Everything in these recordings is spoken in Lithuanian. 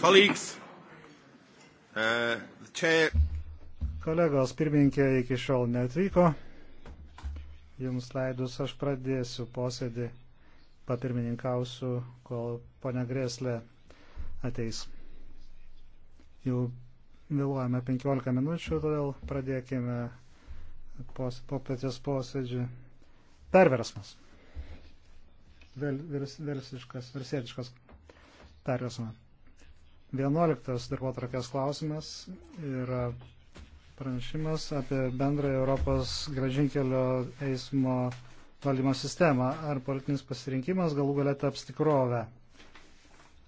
Colleagues, uh, chair... Kolegos pirmininkė iki šiol netvyko. Jums leidus aš pradėsiu posėdį, papirmininkausiu, kol ponia Greslė ateis. Jau vėluojame 15 minučių, todėl pradėkime pos, popietės posėdžių. Perversmas. Vėl, vers, versiškas, versietiškas perversmas. Vienuoliktas darbo trakės klausimas yra pranešimas apie bendrąją Europos gražinkelio eismo valdymo sistemą. Ar politinis pasirinkimas galų galia taps tikrovę?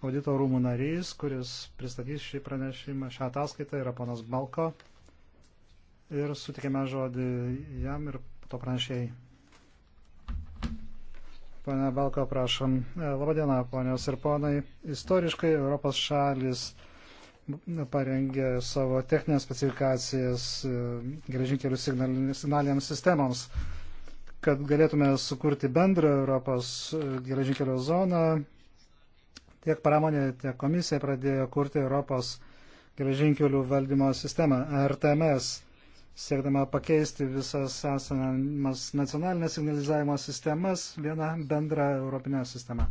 Audito rūmų narys, kuris pristatys šį pranešimą, šią ataskaitą, yra ponas Balko. Ir sutikėme žodį jam ir to pranešėjai. Pane Balko, prašom. E, Labadiena, ponios ir ponai. Istoriškai Europos šalis parengė savo techninės specifikacijas e, geležinkelių signaliniams sistemoms, kad galėtume sukurti bendrą Europos e, geležinkelio zoną. Tiek pramonė, tiek komisija pradėjo kurti Europos geležinkelių valdymo sistemą RTMS siekdama pakeisti visas esamas nacionalinės signalizavimo sistemas vieną bendrą europinę sistemą.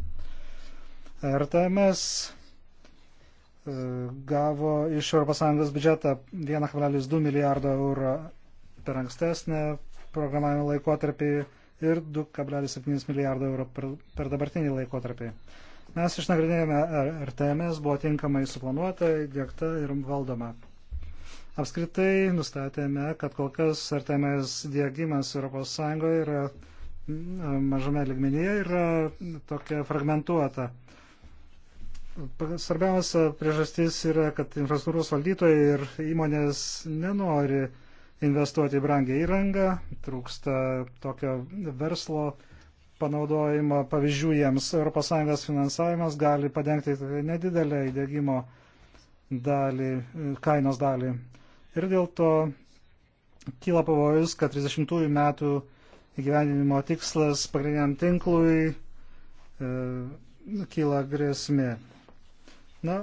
RTMS e, gavo iš ES biudžetą 1,2 milijardo eurų per ankstesnę programavimo laikotarpį ir 2,7 milijardo eurų per, per dabartinį laikotarpį. Mes išnagrinėjome, ar RTMS buvo tinkamai suplanuota, dėkta ir valdoma. Apskritai nustatėme, kad kol kas RTMS dėgymas ES yra mažame ligmenyje yra tokia fragmentuota. Svarbiausia priežastis yra, kad infrastruktūros valdytojai ir įmonės nenori investuoti į brangę įrangą, trūksta tokio verslo panaudojimo pavyzdžių jiems. ES finansavimas gali padengti nedidelę įdėgymo dalį, kainos dalį ir dėl to kyla pavojus, kad 30 metų įgyvendinimo tikslas pagrindiniam tinklui e, kyla grėsmė. Na,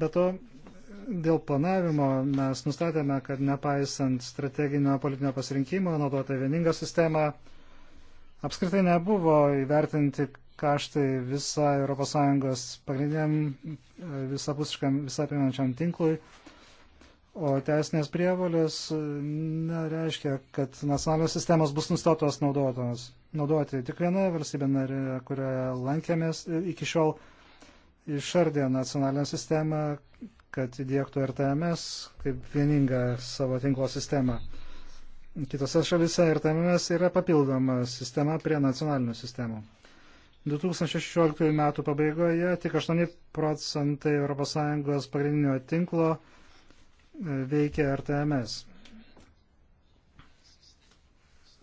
be to, dėl planavimo mes nustatėme, kad nepaisant strateginio politinio pasirinkimo naudota vieninga sistema, apskritai nebuvo įvertinti kaštai visą ES pagrindiniam e, visapusiškam visapimančiam tinklui O teisinės prievalės nereiškia, kad nacionalios sistemos bus nustatos naudotos. Naudoti tik viena valstybė narė, kurioje lankėmės e, iki šiol, išardė nacionalinę sistemą, kad įdėktų RTMS kaip vieningą savo tinklo sistemą. Kitose šalise RTMS yra papildoma sistema prie nacionalinių sistemų. 2016 m. pabaigoje tik 8 procentai ES pagrindinio tinklo veikia RTMS.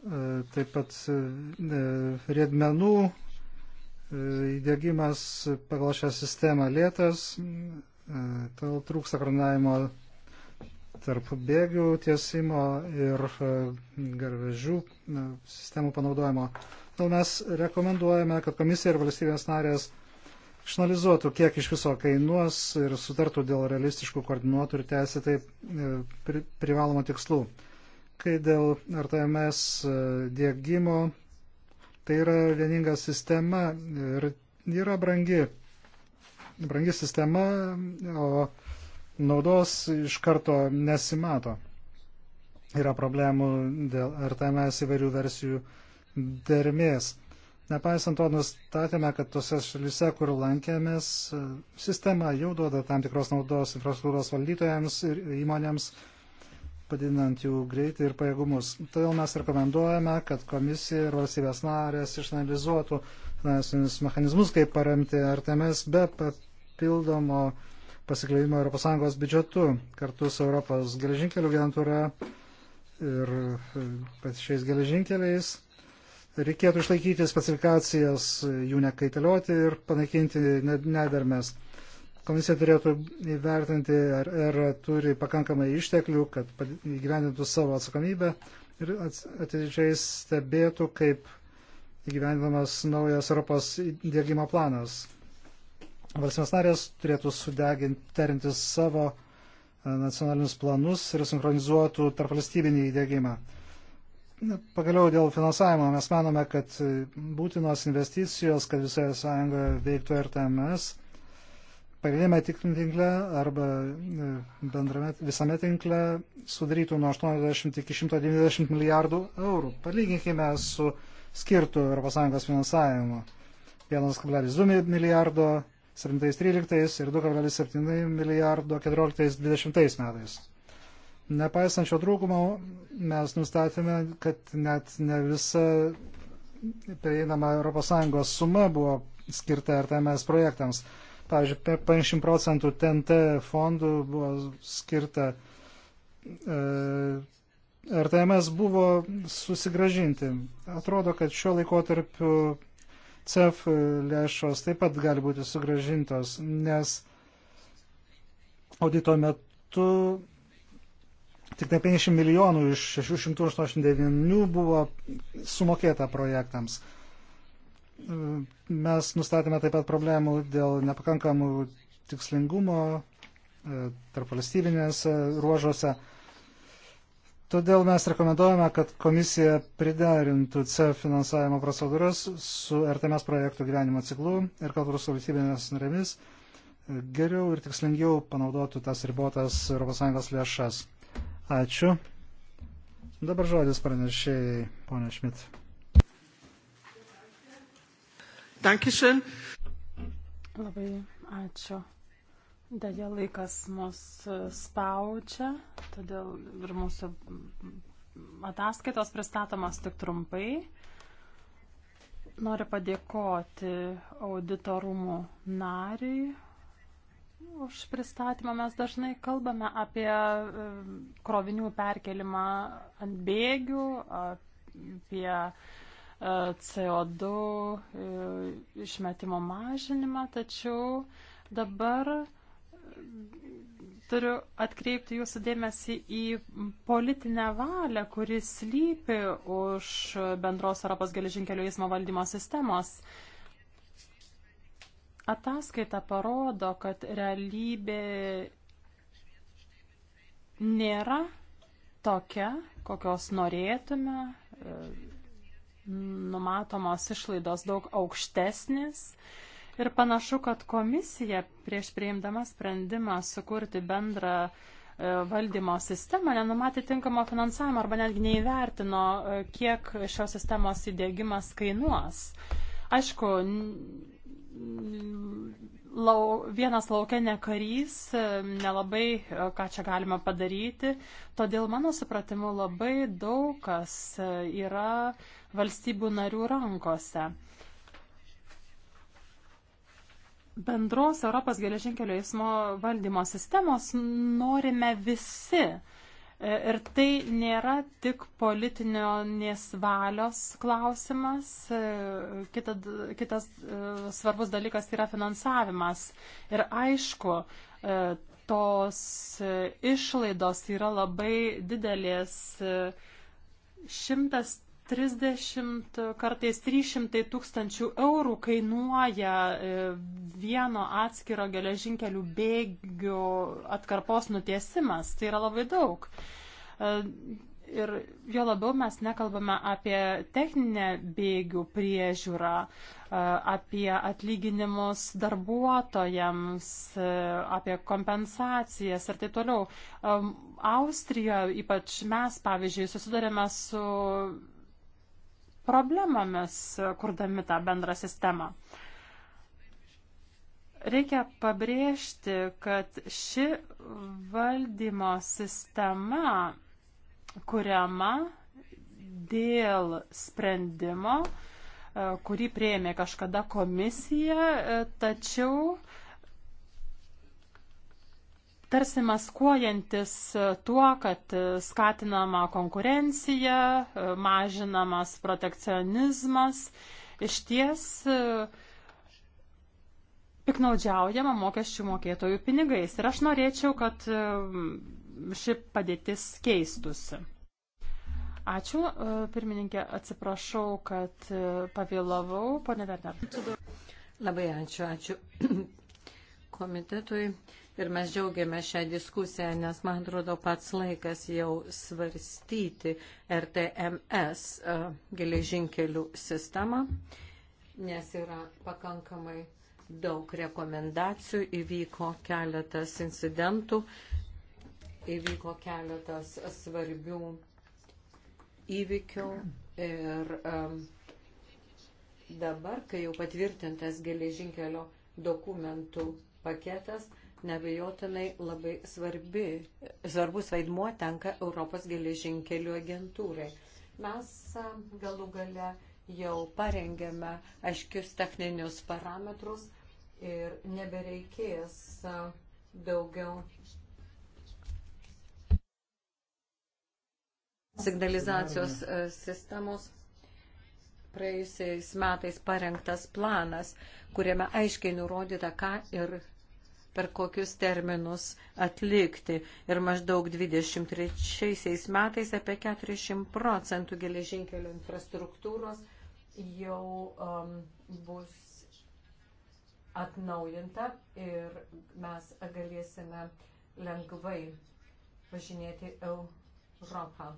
E, taip pat e, riedmenų e, įdėgymas pagal šią sistemą lėtas, tol trūksta koordinavimo tarp bėgių tiesimo ir garvežių sistemų panaudojimo. Todėl mes rekomenduojame, kad komisija ir valstybės narės išanalizuotų, kiek iš viso kainuos ir sutartų dėl realistiškų koordinuotų ir teisėtai e, pri, privalomų tikslų. Kai dėl RTMS e, dėgymo, tai yra vieninga sistema ir yra brangi. Brangi sistema, o naudos iš karto nesimato. Yra problemų dėl RTMS įvairių versijų dermės Nepaisant to, nustatėme, kad tose šalise, kur lankėmės, sistema jau duoda tam tikros naudos infrastruktūros valdytojams ir įmonėms, padidinant jų greitį ir pajėgumus. Todėl mes rekomenduojame, kad komisija ir valstybės narės išanalizuotų finansinius mechanizmus, kaip paremti RTMS be papildomo pasikleidimo ES biudžetu kartu su Europos geležinkelių agentūra ir e, pačiais geležinkeliais Reikėtų išlaikyti specifikacijas, jų nekaitalioti ir panaikinti nedermės. Komisija turėtų įvertinti, ar ERA turi pakankamai išteklių, kad įgyvendintų savo atsakomybę ir atidžiai stebėtų, kaip įgyvendinamas naujas Europos dėgymo planas. Valstybės narės turėtų suderinti savo e, nacionalinius planus ir sinchronizuotų tarp valstybinį įdėgymą. Pagaliau dėl finansavimo mes manome, kad būtinos investicijos, kad visoje sąjungoje veiktų RTMS, pagrindinėme tinkle arba e, bendrame, visame tinkle sudarytų nuo 80 iki 190 milijardų eurų. Palyginkime su skirtų ES finansavimu. 1,2 milijardo 7-13 ir 2,7 milijardo 14-20 metais. Nepaisant šio trūkumo, mes nustatėme, kad net ne visa prieinama ES suma buvo skirta RTMS projektams. Pavyzdžiui, 50 procentų TNT fondų buvo skirta. E, RTMS buvo susigražinti. Atrodo, kad šiuo laikotarpiu CEF lėšos taip pat gali būti sugražintos, nes audito metu Tik tai 50 milijonų iš 689 buvo sumokėta projektams. Mes nustatėme taip pat problemų dėl nepakankamų tikslingumo e, tarp valstybinės ruožuose. Todėl mes rekomenduojame, kad komisija priderintų C finansavimo procedūras su RTMS projektų gyvenimo ciklu ir kartu su valstybinės narėmis e, geriau ir tikslingiau panaudotų tas ribotas ES lėšas. Ačiū. Dabar žodis pranešėjai, ponia Šmit. Dankišin. Labai ačiū. Deja, laikas mus spaudžia, todėl ir mūsų ataskaitos pristatomas tik trumpai. Noriu padėkoti auditorumų nariui Už pristatymą mes dažnai kalbame apie krovinių perkelimą ant bėgių, apie e, CO2 e, išmetimo mažinimą, tačiau dabar turiu atkreipti jūsų dėmesį į politinę valią, kuris lypi už bendros Europos geležinkelių eismo valdymo sistemos Ataskaita parodo, kad realybė nėra tokia, kokios norėtume. E, numatomos išlaidos daug aukštesnės. Ir panašu, kad komisija prieš priimdama sprendimą sukurti bendrą e, valdymo sistemą nenumatė tinkamo finansavimo arba netgi neįvertino, e, kiek šios sistemos įdėgymas kainuos. Aišku, lau, vienas laukia ne karys, nelabai ką čia galima padaryti. Todėl mano supratimu labai daug kas yra valstybių narių rankose. Bendros Europos geležinkelio eismo valdymo sistemos norime visi. Ir tai nėra tik politinio nesvalios klausimas. Kita, kitas e, svarbus dalykas yra finansavimas. Ir aišku, e, tos išlaidos yra labai didelės. 100 30, kartais 300 tūkstančių eurų kainuoja e, vieno atskiro geležinkelių bėgių atkarpos nutiesimas. Tai yra labai daug. E, ir jo labiau mes nekalbame apie techninę bėgių priežiūrą, e, apie atlyginimus darbuotojams, apie kompensacijas ir taip toliau. Austrijoje ypač mes, pavyzdžiui, susidarėme su problemomis, e, kurdami tą bendrą sistemą. Reikia pabrėžti, kad ši valdymo sistema kuriama dėl sprendimo, e, kurį prieėmė kažkada komisija, e, tačiau uh, tarsi maskuojantis tuo, kad skatinama konkurencija, mažinamas protekcionizmas. Iš ties piknaudžiaujama mokesčių mokėtojų pinigais. Ir aš norėčiau, kad ši padėtis keistusi. Ačiū, e, pirmininkė, atsiprašau, kad e, pavėlavau, ponė Verner. Labai ačiū, ačiū komitetui ir mes džiaugiame šią diskusiją, nes man atrodo pats laikas jau svarstyti RTMS e, geležinkelių sistemą, nes yra pakankamai daug rekomendacijų, įvyko keletas incidentų, įvyko keletas svarbių įvykių ir um, dabar, kai jau patvirtintas geležinkelio dokumentų paketas, nebejotinai labai svarbi, svarbus vaidmuo tenka Europos geležinkelių agentūrai. Mes galų gale jau parengėme aiškius techninius parametrus ir nebereikės daugiau signalizacijos sistemos praėjusiais metais parengtas planas, kuriame aiškiai nurodyta, ką ir per kokius terminus atlikti. Ir maždaug 23 metais apie 40 procentų geležinkelio infrastruktūros jau um, bus atnaujinta ir mes galėsime lengvai važinėti Europą.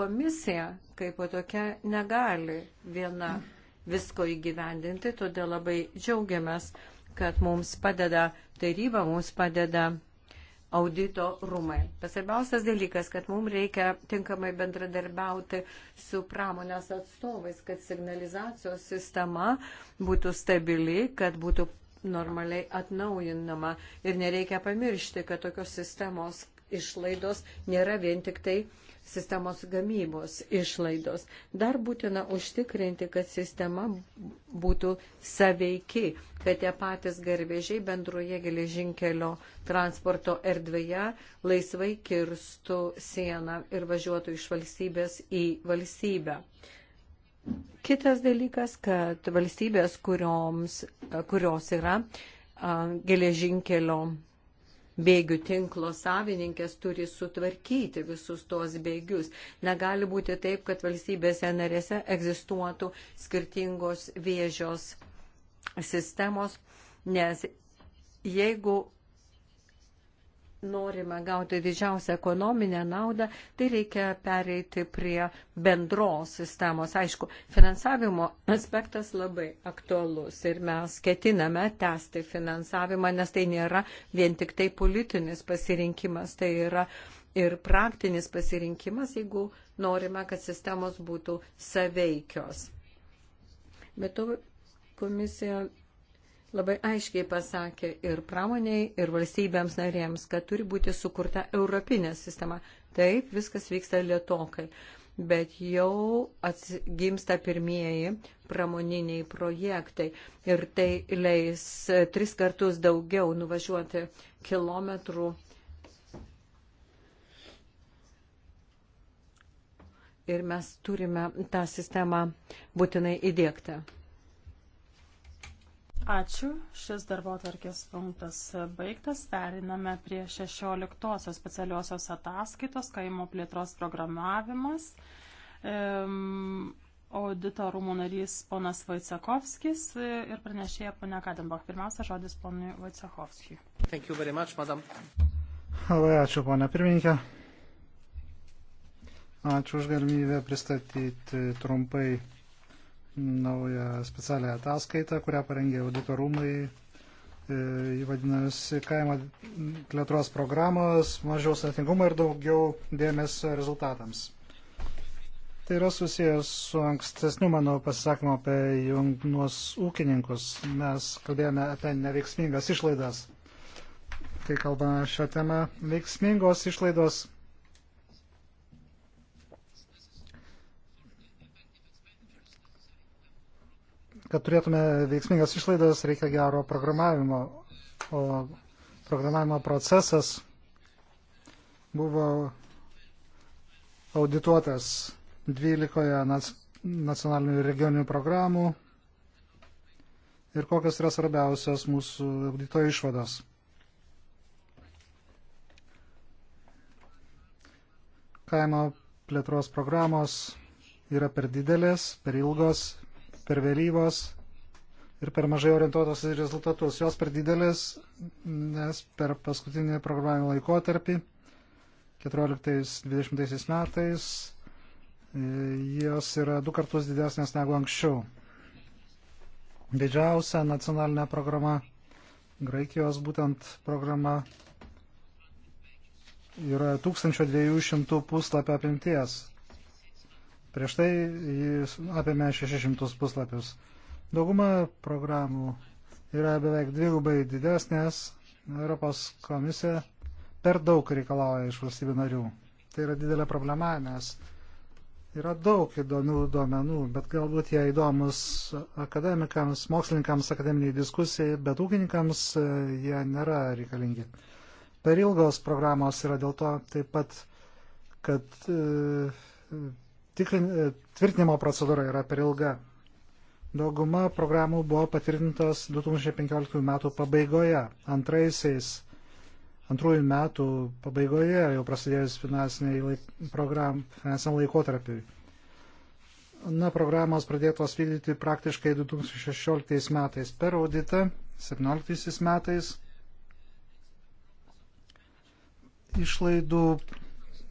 Komisija kaip o tokia negali viena visko įgyvendinti, todėl labai džiaugiamės, kad mums padeda taryba mums padeda audito rūmai. Pasarbiausias dalykas, kad mums reikia tinkamai bendradarbiauti su pramonės atstovais, kad signalizacijos sistema būtų stabili, kad būtų normaliai atnaujinama. Ir nereikia pamiršti, kad tokios sistemos išlaidos nėra vien tik tai uh, sistemos gamybos išlaidos. Dar būtina užtikrinti, kad sistema būtų saveiki, kad tie patys garvežiai bendroje geležinkelio transporto erdvėje laisvai kirstų sieną ir važiuotų iš valstybės į valstybę. Kitas dalykas, kad valstybės, kurioms, kurios yra geležinkelio bėgių tinklo savininkės turi sutvarkyti visus tos bėgius. Negali būti taip, kad valstybėse narėse egzistuotų skirtingos vėžios sistemos, nes jeigu norime gauti didžiausią ekonominę naudą, tai reikia pereiti prie bendros sistemos. Aišku, finansavimo aspektas labai aktualus ir mes ketiname tęsti finansavimą, nes tai nėra vien tik tai politinis pasirinkimas, tai yra ir praktinis pasirinkimas, jeigu norime, kad sistemos būtų saveikios. Bet to komisija labai aiškiai pasakė ir pramoniai, ir valstybėms narėms, kad turi būti sukurta europinė sistema. Taip, viskas vyksta lietokai, bet jau atgimsta pirmieji pramoniniai projektai ir tai leis tris kartus daugiau nuvažiuoti kilometrų. Ir mes turime tą sistemą būtinai įdėkti. Ačiū. Šis darbo atvarkės punktas baigtas. Periname prie 16 specialiosios ataskaitos kaimo plėtros programavimas. Um, audito rūmų narys ponas Vaicekovskis ir pranešėja ponia Kadenbach. Pirmiausia, žodis ponui Vaicekovskijui. Much, madam. Labai ačiū, ponia pirmininkė. Ačiū už galimybę pristatyti trumpai naują specialią ataskaitą, kurią parengė auditorumai. Jį e, vadinasi kaimo plėtros programos, mažiau sudėtingumo ir daugiau dėmesio rezultatams. Tai yra susijęs su ankstesniu mano pasisakymu apie jaunus ūkininkus. Mes kalbėjome apie neveiksmingas išlaidas. Kai kalbame šią temą, veiksmingos išlaidos Kad turėtume veiksmingas išlaidas, reikia gero programavimo. O programavimo procesas buvo audituotas 12 nacionalinių ir regioninių programų ir kokios yra svarbiausios mūsų audito išvados. Kaimo plėtros programos yra per didelės, per ilgos, per vėlyvos ir per mažai orientuotos į rezultatus. Jos per didelis, nes per paskutinį programavimo laikotarpį 14-20 metais jos yra du kartus didesnės negu anksčiau. Didžiausia nacionalinė programa, Graikijos būtent programa, yra 1200 puslapio apimties. Prieš tai jis apėmė 600 puslapius. Dauguma programų yra beveik dvigubai didesnės. Europos komisija per daug reikalauja iš valstybių narių. Tai yra didelė problema, nes yra daug įdomių duomenų, bet galbūt jie įdomus akademikams, mokslininkams, akademiniai diskusijai, bet ūkininkams e, jie nėra reikalingi. Per ilgos programos yra dėl to taip pat, kad e, tikrin, e, tvirtinimo procedūra yra per ilga. Dauguma programų buvo patvirtintos 2015 metų pabaigoje. Antraisiais, antrųjų metų pabaigoje jau prasidėjus finansiniam laik, program, laikotarpiui. Na, programos pradėtos vykdyti praktiškai 2016 metais per auditą, 2017 metais išlaidų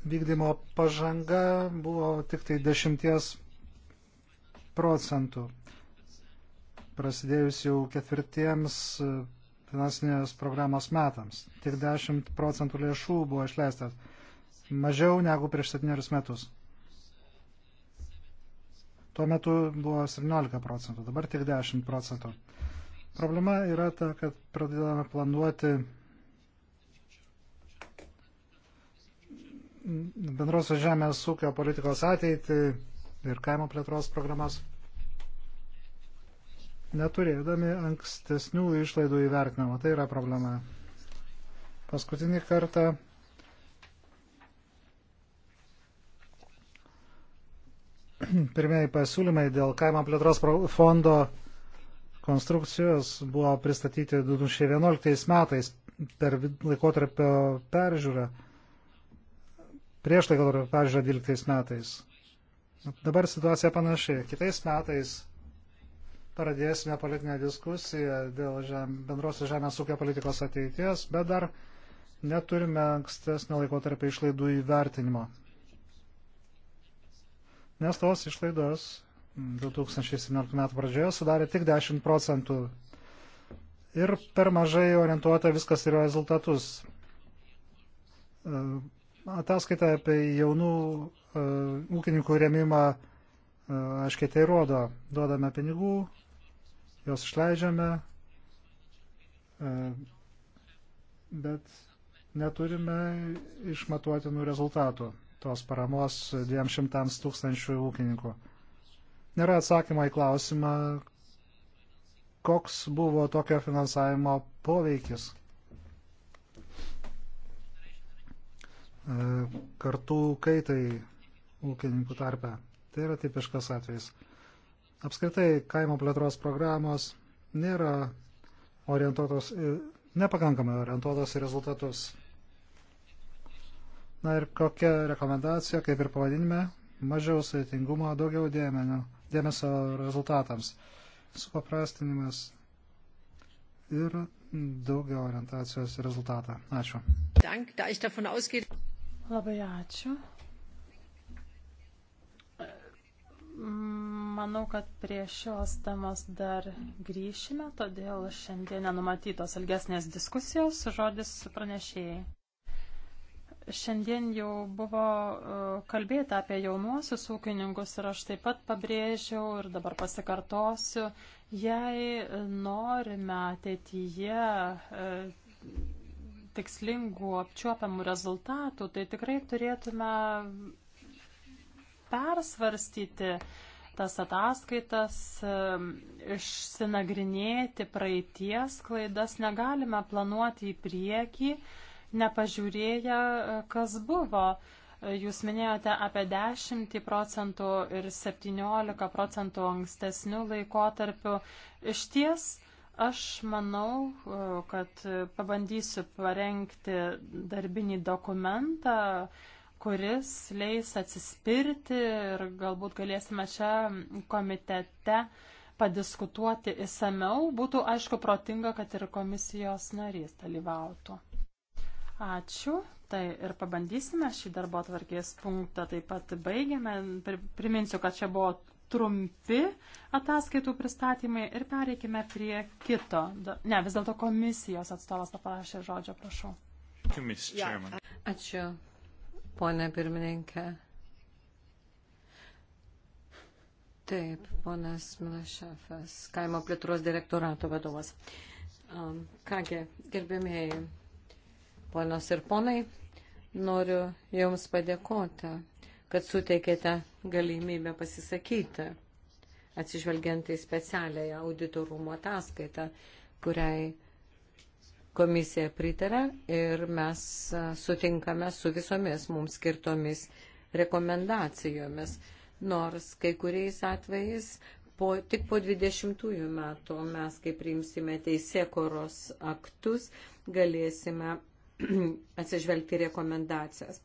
vykdymo pažanga buvo tik tai 10 procentų. Prasidėjus jau ketvirtiems e, finansinės programos metams. Tik 10 procentų lėšų buvo išleistas. Mažiau negu prieš 7 metus. Tuo metu buvo 17 procentų, dabar tik 10 procentų. Problema yra ta, kad pradedame planuoti bendrosios žemės ūkio politikos ateitį ir kaimo plėtros programas. Neturėdami ankstesnių išlaidų įvertinimo, tai yra problema. Paskutinį kartą pirmieji pasiūlymai dėl kaimo plėtros fondo konstrukcijos buvo pristatyti 2011 metais per laikotarpio peržiūrą prieš laikotarpio peržiūrą 12 metais. Dabar situacija panaši. Kitais metais pradėsime politinę diskusiją dėl žem, bendrosios žemės ūkio politikos ateities, bet dar neturime ankstesnio laikotarpio išlaidų įvertinimo. Nes tos išlaidos 2017 metų pradžioje sudarė tik 10 procentų ir per mažai orientuota viskas į rezultatus Ataskaita apie jaunų e, ūkininkų remimą e, aiškiai tai rodo. Duodame pinigų, jos išleidžiame, e, bet neturime išmatuotinų rezultatų tos paramos 200 tūkstančių ūkininkų. Nėra atsakymo į klausimą, koks buvo tokio finansavimo poveikis. E, kartų kaitai ūkininkų tarpe. Tai yra tipiškas atvejs. Apskritai, kaimo plėtros programos nėra orientuotos, nepakankamai orientuotos į rezultatus. Na ir kokia rekomendacija, kaip ir pavadinime, mažiau sveitingumo, daugiau dėmenio, dėmesio rezultatams, supaprastinimas ir daugiau orientacijos rezultatą. Ačiū. Dank, da Labai ačiū. Manau, kad prie šios temos dar grįšime, todėl šiandien nenumatytos ilgesnės diskusijos žodis pranešėjai. Šiandien jau buvo e, kalbėta apie jaunuosius ūkininkus ir aš taip pat pabrėžiau ir dabar pasikartosiu, jei norime ateityje e, tikslingų apčiuopiamų rezultatų, tai tikrai turėtume persvarstyti tas ataskaitas, išsinagrinėti praeities klaidas, negalime planuoti į priekį, nepažiūrėję, e, kas buvo. Jūs minėjote apie 10 procentų ir 17 procentų ankstesnių laikotarpių. Iš ties, uh, Aš manau, e, kad pabandysiu parengti darbinį dokumentą, kuris leis atsispirti ir galbūt galėsime čia komitete padiskutuoti įsameu. Būtų, aišku, protinga, kad ir komisijos narys dalyvautų. Ačiū. Tai ir pabandysime šį darbo atvarkės punktą taip pat baigiame. Priminsiu, kad čia buvo trumpi ataskaitų pristatymai ir pereikime prie kito. Ne, vis dėlto komisijos atstovas paprašė žodžio, prašau. Ačiū, ponė pirmininkė. Taip, ponas Milašefas, kaimo plėtros direktorato vadovas. Um, kągi, gerbėmėjai, ponios ir ponai, noriu Jums padėkoti kad suteikėte galimybę pasisakyti, atsižvelgiant į specialiąją auditorumo ataskaitą, kuriai komisija pritarė ir mes sutinkame su visomis mums skirtomis rekomendacijomis. Nors kai kuriais atvejais po, tik po 20 metų mes, kai priimsime teisėkoros aktus, galėsime atsižvelgti rekomendacijas.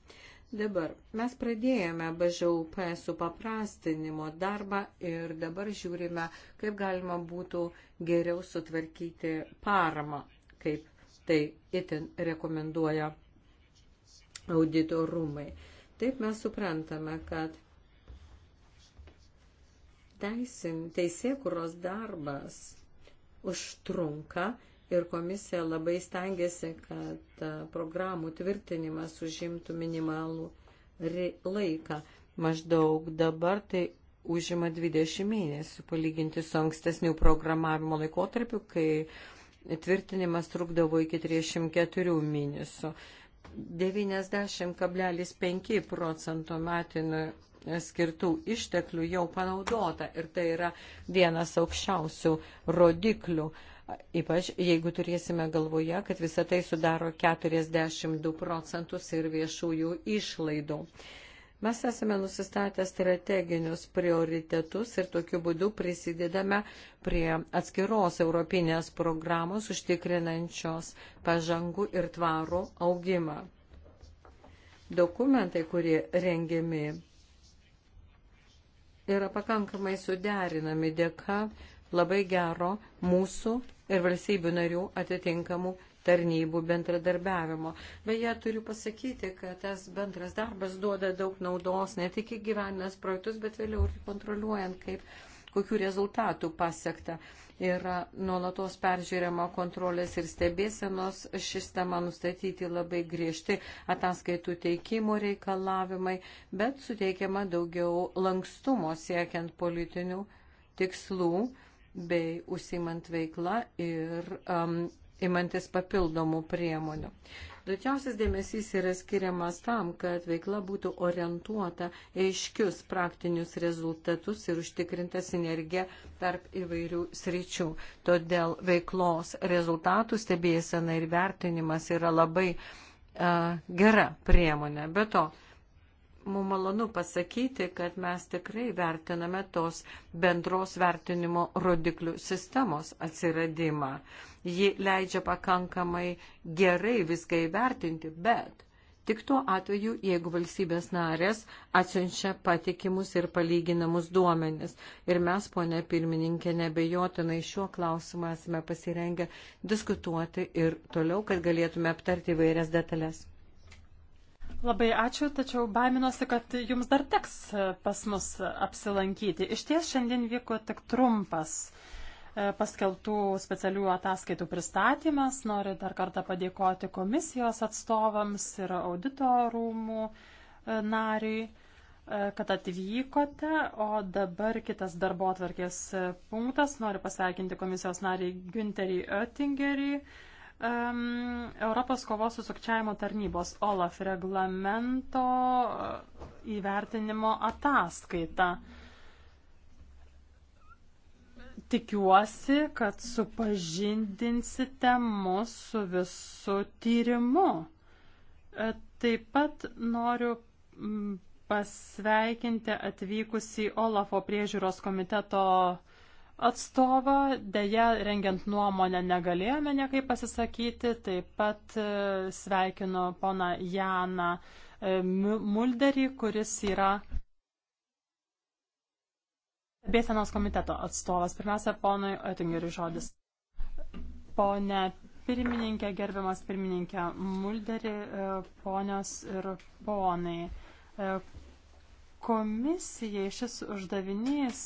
Dabar mes pradėjome BŽUP su paprastinimo darbą ir dabar žiūrime, kaip galima būtų geriau sutvarkyti paramą, kaip tai itin rekomenduoja audito rūmai. Taip mes suprantame, kad teisin, teisėkuros darbas užtrunka ir komisija labai stengiasi, kad programų tvirtinimas užimtų minimalų laiką. Maždaug dabar tai užima 20 mėnesių, palyginti su ankstesnių programavimo laikotarpiu, kai tvirtinimas trukdavo iki 34 mėnesių. 90,5 procento metinių skirtų išteklių jau panaudota ir tai yra vienas aukščiausių rodiklių. Uh, Ypač jeigu turėsime galvoje, kad visą tai sudaro 42 procentus ir viešųjų išlaidų. Mes esame nusistatę strateginius prioritetus ir tokiu būdu prisidedame prie atskiros europinės programos užtikrinančios pažangų ir tvarų augimą. Dokumentai, kurie rengiami, yra pakankamai suderinami dėka labai gero mūsų ir valstybių narių atitinkamų tarnybų bendradarbiavimo. Beje, turiu pasakyti, kad tas bendras darbas duoda daug naudos ne tik įgyvendinant projektus, bet vėliau ir kontroliuojant, kaip, kokiu rezultatu pasiekta. Yra nuolatos peržiūrima kontrolės ir stebėsenos sistema nustatyti labai griežti ataskaitų teikimo reikalavimai, bet suteikiama daugiau lankstumo siekiant politinių tikslų bei užsimant veiklą ir um, imantis papildomų priemonių. Didžiausias dėmesys yra skiriamas tam, kad veikla būtų orientuota aiškius praktinius rezultatus ir užtikrinta sinergija tarp įvairių sričių. Todėl veiklos rezultatų stebėsena ir vertinimas yra labai uh, gera priemonė. Be to, uh, mums malonu pasakyti, kad mes tikrai vertiname tos bendros vertinimo rodiklių sistemos atsiradimą. Ji leidžia pakankamai gerai viską įvertinti, bet tik tuo atveju, jeigu valstybės narės atsiunčia patikimus ir palyginamus duomenis. Ir mes, ponė pirmininkė, nebejotinai šiuo klausimu esame pasirengę diskutuoti ir toliau, kad galėtume aptarti įvairias detalės. Labai ačiū, tačiau baiminosi, kad jums dar teks e, pas mus apsilankyti. Iš ties šiandien vyko tik trumpas e, paskeltų specialių ataskaitų pristatymas. Noriu dar kartą padėkoti komisijos atstovams ir audito rūmų e, nariui, kad atvykote. O dabar kitas darbo atvarkės punktas. Noriu pasveikinti komisijos narį Günterį Oettingerį um, Europos kovos su sukčiavimo tarnybos OLAF reglamento e, įvertinimo ataskaita. Tikiuosi, kad supažindinsite mus su visu tyrimu. E, taip pat noriu pasveikinti atvykusį Olafo priežiūros komiteto atstovą, dėja rengiant nuomonę negalėjome niekaip pasisakyti, taip pat e, sveikinu poną Janą e, Mulderį, kuris yra Bėsenos komiteto atstovas. Pirmiausia, ponui Oettingeriui žodis. Pone pirmininkė, gerbiamas pirmininkė Mulderį, e, ponios ir ponai. Komisijai šis uždavinys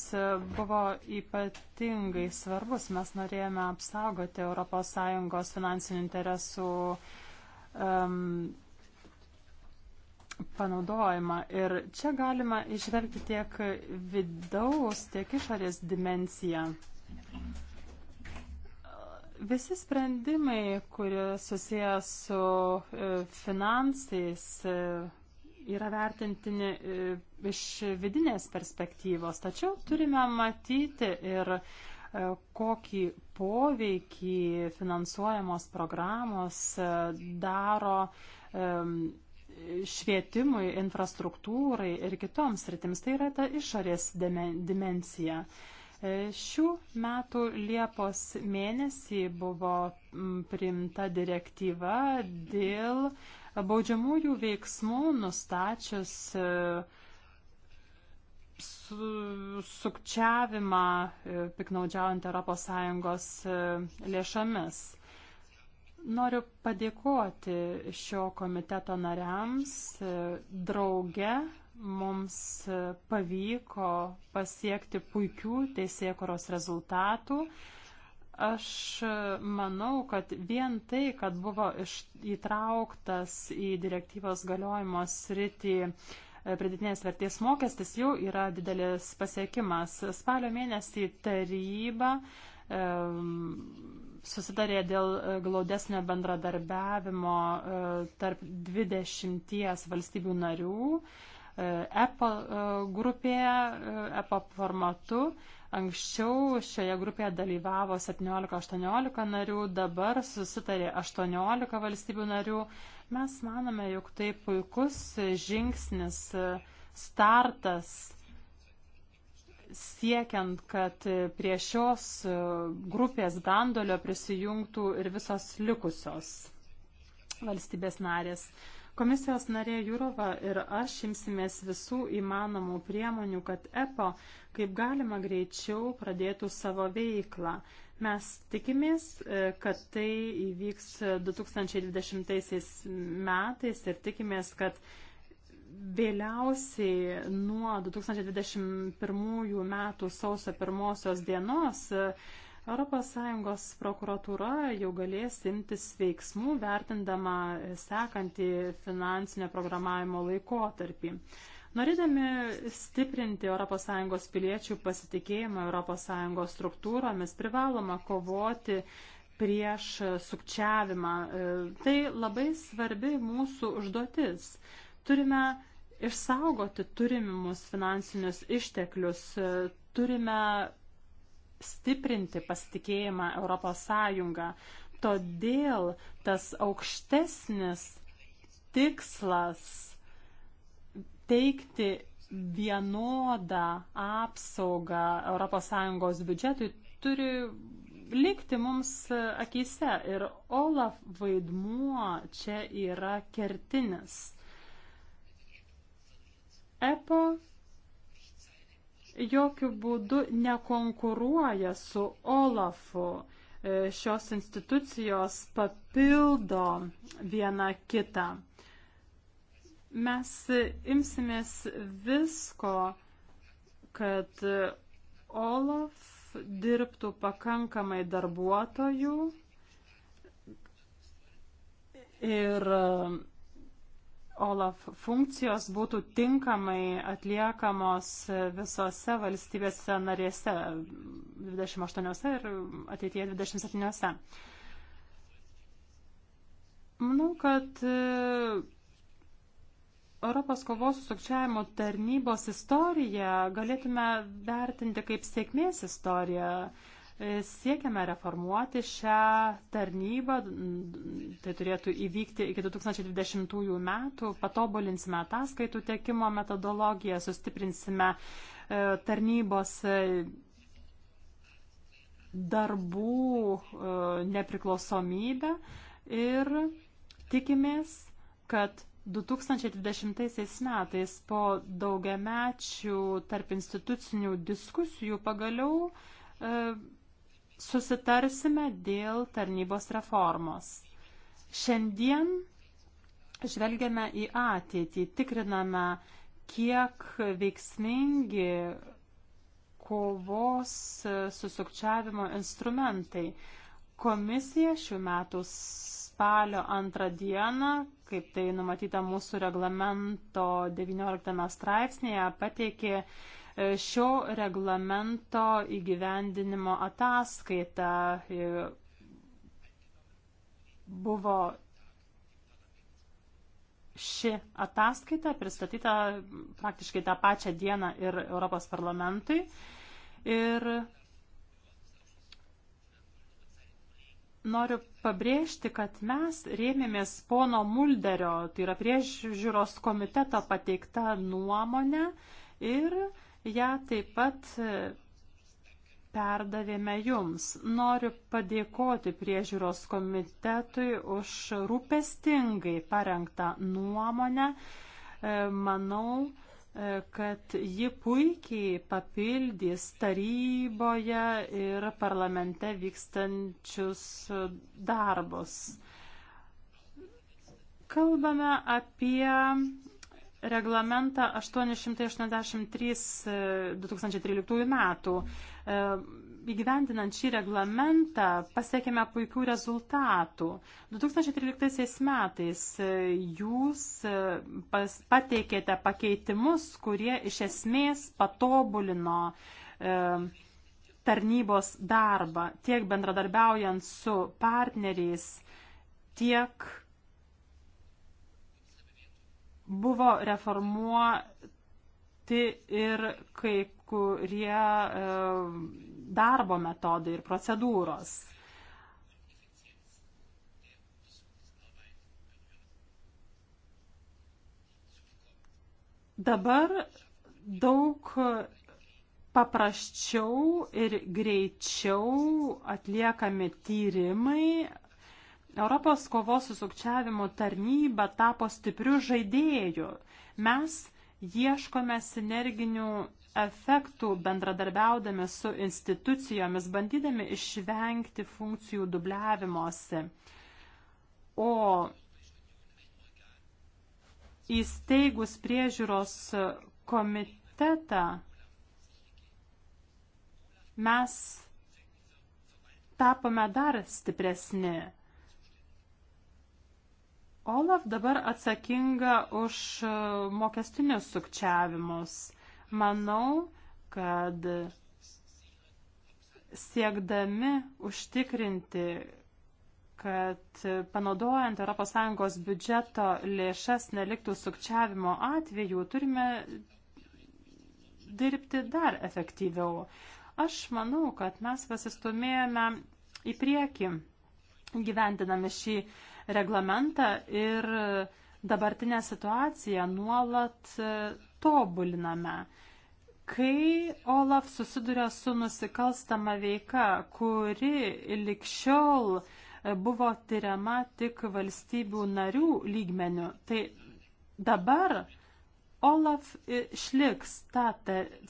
buvo ypatingai svarbus. Mes norėjome apsaugoti ES finansinių interesų um, panaudojimą. Ir čia galima išvelgti tiek vidaus, tiek išorės dimenciją. Visi sprendimai, kurie susijęs su e, finansais, e, yra vertintini e, iš vidinės perspektyvos, tačiau turime matyti ir e, kokį poveikį finansuojamos programos e, daro e, švietimui, infrastruktūrai ir kitoms rytims. Tai yra ta išorės dimensija. Šių metų Liepos mėnesį buvo priimta direktyva dėl baudžiamųjų veiksmų nustačius uh, sukčiavimą e, piknaudžiaujant ES e, lėšomis. Noriu padėkoti šio komiteto nariams. E, drauge mums pavyko pasiekti puikių teisėkoros rezultatų. Aš manau, kad vien tai, kad buvo iš, įtrauktas į direktyvos galiojimo sritį uh, E, pridėtinės vertės mokestis jau yra didelis pasiekimas. Spalio mėnesį taryba e, susidarė dėl e, glaudesnio bendradarbiavimo tarp 20 valstybių narių EPA grupėje, EPA formatu. Anksčiau šioje grupėje dalyvavo 17-18 narių, dabar susitarė 18 valstybių narių. Mes manome, jog tai puikus žingsnis, startas siekiant, kad prie šios grupės bandolio prisijungtų ir visos likusios valstybės narės. Komisijos narė Jurova ir aš imsimės visų įmanomų priemonių, kad EPO kaip galima greičiau pradėtų savo veiklą. Mes tikimės, e, kad tai įvyks 2020 metais ir tikimės, kad vėliausiai nuo 2021 metų sausio pirmosios dienos ES prokuratūra jau galės imtis veiksmų vertindama sekantį finansinio programavimo laikotarpį. Norėdami stiprinti ES piliečių pasitikėjimą ES struktūromis, privaloma kovoti prieš sukčiavimą. E, tai labai svarbi mūsų užduotis. Turime išsaugoti turimimus finansinius išteklius, e, turime stiprinti pasitikėjimą ES. Todėl tas aukštesnis tikslas teikti vienodą apsaugą ES biudžetui turi likti mums akise ir Olaf vaidmuo čia yra kertinis. EPO jokių būdų nekonkuruoja su Olafu šios institucijos papildo vieną kitą. Mes imsimės visko, kad Olaf dirbtų pakankamai darbuotojų ir um, OLAF funkcijos būtų tinkamai atliekamos visose valstybėse narėse, 28 ir ateityje 27. Manau, kad Europos kovos su sukčiavimo tarnybos istoriją galėtume vertinti kaip sėkmės istoriją. E, siekiame reformuoti šią tarnybą, tai turėtų įvykti iki 2020 metų, patobulinsime ataskaitų tiekimo metodologiją, sustiprinsime e, tarnybos e, darbų nepriklausomybę ir tikimės, kad 2020 metais po daugiamečių tarp institucinių diskusijų pagaliau e, susitarsime dėl tarnybos reformos. Šiandien žvelgiame į ateitį, tikriname, kiek veiksmingi kovos su sukčiavimo instrumentai. Komisija šių metų spalio antrą dieną kaip tai numatyta mūsų reglamento 19 straipsnėje, pateikė e, šio reglamento įgyvendinimo ataskaita. E, buvo ši ataskaita pristatyta praktiškai tą pačią dieną ir Europos parlamentui. Ir Noriu pabrėžti, kad mes rėmėmės pono Mulderio, tai yra priežiūros komiteto pateikta nuomonė ir ją taip pat e, perdavėme jums. Noriu padėkoti priežiūros komitetui už rūpestingai parengtą nuomonę. E, manau, kad ji puikiai papildys taryboje ir parlamente vykstančius darbus. Kalbame apie reglamentą 883 2013 e, metų. E, įgyvendinant šį reglamentą pasiekėme puikių rezultatų. 2013 metais e, jūs e, pas, pateikėte pakeitimus, kurie iš esmės patobulino e, tarnybos darbą tiek bendradarbiaujant su partneriais, tiek buvo reformuoti ir kai kurie e, darbo metodai ir procedūros. Dabar daug paprasčiau ir greičiau atliekami tyrimai. Europos kovos su sukčiavimu tarnyba tapo stipriu žaidėju. Mes ieškome sinerginių efektų bendradarbiaudami su institucijomis, bandydami išvengti funkcijų dubliavimuose. O įsteigus priežiūros komitetą mes tapome dar stipresni. Olaf dabar atsakinga už mokestinius sukčiavimus. Manau, kad siekdami užtikrinti, kad panaudojant ES biudžeto lėšas neliktų sukčiavimo atveju, turime dirbti dar efektyviau. Aš manau, kad mes pasistumėjome į priekį gyvendinami šį reglamentą ir dabartinę situaciją nuolat tobuliname. Kai Olaf susiduria su nusikalstama veika, kuri likščiol e, buvo tyriama tik valstybių narių lygmenių, tai dabar Olaf e, išliks tą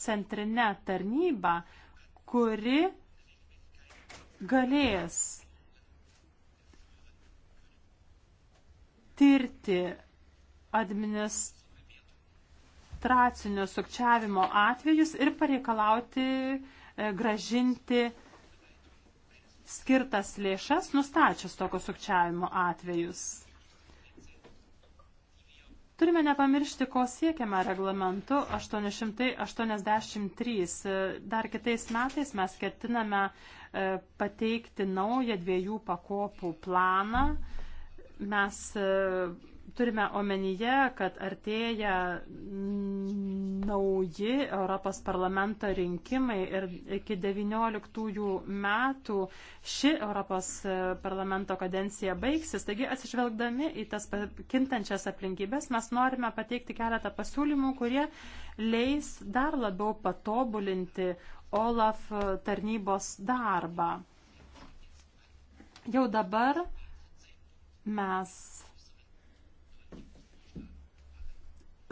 centrinę tarnybą, kuri galės tirti administraciją administracinio sukčiavimo atvejus ir pareikalauti e, gražinti skirtas lėšas, nustačius tokio sukčiavimo atvejus. Turime nepamiršti, ko siekiame reglamentu 883. E, dar kitais metais mes ketiname e, pateikti naują dviejų pakopų planą. Mes turime omenyje, kad artėja nauji Europos parlamento rinkimai ir iki 19 metų ši Europos parlamento kadencija baigsis. Taigi, atsižvelgdami į tas kintančias aplinkybės, mes norime pateikti keletą pasiūlymų, kurie leis dar labiau patobulinti OLAF tarnybos darbą. Jau dabar mes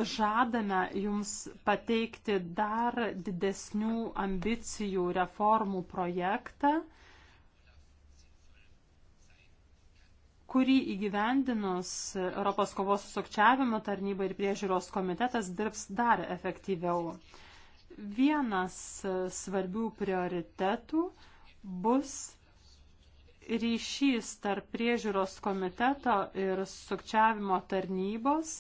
žadame jums pateikti dar didesnių ambicijų reformų projektą, kurį įgyvendinus Europos kovos su sukčiavimo tarnyba ir priežiūros komitetas dirbs dar efektyviau. Vienas svarbių prioritetų bus ryšys tarp priežiūros komiteto ir sukčiavimo tarnybos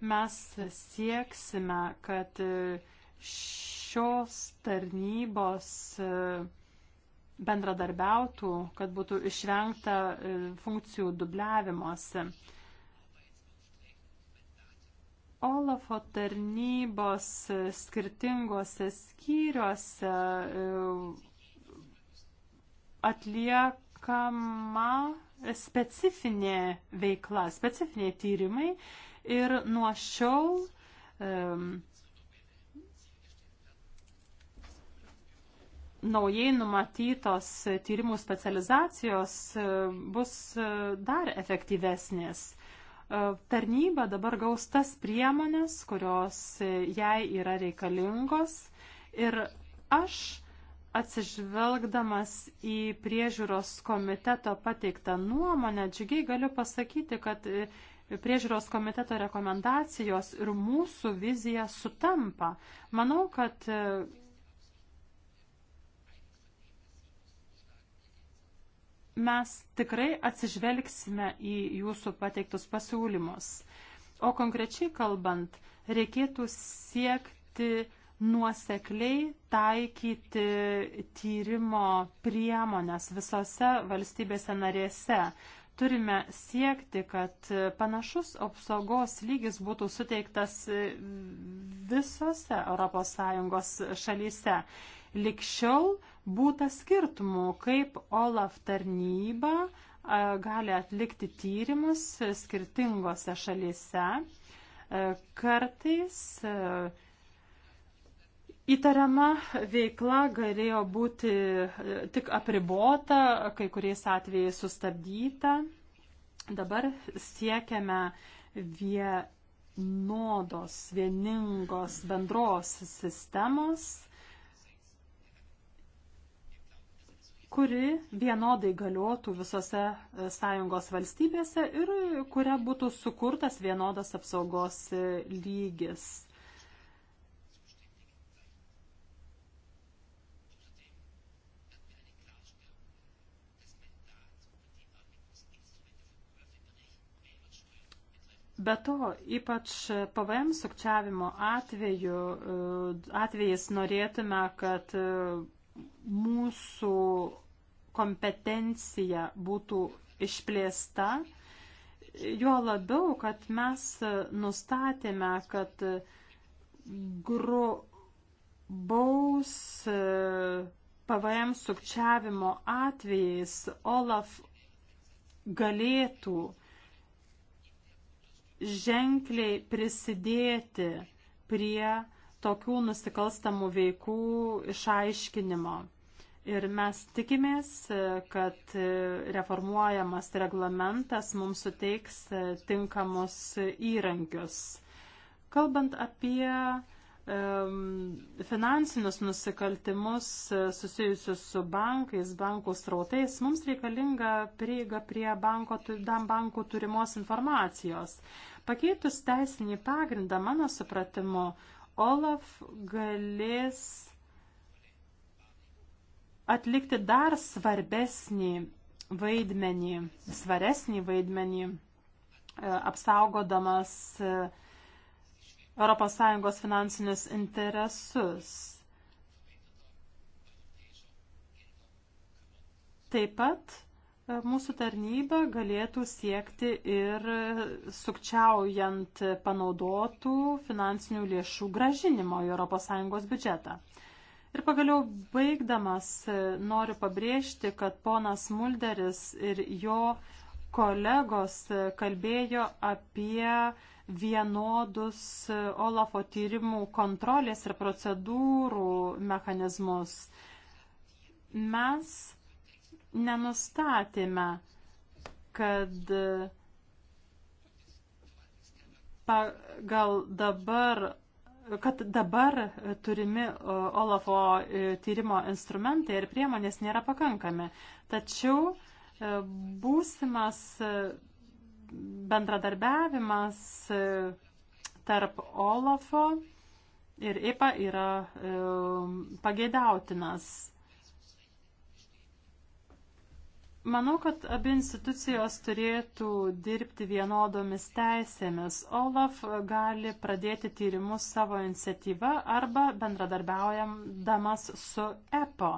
Mes sieksime, kad šios tarnybos e, bendradarbiautų, kad būtų išvengta e, funkcijų dubliavimuose. Olafo tarnybos e, skirtingose skyriuose atliekama specifinė veikla, specifiniai tyrimai ir nuo šiol um, naujai numatytos tyrimų specializacijos e, bus e, dar efektyvesnės. E, tarnyba dabar gaus tas priemonės, kurios jai yra reikalingos ir aš atsižvelgdamas į priežiūros komiteto pateiktą nuomonę, džiugiai galiu pasakyti, kad priežiūros komiteto rekomendacijos ir mūsų vizija sutampa. Manau, kad e, mes tikrai atsižvelgsime į jūsų pateiktus pasiūlymus. O konkrečiai kalbant, reikėtų siekti nuosekliai taikyti tyrimo priemonės visose valstybėse narėse turime siekti, kad panašus apsaugos lygis būtų suteiktas visose ES šalyse. Likščiau būta skirtumų, kaip OLAF tarnyba gali atlikti tyrimus skirtingose šalyse. Kartais Įtariama veikla galėjo būti e, tik apribota, kai kuriais atvejais sustabdyta. Dabar siekiame vienodos, vieningos bendros sistemos, kuri vienodai galiotų visose e, sąjungos valstybėse ir e, kuria būtų sukurtas vienodas apsaugos lygis. Be to, ypač PVM sukčiavimo atveju, e, atvejais norėtume, kad e, mūsų kompetencija būtų išplėsta, juo labiau, kad mes nustatėme, kad grubaus e, PVM sukčiavimo atvejais Olaf galėtų ženkliai prisidėti prie tokių nusikalstamų veikų išaiškinimo. Ir mes tikimės, kad reformuojamas reglamentas mums suteiks tinkamus įrankius. Kalbant apie finansinius nusikaltimus e, susijusius su bankais, bankų srautais, mums reikalinga prieiga prie banko, bankų turimos informacijos. Pakeitus teisinį pagrindą, mano supratimu, Olaf galės atlikti dar svarbesnį vaidmenį, svaresnį vaidmenį, e, apsaugodamas uh, ES finansinius interesus. Taip pat e, mūsų tarnyba galėtų siekti ir sukčiaujant panaudotų finansinių lėšų gražinimo į ES biudžetą. Ir pagaliau baigdamas e, noriu pabrėžti, kad ponas Mulderis ir jo kolegos e, kalbėjo apie vienodus e, Olafo tyrimų kontrolės ir procedūrų mechanizmus. Mes nenustatėme, kad e, pagal dabar kad dabar turimi e, Olafo tyrimo instrumentai ir priemonės nėra pakankami. Tačiau būsimas bendradarbiavimas e, tarp Olafo ir IPA yra e, pageidautinas. Manau, kad abi institucijos turėtų dirbti vienodomis teisėmis. Olaf gali pradėti tyrimus savo iniciatyvą arba bendradarbiaujamas su EPO.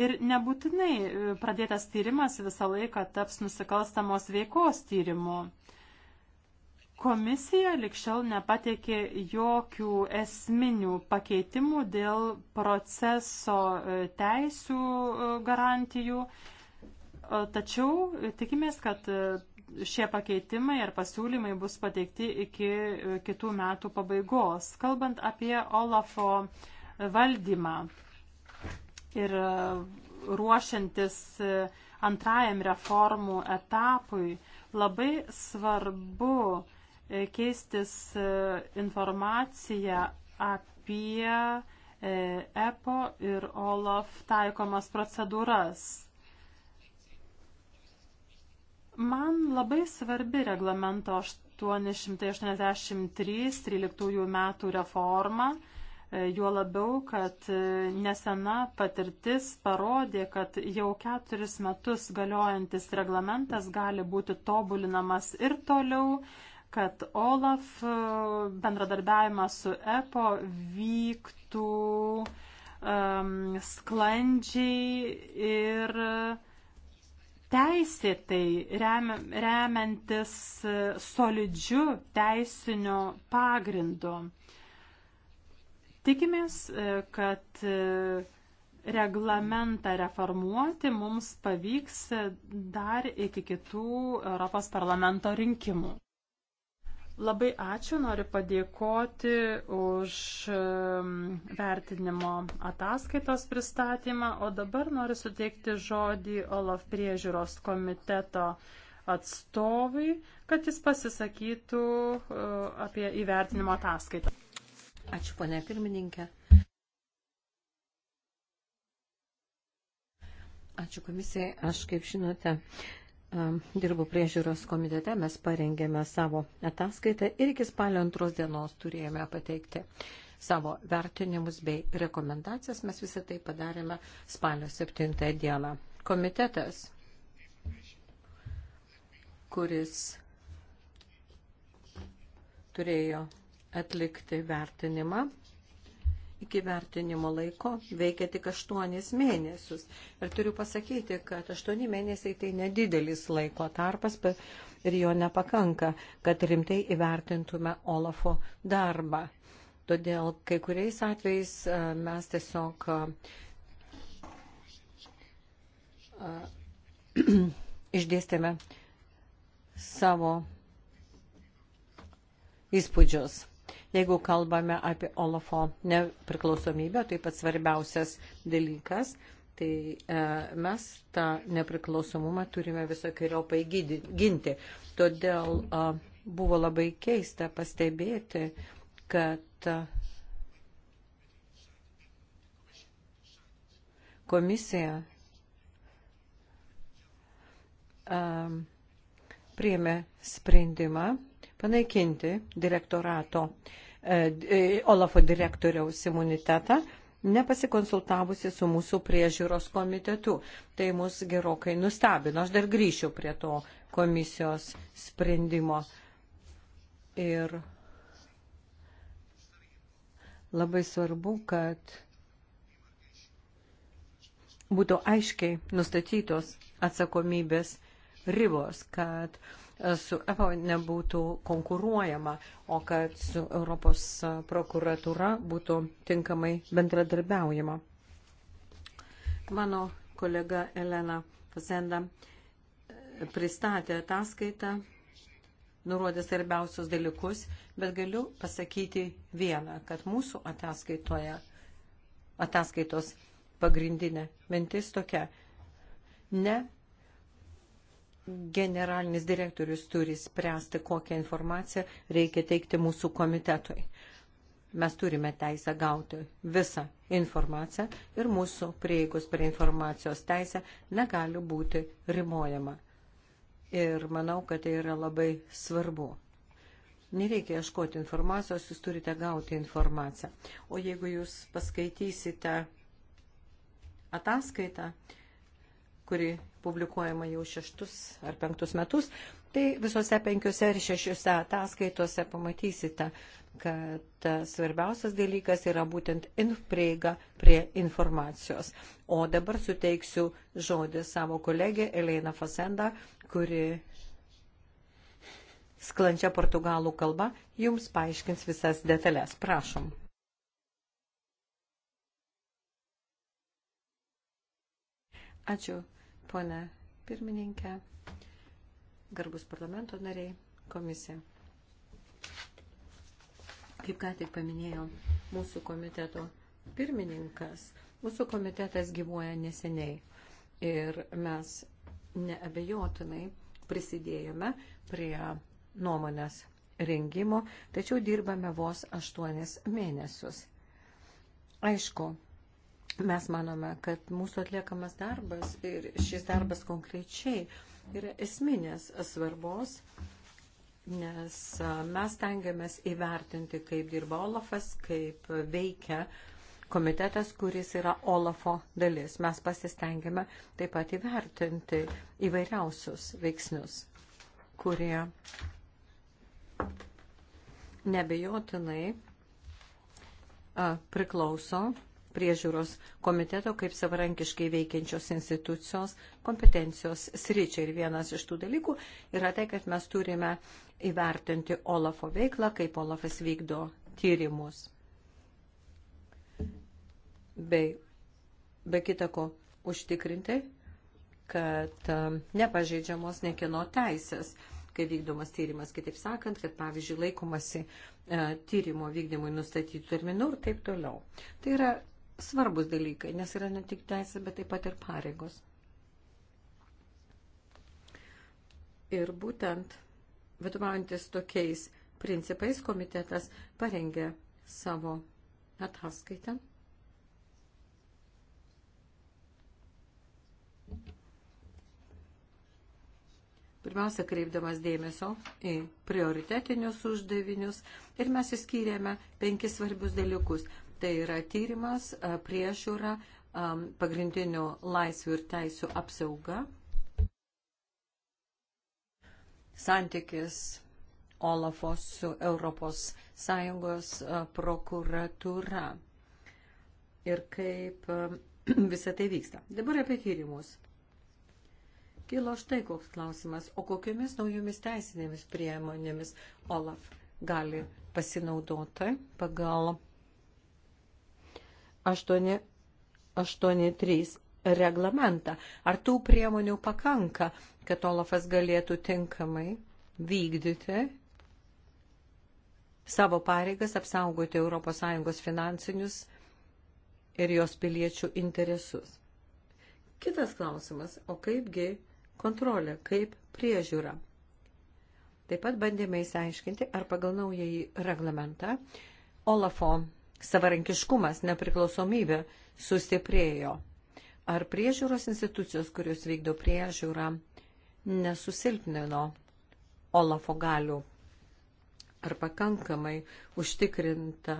Ir nebūtinai e, pradėtas tyrimas visą laiką taps nusikalstamos veikos tyrimu. Komisija likščiau nepateikė jokių esminių pakeitimų dėl proceso e, teisių e, garantijų, tačiau tikimės, kad šie pakeitimai ar pasiūlymai bus pateikti iki kitų metų pabaigos. Kalbant apie Olafo valdymą, ir e, ruošiantis e, antrajam reformų etapui labai svarbu e, keistis informaciją apie EPO ir OLAF taikomas procedūras. Man labai svarbi reglamento 883 13 metų reforma. Juo labiau, kad e, nesena patirtis parodė, kad jau keturis metus galiojantis reglamentas gali būti tobulinamas ir toliau, kad OLAF e, bendradarbiavimas su EPO vyktų um, sklandžiai ir teisėtai remiantis e, solidžiu teisiniu pagrindu. Tikimės, e, kad e, reglamentą reformuoti mums pavyks e, dar iki kitų Europos parlamento rinkimų. Labai ačiū, noriu padėkoti už vertinimo ataskaitos pristatymą, o dabar noriu suteikti žodį OLAF priežiūros komiteto atstovui, kad jis pasisakytų apie įvertinimo ataskaitą. Ačiū, ponė pirmininkė. Ačiū komisijai. Aš, kaip žinote, dirbu priežiūros komitete, mes parengėme savo ataskaitą ir iki spalio antros dienos turėjome pateikti savo vertinimus bei rekomendacijas. Mes visą tai padarėme spalio 7 dieną. Komitetas, kuris turėjo atlikti vertinimą. Iki vertinimo laiko veikia tik 8 mėnesius. Ir turiu pasakyti, kad 8 mėnesiai tai nedidelis laiko tarpas ir jo nepakanka, kad rimtai įvertintume Olafo darbą. Todėl kai kuriais atvejais e, mes tiesiog e, e, išdėstėme savo įspūdžius. Jeigu kalbame apie Olafo nepriklausomybę, taip pat svarbiausias dalykas, tai e, mes tą nepriklausomumą turime visokiojopai ginti. Todėl e, buvo labai keista pastebėti, kad e, komisija e, priėmė sprendimą panaikinti direktorato, e, e, Olafo direktoriaus imunitetą, nepasikonsultavusi su mūsų priežiūros komitetu. Tai mus gerokai nustebino. Aš dar grįšiu prie to komisijos sprendimo. Ir labai svarbu, kad būtų aiškiai nustatytos atsakomybės ribos, kad uh, su EPO nebūtų konkuruojama, o kad su Europos prokuratūra būtų tinkamai bendradarbiaujama. Mano kolega Elena Fasenda e, pristatė ataskaitą, nurodė svarbiausius dalykus, bet galiu pasakyti vieną, kad mūsų ataskaitoje, ataskaitos pagrindinė mintis tokia, ne generalinis direktorius turi spręsti, kokią informaciją reikia teikti mūsų komitetui. Mes turime teisę gauti visą informaciją ir mūsų prieigos prie informacijos teisė negali būti rimojama. Ir manau, kad tai yra labai svarbu. Nereikia ieškoti informacijos, jūs turite gauti informaciją. O jeigu jūs paskaitysite ataskaitą, kuri publikuojama jau šeštus ar penktus metus, tai visose penkiose ir šešiose ataskaitose pamatysite, kad svarbiausias dalykas yra būtent prieiga prie informacijos. O dabar suteiksiu žodį savo kolegė Elena Fasenda, kuri sklančia portugalų kalba jums paaiškins visas detalės. Prašom. Ačiū pone pirmininkė, garbus parlamento nariai, komisija. Kaip ką tik paminėjo mūsų komiteto pirmininkas, mūsų komitetas gyvuoja neseniai ir mes neabejotinai prisidėjome prie nuomonės rengimo, tačiau dirbame vos aštuonis mėnesius. Aišku, mes manome, kad mūsų atliekamas darbas ir šis darbas konkrečiai yra esminės svarbos, nes mes tengiamės įvertinti, kaip dirba Olafas, kaip veikia komitetas, kuris yra Olafo dalis. Mes pasistengiame taip pat įvertinti įvairiausius veiksnius, kurie nebejotinai priklauso priežiūros komiteto kaip savarankiškai veikiančios institucijos kompetencijos sričiai. Ir vienas iš tų dalykų yra tai, kad mes turime įvertinti Olafo veiklą, kaip Olafas vykdo tyrimus. Bei, be kitako, užtikrinti, kad um, nepažeidžiamos nekino teisės kai vykdomas tyrimas. Kitaip sakant, kad pavyzdžiui laikomasi e, tyrimo vykdymui nustatytų terminų ir taip toliau. Tai yra svarbus dalykai, nes yra ne tik teisė, bet taip pat ir pareigos. Ir būtent vadovaujantis tokiais principais komitetas parengė savo ataskaitą. Pirmiausia, kreipdamas dėmesio į prioritetinius uždavinius ir mes įskyrėme penkis svarbius dalykus. Tai yra tyrimas, priežiūra, pagrindinių laisvių ir teisų apsauga, santykis Olafos su Europos Sąjungos prokuratūra ir kaip visą tai vyksta. Dabar apie tyrimus. Kilo štai koks klausimas, o kokiamis naujomis teisinėmis priemonėmis Olaf gali pasinaudoti pagal 883 reglamentą. Ar tų priemonių pakanka, kad Olafas galėtų tinkamai vykdyti savo pareigas apsaugoti ES finansinius ir jos piliečių interesus? Kitas klausimas, o kaipgi kontrolė, kaip priežiūra? Taip pat bandėme įsiaiškinti, ar pagal naująjį reglamentą Olafo savarankiškumas, nepriklausomybė sustiprėjo. Ar priežiūros institucijos, kurios vykdo priežiūrą, nesusilpnino Olafo galių? Ar pakankamai užtikrinta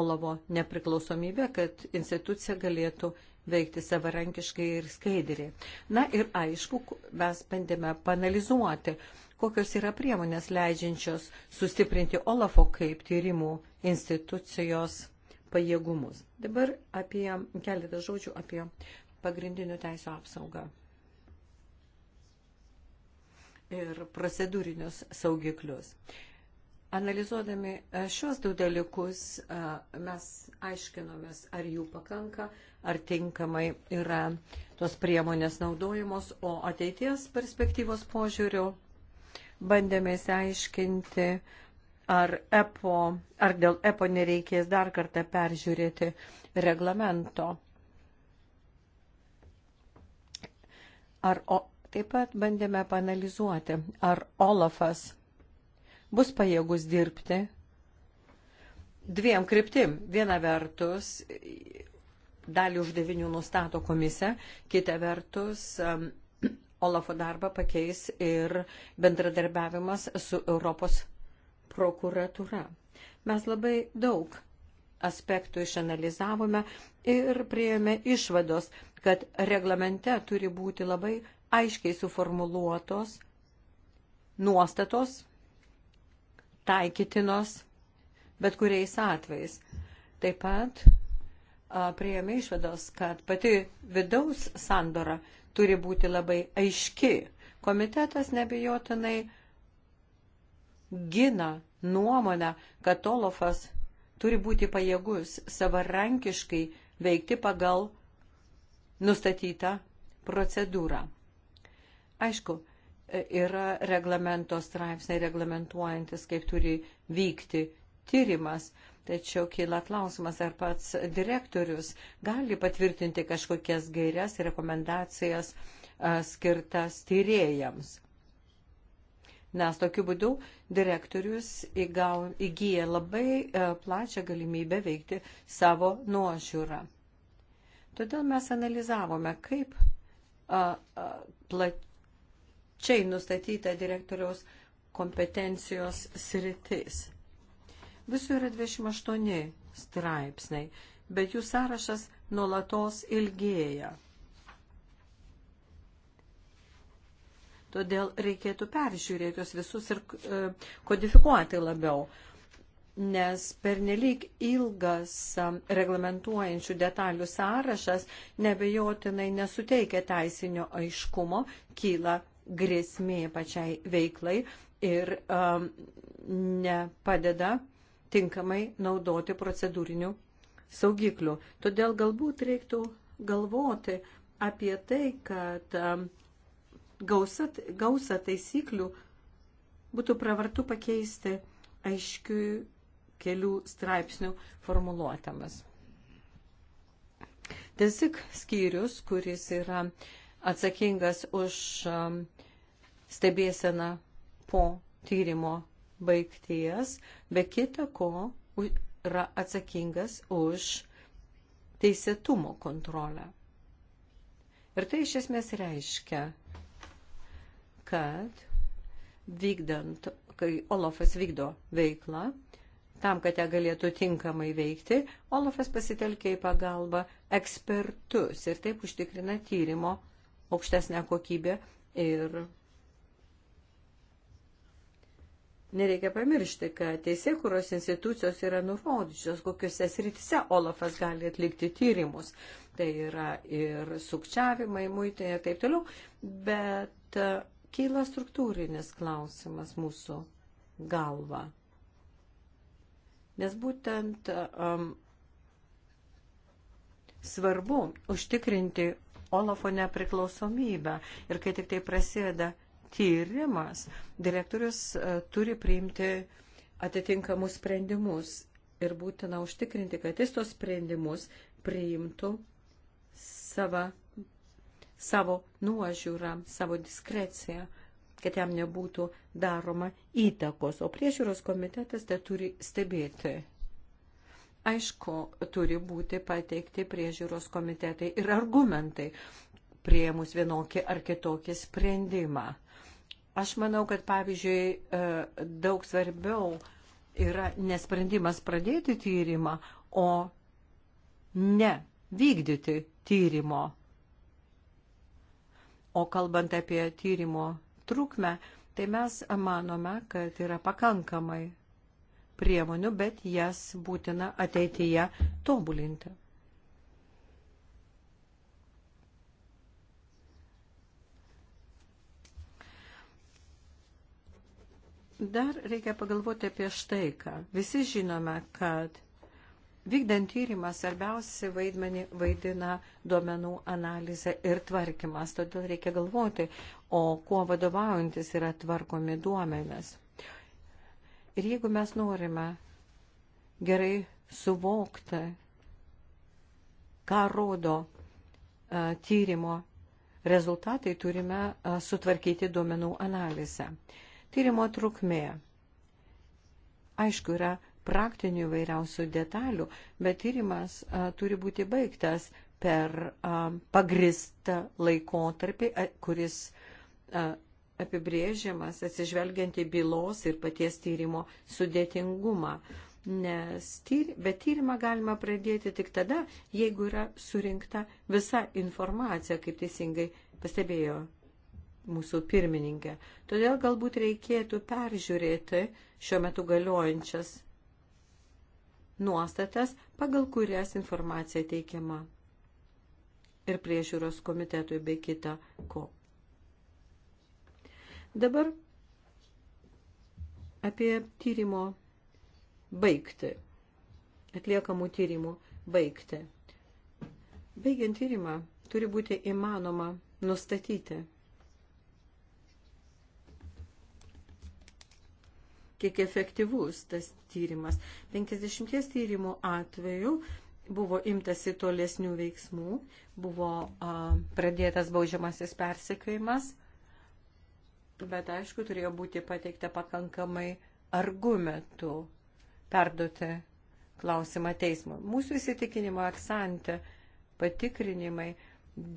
Olavo nepriklausomybė, kad institucija galėtų veikti savarankiškai ir skaidriai. Na ir aišku, mes bandėme panalizuoti, kokios yra priemonės leidžiančios sustiprinti Olafo kaip tyrimų institucijos pajėgumus. Dabar apie keletą žodžių apie pagrindinių teisų apsaugą ir procedūrinius saugiklius. Analizuodami e, šios du dalykus e, mes aiškinomės, ar jų pakanka, ar tinkamai yra tos priemonės naudojamos, o ateities perspektyvos požiūriu bandėme įsiaiškinti, ar, EPO, ar dėl EPO nereikės dar kartą peržiūrėti reglamento. Ar o, taip pat bandėme panalizuoti, ar Olafas bus pajėgus dirbti dviem kryptim. Viena vertus, dalį uždavinių nustato komisija, kita vertus, um, Olafo darbą pakeis ir bendradarbiavimas su Europos prokuratūra. Mes labai daug aspektų išanalizavome ir prieėmė išvados, kad reglamente turi būti labai aiškiai suformuluotos nuostatos, taikytinos bet kuriais atvejais. Taip pat prieėmė išvados, kad pati vidaus sandora turi būti labai aiški. Komitetas nebijotinai gina nuomonę, kad Olofas turi būti pajėgus savarankiškai veikti pagal nustatytą procedūrą. Aišku, yra reglamento straipsniai reglamentuojantis, kaip turi vykti tyrimas, Tačiau kyla klausimas, ar pats direktorius gali patvirtinti kažkokias gairias ir rekomendacijas skirtas tyrėjams. Nes tokiu būdu direktorius įgaun, įgyja labai plačią galimybę veikti savo nuožiūrą. Todėl mes analizavome, kaip plačiai nustatyta direktoriaus kompetencijos sritis. Visų yra 28 straipsniai, bet jų sąrašas nuolatos ilgėja. Todėl reikėtų peržiūrėti juos visus ir e, kodifikuoti labiau, nes pernelyg ilgas e, reglamentuojančių detalių sąrašas nebejotinai nesuteikia teisinio aiškumo, kyla grėsmė pačiai veiklai ir um, nepadeda tinkamai naudoti procedūrinių saugiklių. Todėl galbūt reiktų galvoti apie tai, kad um, gausa, gausa taisyklių būtų pravartu pakeisti aiškių kelių straipsnių formuluotamas. Tiesiog skyrius, kuris yra atsakingas už um, stebėseną po tyrimo baigties, be kita ko yra atsakingas už teisėtumo kontrolę. Ir tai iš esmės reiškia, kad vykdant, kai Olofas vykdo veiklą, tam, kad ją galėtų tinkamai veikti, Olofas pasitelkia į pagalbą ekspertus ir taip užtikrina tyrimo aukštesnę kokybę ir Nereikia pamiršti, kad teisėkuros institucijos yra nurodžios, kokiuose srityse Olafas gali atlikti tyrimus. Tai yra ir sukčiavimai, muitinė ir taip toliau. Bet e, kyla struktūrinis klausimas mūsų galva. Nes būtent um, svarbu užtikrinti Olafo nepriklausomybę. Ir kai tik tai prasideda tyrimas, direktorius e, turi priimti atitinkamus sprendimus ir būtina užtikrinti, kad jis tos sprendimus priimtų sava, savo nuožiūrą, savo diskreciją, kad jam nebūtų daroma įtakos, o priežiūros komitetas tai turi stebėti. Aišku, turi būti pateikti priežiūros komitetai ir argumentai prieimus vienokį ar kitokį sprendimą. Aš manau, kad pavyzdžiui e, daug svarbiau yra nesprendimas pradėti tyrimą, o ne vykdyti tyrimo. O kalbant apie tyrimo trukmę, tai mes manome, kad yra pakankamai priemonių, bet jas būtina ateityje tobulinti. Dar reikia pagalvoti apie štai ką. Visi žinome, kad vykdant tyrimą svarbiausi vaidmenį vaidina duomenų analizė ir tvarkymas. Todėl reikia galvoti, o kuo vadovaujantis yra tvarkomi duomenės. Ir jeigu mes norime gerai suvokti, ką rodo a, tyrimo rezultatai, turime a, sutvarkyti duomenų analizę. A, Tyrimo trukmė. Aišku, yra praktinių vairiausių detalių, bet tyrimas a, turi būti baigtas per a, pagristą laikotarpį, a, kuris a, apibrėžiamas atsižvelgiant į bylos ir paties tyrimo sudėtingumą. Nes tyr, bet tyrimą galima pradėti tik tada, jeigu yra surinkta visa informacija, kaip teisingai pastebėjo mūsų pirmininkė. Todėl galbūt reikėtų peržiūrėti šiuo metu galiojančias nuostatas, pagal kurias informacija teikiama ir priežiūros komitetui bei kita ko. Dabar apie tyrimo baigti, atliekamų tyrimų baigti. Baigiant tyrimą turi būti įmanoma nustatyti kiek efektyvus tas tyrimas. 50 tyrimų atveju buvo imtasi tolesnių veiksmų, buvo a, pradėtas baudžiamasis persekiojimas, bet aišku, turėjo būti pateikta pakankamai argumentų perduoti klausimą teismui. Mūsų įsitikinimo aksantė patikrinimai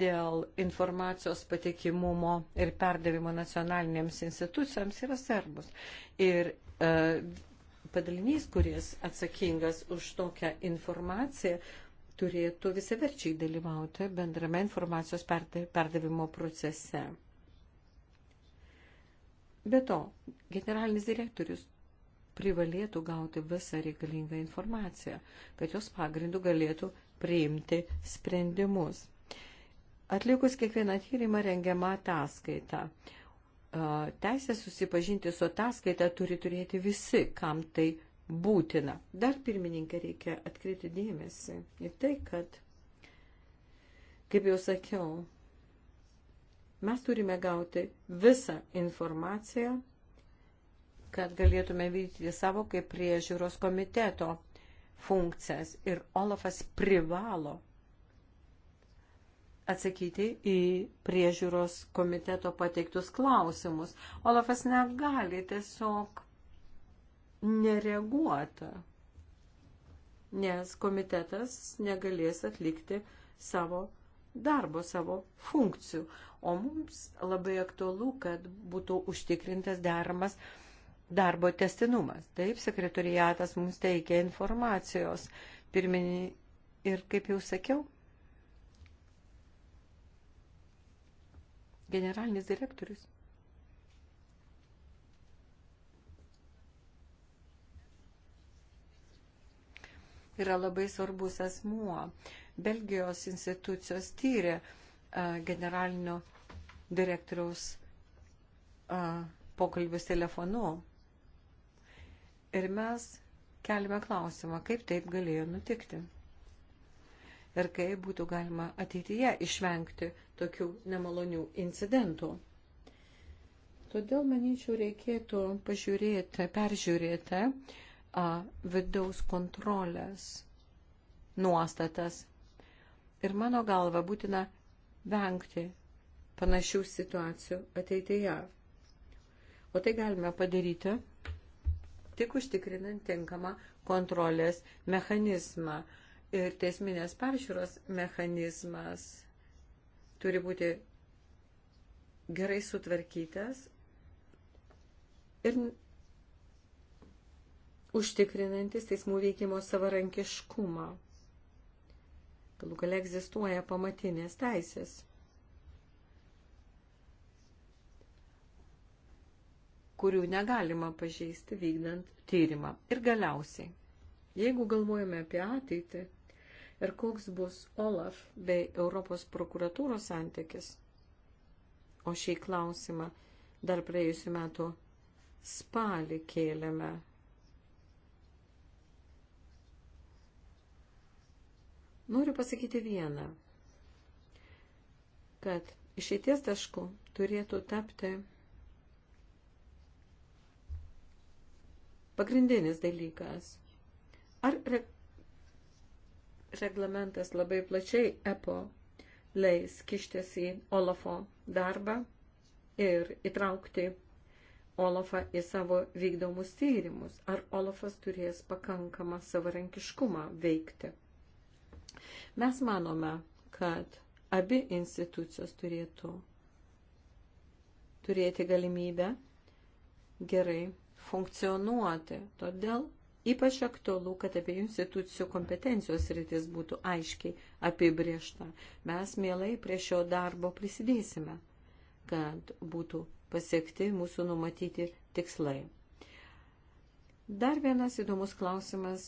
dėl informacijos patikimumo ir perdavimo nacionalinėms institucijoms yra svarbus. Ir e, padalinys, kuris atsakingas už tokią informaciją, turėtų visaverčiai dalyvauti bendrame informacijos perdavimo procese. Be to, generalinis direktorius privalėtų gauti visą reikalingą informaciją, kad jos pagrindų galėtų priimti sprendimus. Atlikus kiekvieną tyrimą rengiama ataskaita. Teisę susipažinti su ataskaita turi turėti visi, kam tai būtina. Dar pirmininkė reikia atkreipti dėmesį į tai, kad, kaip jau sakiau, mes turime gauti visą informaciją, kad galėtume vykdyti savo kaip priežiūros komiteto funkcijas ir Olafas privalo atsakyti į priežiūros komiteto pateiktus klausimus. Olafas negali tiesiog nereaguoti, nes komitetas negalės atlikti savo darbo, savo funkcijų. O mums labai aktualu, kad būtų užtikrintas deramas darbo testinumas. Taip, sekretoriatas mums teikia informacijos. Pirminį ir, kaip jau sakiau, generalinis direktorius. Yra labai svarbus asmuo. Belgijos institucijos tyrė generalinio direktoriaus pokalbius telefonu. Ir mes kelime klausimą, kaip taip galėjo nutikti ir kaip būtų galima ateityje išvengti tokių nemalonių incidentų. Todėl, manyčiau, reikėtų pažiūrėti, peržiūrėti a, vidaus kontrolės nuostatas. Ir mano galva būtina vengti panašių situacijų ateityje. O tai galime padaryti tik užtikrinant tinkamą kontrolės mechanizmą, ir tiesminės peržiūros mechanizmas turi būti gerai sutvarkytas ir užtikrinantis teismų veikimo savarankiškumą. Galų gale egzistuoja pamatinės teisės. kurių negalima pažeisti vykdant tyrimą. Ir galiausiai, jeigu galvojame apie ateitį, ir koks bus OLAF bei Europos prokuratūros santykis. O šį klausimą dar praėjusiu metu spalį kėlėme. Noriu pasakyti vieną, kad išeities taškų turėtų tapti pagrindinis dalykas. Ar re reglamentas labai plačiai EPO leis kištis į Olafo darbą ir įtraukti Olafą į savo vykdomus tyrimus. Ar Olafas turės pakankamą savarankiškumą veikti? Mes manome, kad abi institucijos turėtų turėti galimybę gerai funkcionuoti. Todėl Ypač aktualu, kad apie institucijų kompetencijos rytis būtų aiškiai apibriešta. Mes mielai prie šio darbo prisidėsime, kad būtų pasiekti mūsų numatyti tikslai. Dar vienas įdomus klausimas,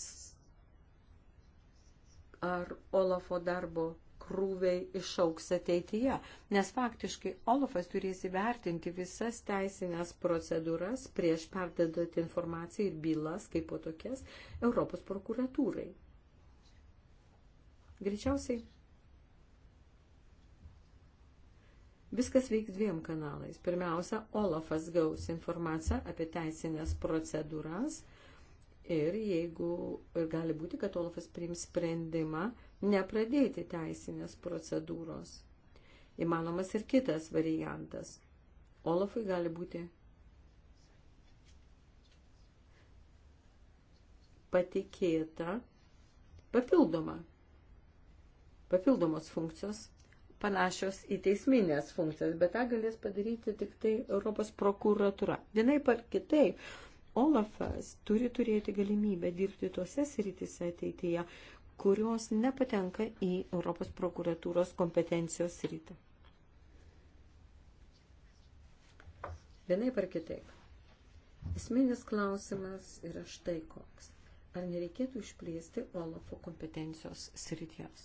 ar Olafo darbo krūviai išauks ateityje, nes faktiškai Olafas turės įvertinti visas teisinės procedūras prieš perdedant informaciją ir bylas kaip po tokias Europos prokuratūrai. Greičiausiai Viskas veiks dviem kanalais. Pirmiausia, Olafas gaus informaciją apie teisinės procedūras ir jeigu ir gali būti, kad Olafas priims sprendimą uh, nepradėti teisinės procedūros. Įmanomas ir kitas variantas. Olafui gali būti patikėta papildoma. Papildomos funkcijos panašios į teisminės funkcijas, bet tą galės padaryti tik tai Europos prokuratura. Vienai par kitai, Olafas turi turėti galimybę dirbti tose sritise ateityje, kurios nepatenka į Europos prokuratūros kompetencijos rytį. Vienai par kitaip. Esminis klausimas yra štai koks. Ar nereikėtų išplėsti Olafo kompetencijos srities?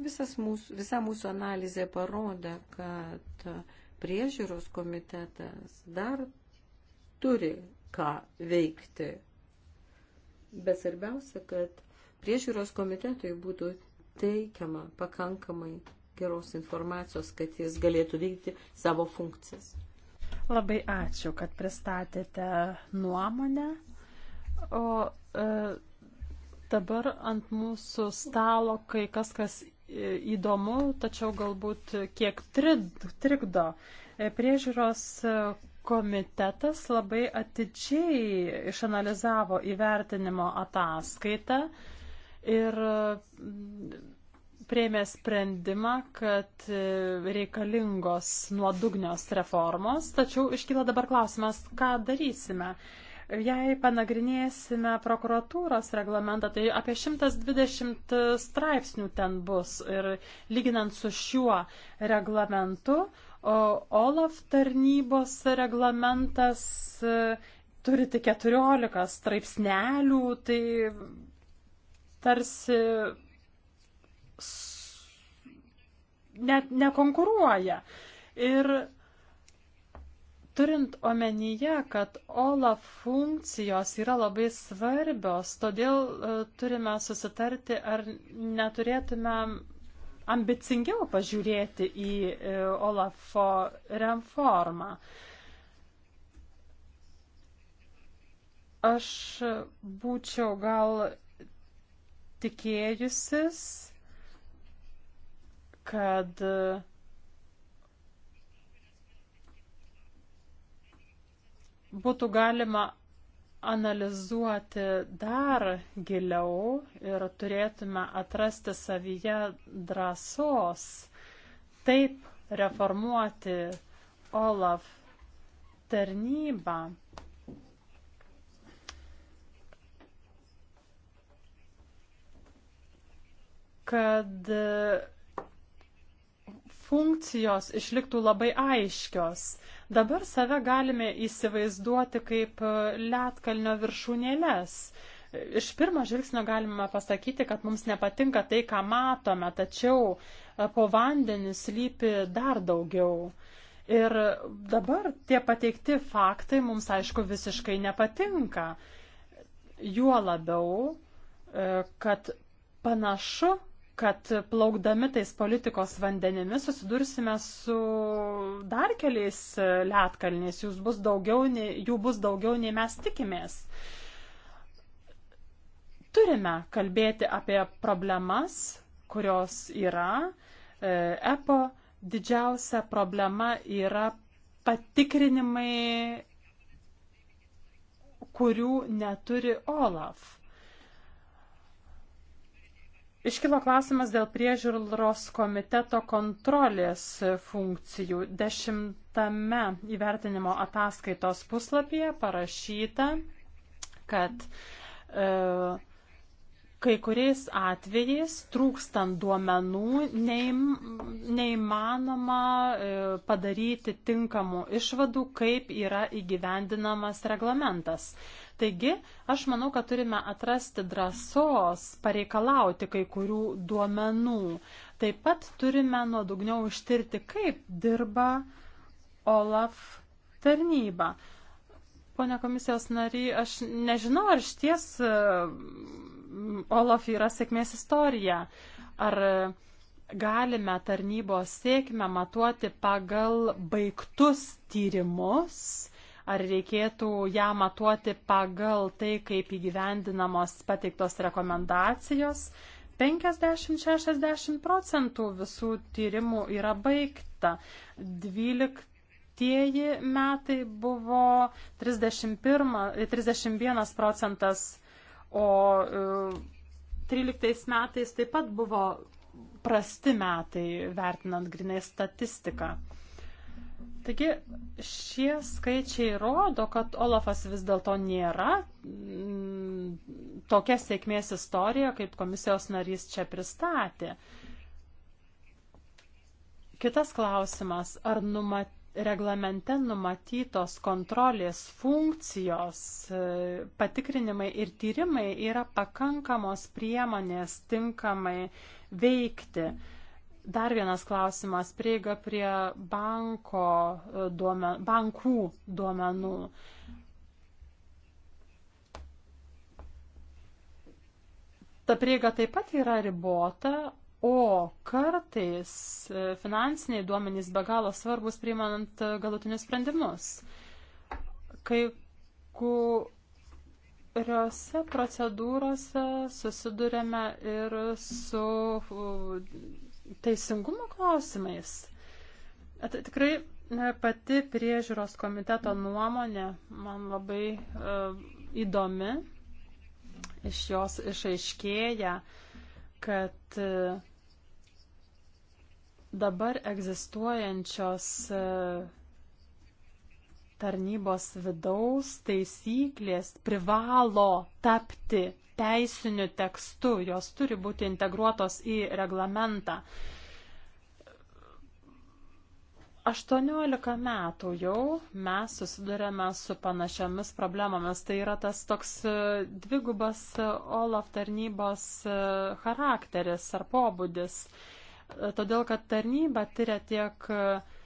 Visas mūsų, visa mūsų analizė parodo, kad priežiūros komitetas dar turi ką veikti Bet svarbiausia, kad priežiūros komitetui būtų teikiama pakankamai geros informacijos, kad jis galėtų vykdyti savo funkcijas. Labai ačiū, kad pristatėte nuomonę. O e, dabar ant mūsų stalo kai kas, kas e, įdomu, tačiau galbūt kiek trikdo e, priežiūros e, komitetas labai atidžiai išanalizavo įvertinimo ataskaitą ir mm, prieimė sprendimą, kad e, reikalingos nuodugnios reformos, tačiau iškyla dabar klausimas, ką darysime. Jei panagrinėsime prokuratūros reglamentą, tai apie 120 straipsnių ten bus ir lyginant su šiuo reglamentu, OLAF tarnybos reglamentas e, turi tik 14 straipsnelių, tai tarsi net nekonkuruoja. Ir turint omenyje, kad OLAF funkcijos yra labai svarbios, todėl e, turime susitarti, ar neturėtume ambicingiau pažiūrėti į e, Olafo reformą. Aš būčiau gal tikėjusis, kad e, būtų galima analizuoti dar giliau ir turėtume atrasti savyje drąsos taip reformuoti OLAF tarnybą, kad funkcijos išliktų labai aiškios. Dabar save galime įsivaizduoti kaip e, lietkalnio viršūnėlės. Iš pirmo žvilgsnio galime pasakyti, kad mums nepatinka tai, ką matome, tačiau e, po vandeniu slypi dar daugiau. Ir dabar tie pateikti faktai mums, aišku, visiškai nepatinka. Juo labiau, e, kad panašu, kad plaukdami tais politikos vandenimis susidursime su dar keliais e, lietkalniais, jų bus daugiau nei, jų bus daugiau nei mes tikimės. Turime kalbėti apie problemas, kurios yra. E, EPO didžiausia problema yra patikrinimai, kurių neturi OLAF. Iškilo klausimas dėl priežiūros komiteto kontrolės funkcijų. Dešimtame įvertinimo ataskaitos puslapyje parašyta, kad e, kai kuriais atvejais trūkstant duomenų neim, neįmanoma e, padaryti tinkamų išvadų, kaip yra įgyvendinamas reglamentas. E, Taigi, aš manau, kad turime atrasti drąsos pareikalauti kai kurių duomenų. Taip pat turime nuodugniau ištirti, kaip dirba OLAF tarnyba. Pone komisijos nariai, aš nežinau, ar šties e, OLAF yra sėkmės istorija. Ar galime tarnybos sėkmę matuoti pagal baigtus tyrimus? Ar reikėtų ją matuoti pagal tai, kaip įgyvendinamos pateiktos rekomendacijos? 50-60 procentų visų tyrimų yra baigta. 12 metai buvo 31, 31 procentas, o 13 e, metais taip pat buvo prasti metai, vertinant grinai statistiką. Taigi šie skaičiai rodo, kad Olafas vis dėlto nėra mm, tokia sėkmės istorija, kaip komisijos narys čia pristatė. Kitas klausimas, ar numat, reglamente numatytos kontrolės funkcijos, e, patikrinimai ir tyrimai yra pakankamos priemonės tinkamai veikti. Mm Dar vienas klausimas - prieiga prie banko e, duomen, bankų duomenų. Ta prieiga taip pat yra ribota, o kartais e, finansiniai duomenys be galo svarbus priimant e, galutinius sprendimus. Kai kuriuose procedūrose susidurėme ir su teisingumo klausimais. At, tikrai pati priežiūros komiteto nuomonė man labai uh, įdomi. Iš jos išaiškėja, kad uh, dabar egzistuojančios e, tarnybos vidaus taisyklės privalo tapti teisiniu tekstu, jos turi būti integruotos į reglamentą. 18 metų jau mes susidurėme su panašiamis problemomis. Tai yra tas toks e, dvigubas e, OLAF tarnybos e, charakteris ar pobūdis. Todėl, kad tarnyba tyria tiek uh,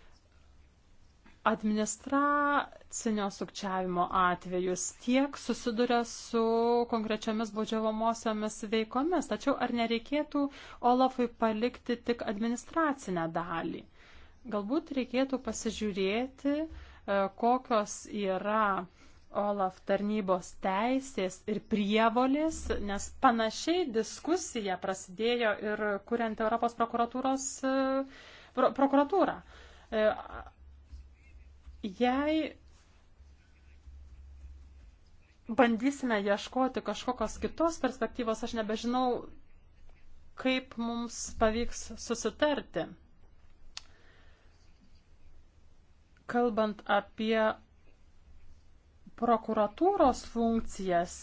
administracinio sukčiavimo atvejus, tiek susiduria su konkrečiamis baudžiavamosiomis veikomis. Tačiau ar nereikėtų Olafui palikti tik administracinę dalį? Galbūt reikėtų pasižiūrėti, e, kokios yra Olaf tarnybos teisės ir prievolės, nes panašiai diskusija prasidėjo ir kuriant Europos prokuratūros e, pro, prokuratūrą. E, Jei bandysime ieškoti kažkokios kitos perspektyvos, aš nebežinau, kaip mums pavyks susitarti. Kalbant apie prokuratūros funkcijas,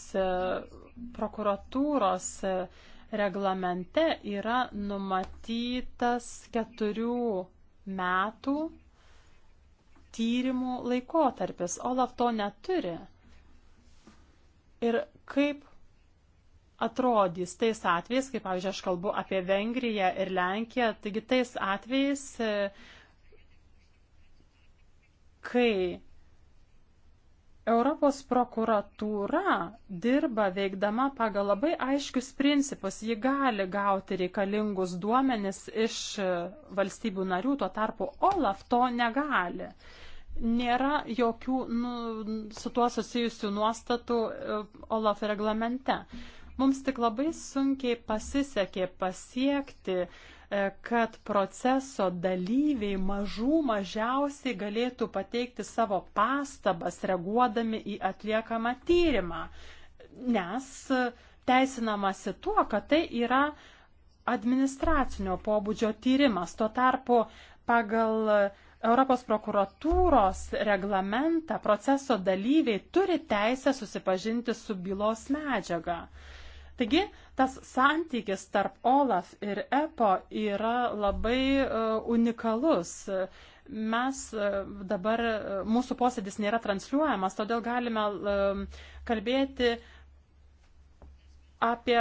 prokuratūros reglamente yra numatytas keturių metų tyrimų laikotarpis. Olaf to neturi. Ir kaip atrodys tais atvejais, kaip pavyzdžiui, aš kalbu apie Vengriją ir Lenkiją, taigi tais atvejais, e, kai Europos prokuratūra dirba veikdama pagal labai aiškius principus. Ji gali gauti reikalingus duomenis iš valstybių narių, tuo tarpu Olaf to negali. Nėra jokių nu, su tuo susijusių nuostatų e, Olaf reglamente. Mums tik labai sunkiai pasisekė pasiekti uh, kad proceso dalyviai mažų mažiausiai galėtų pateikti savo pastabas reaguodami į atliekamą tyrimą, nes teisinamasi tuo, kad tai yra administracinio pobūdžio tyrimas. Tuo tarpu pagal Europos prokuratūros reglamentą proceso dalyviai turi teisę susipažinti su bylos medžiaga. Taigi, tas santykis tarp OLAF ir EPO yra labai e, unikalus. Mes e, dabar, e, mūsų posėdis nėra transliuojamas, todėl galime kalbėti apie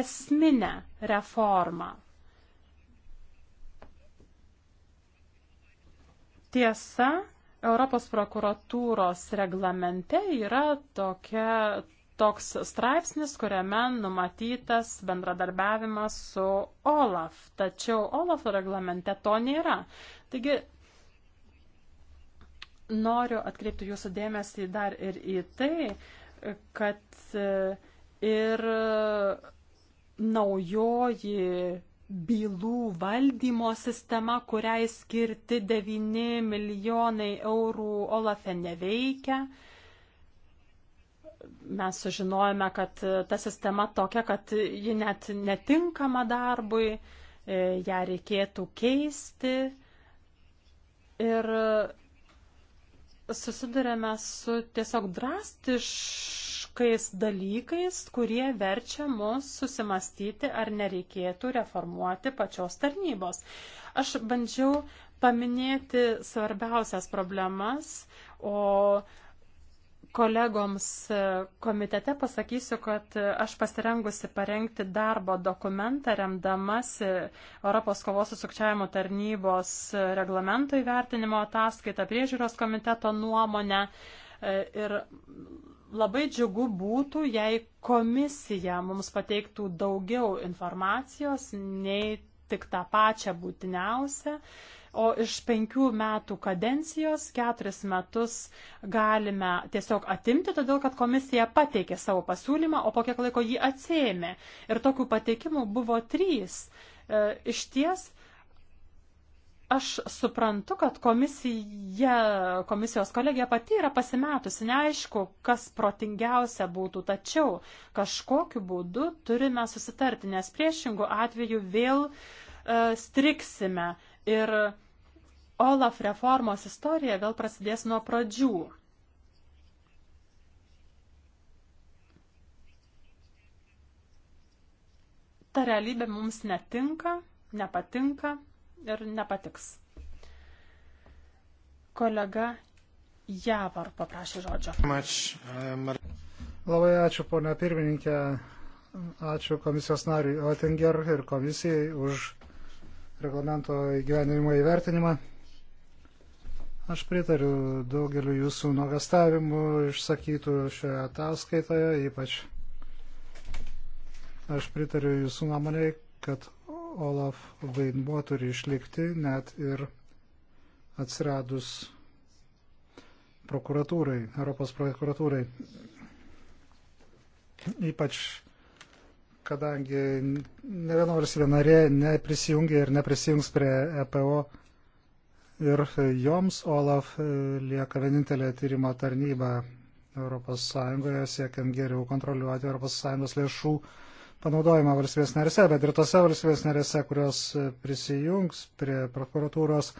esminę reformą. Tiesa, Europos prokuratūros reglamente yra tokia toks straipsnis, kuriame numatytas bendradarbiavimas su OLAF, tačiau OLAF reglamente to nėra. Taigi noriu atkreipti jūsų dėmesį dar ir į tai, kad e, ir naujoji bylų valdymo sistema, kuriai skirti 9 milijonai eurų Olafe neveikia mes sužinojome, kad e, ta sistema tokia, kad ji net netinkama darbui, e, ją reikėtų keisti. Ir susidurėme su tiesiog drastiškais dalykais, kurie verčia mus susimastyti, ar nereikėtų reformuoti pačios tarnybos. Aš bandžiau paminėti svarbiausias problemas, o kolegoms e, komitete pasakysiu, kad e, aš pasirengusi parengti darbo dokumentą remdamasi Europos kovos su sukčiavimo tarnybos e, reglamento įvertinimo ataskaitą, priežiūros komiteto nuomonę. Ir labai džiugu būtų, jei komisija mums pateiktų daugiau informacijos, nei tik tą pačią būtiniausią. Uh, o iš penkių metų kadencijos keturis metus galime tiesiog atimti, todėl kad komisija pateikė savo pasiūlymą, o po kiek laiko jį atsėmė. Ir tokių pateikimų buvo trys. E, iš ties, aš suprantu, kad komisija, komisijos kolegija pati yra pasimetusi, neaišku, kas protingiausia būtų, tačiau kažkokiu būdu turime susitarti, nes priešingų atveju vėl e, striksime. E, Ir Olaf reformos istorija vėl prasidės nuo pradžių. Ta realybė mums netinka, nepatinka ir nepatiks. Kolega Javar paprašė žodžio. Labai ačiū, ponia pirmininkė, ačiū komisijos nariui Oettinger ir komisijai už reglamento įgyvenimo įvertinimą. Aš pritariu daugeliu jūsų nuogastavimų išsakytų šioje ataskaitoje, ypač aš pritariu jūsų nuomonėj, kad Olaf vaidmuo turi išlikti net ir atsiradus prokuratūrai, Europos prokuratūrai. Ypač kadangi ne viena valstybė narė neprisijungia ir neprisijungs prie EPO ir joms OLAF lieka vienintelė tyrimo tarnyba ES siekiant geriau kontroliuoti ES lėšų panaudojimą valstybės narėse, bet ir tose valstybės narėse, kurios prisijungs prie prokuratūros,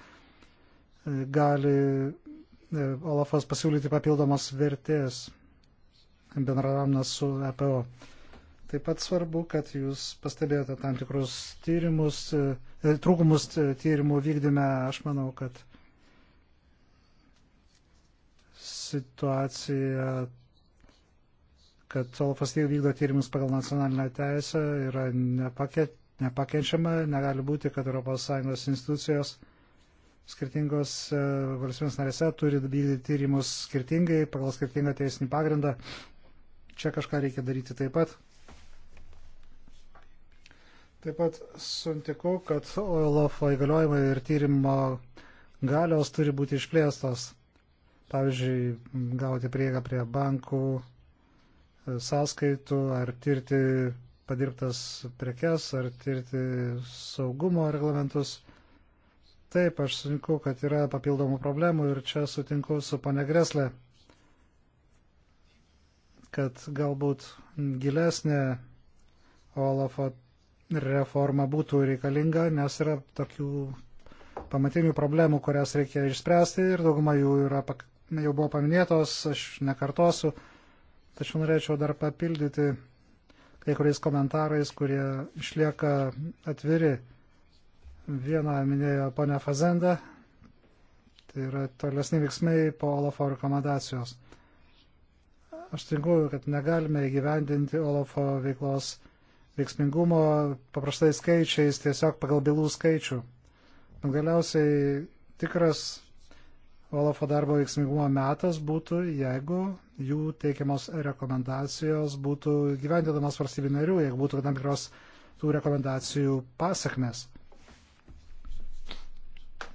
gali e, Olafas pasiūlyti papildomos vertės bendradavimas su EPO. Taip pat svarbu, kad jūs pastebėjote tam tikrus tyrimus, e, trūkumus tyrimų vykdyme. Aš manau, kad situacija, kad Olafas vykdo tyrimus pagal nacionalinę teisę, yra nepake, nepakenčiama. Negali būti, kad ES institucijos skirtingos e, valstybės narėse turi vykdyti tyrimus skirtingai, pagal skirtingą teisinį pagrindą. Čia kažką reikia daryti taip pat. Taip pat suntiku, kad Olafo įgaliojimai ir tyrimo galios turi būti išplėstos. Pavyzdžiui, gauti prieigą prie bankų e, sąskaitų, ar tirti padirbtas prekes, ar tirti saugumo reglamentus. Taip, aš sutinku, kad yra papildomų problemų ir čia sutinku su pane Gresle, kad galbūt gilesnė Olafo reforma būtų reikalinga, nes yra tokių pamatinių problemų, kurias reikia išspręsti ir dauguma jų yra, jau buvo paminėtos, aš nekartosiu, tačiau norėčiau dar papildyti kai kuriais komentarais, kurie išlieka atviri. Vieną minėjo ponia Fazenda, tai yra tolesni veiksmai po Olafo rekomendacijos. Aš tinku, kad negalime įgyvendinti Olafo veiklos veiksmingumo paprastai skaičiais, tiesiog pagal bylų skaičių. Nu, galiausiai tikras Olafo darbo veiksmingumo metas būtų, jeigu jų teikiamos rekomendacijos būtų gyvendinamas valstybių narių, jeigu būtų tam tikros tų rekomendacijų pasiekmes.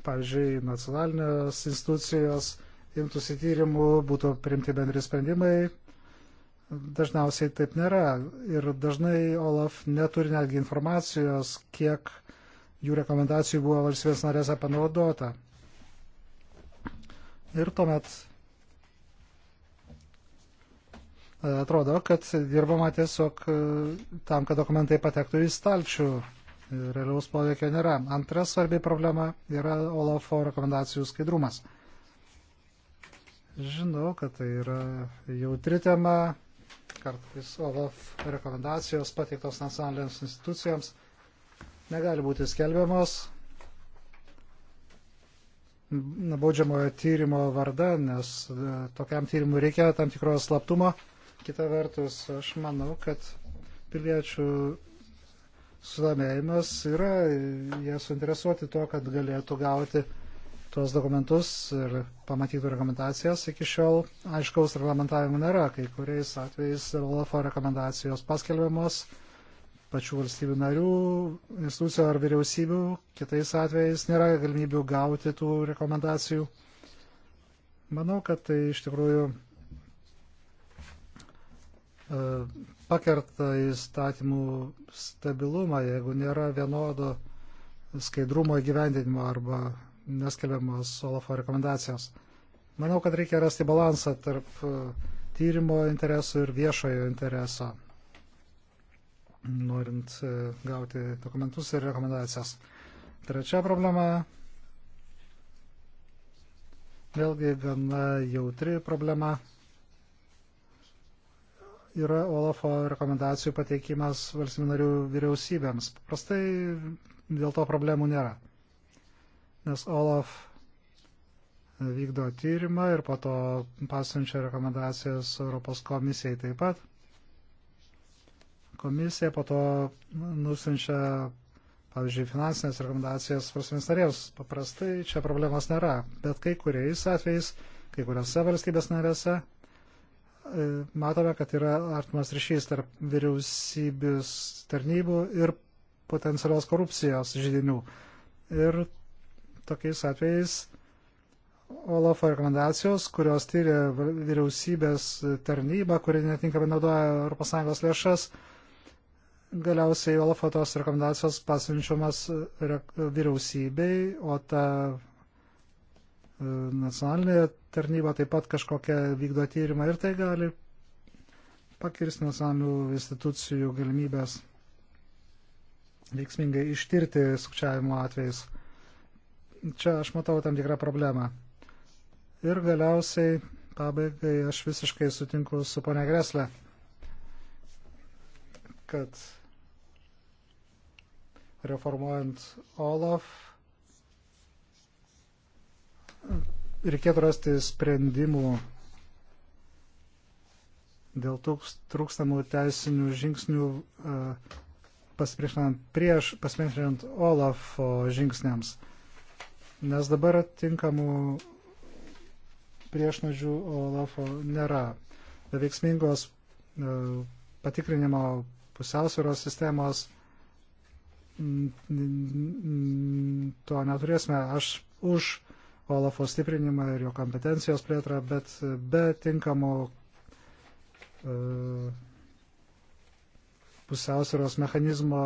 Pavyzdžiui, nacionalinės institucijos imtųsi tyrimų, būtų primti bendri sprendimai, Dažniausiai taip nėra ir dažnai OLAF neturi netgi informacijos, kiek jų rekomendacijų buvo valstybės narėse panaudota. Ir tuomet e, atrodo, kad dirbama tiesiog e, tam, kad dokumentai patektų į stalčių. Realiaus poveikio nėra. Antra svarbi problema yra OLAFO rekomendacijų skaidrumas. Žinau, kad tai yra jautri tema, Kartais OLAF rekomendacijos pateiktos nacionalinėms institucijoms negali būti skelbiamos baudžiamojo tyrimo vardą, nes e, tokiam tyrimui reikia tam tikros slaptumo. Kita vertus, aš manau, kad piliečių sudomėjimas yra, jie suinteresuoti tuo, kad galėtų gauti tuos dokumentus ir pamatytų rekomendacijas. Iki šiol aiškaus reglamentavimo nėra, kai kuriais atvejais LOFO rekomendacijos paskelbiamos pačių valstybių narių, institucijų ar vyriausybių, kitais atvejais nėra galimybių gauti tų rekomendacijų. Manau, kad tai iš tikrųjų e, pakerta įstatymų stabilumą, jeigu nėra vienodo skaidrumo įgyvendinimo arba neskelbiamos Olafo rekomendacijos. Manau, kad reikia rasti balansą tarp e, tyrimo interesų ir viešojo intereso, norint e, gauti dokumentus ir rekomendacijas. Trečia problema, vėlgi gana jautri problema, yra Olafo rekomendacijų pateikimas valstybių narių vyriausybėms. Paprastai dėl to problemų nėra nes Olaf vykdo tyrimą ir po to pasiunčia rekomendacijas Europos komisijai taip pat. Komisija po to nusinčia, pavyzdžiui, finansinės rekomendacijas valstybės narėms. Paprastai čia problemos nėra, bet kai kuriais atvejais, kai kuriuose valstybės narėse e, matome, kad yra artimas ryšys tarp vyriausybės tarnybų ir potencialios korupcijos žydinių. Ir tokiais atvejais Olafo rekomendacijos, kurios tyria vyriausybės tarnybą, kuri netinkamai naudoja ES lėšas, galiausiai Olafo tos rekomendacijos pasiunčiamas vyriausybei, o ta e, nacionalinė tarnyba taip pat kažkokią vykdo tyrimą ir tai gali pakirsti nacionalinių institucijų galimybės veiksmingai ištirti sukčiavimo atvejais čia aš matau tam tikrą problemą. Ir galiausiai, pabaigai, aš visiškai sutinku su ponia Gresle, kad reformuojant Olaf reikėtų rasti sprendimų dėl trūkstamų teisinių žingsnių e, pasipriešinant prieš, pasipriešinant Olafo žingsniams nes dabar tinkamų priešnuodžių Olafo nėra. Veiksmingos e, patikrinimo pusiausvėros sistemos to neturėsime. Aš už Olafo stiprinimą ir jo kompetencijos plėtrą, bet be tinkamo e, pusiausvėros mechanizmo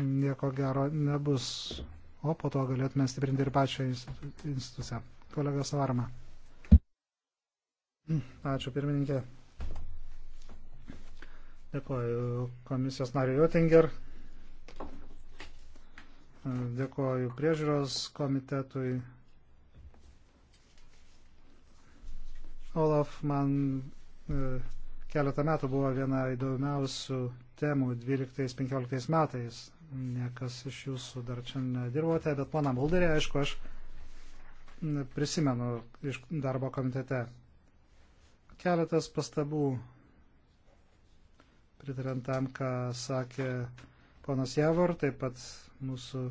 nieko gero nebus o po to galėtume stiprinti ir pačią instituciją. Kolega Savarma. Mm, ačiū pirmininkė. Dėkuoju komisijos nariu Jotinger. Dėkuoju priežiūros komitetui. Olaf man e, keletą metų buvo viena įdomiausių temų 12-15 metais niekas iš jūsų dar čia nedirbote, bet pana Mulderė, aišku, aš prisimenu iš darbo komitete. Keletas pastabų pritariant tam, ką sakė ponas Javor, taip pat mūsų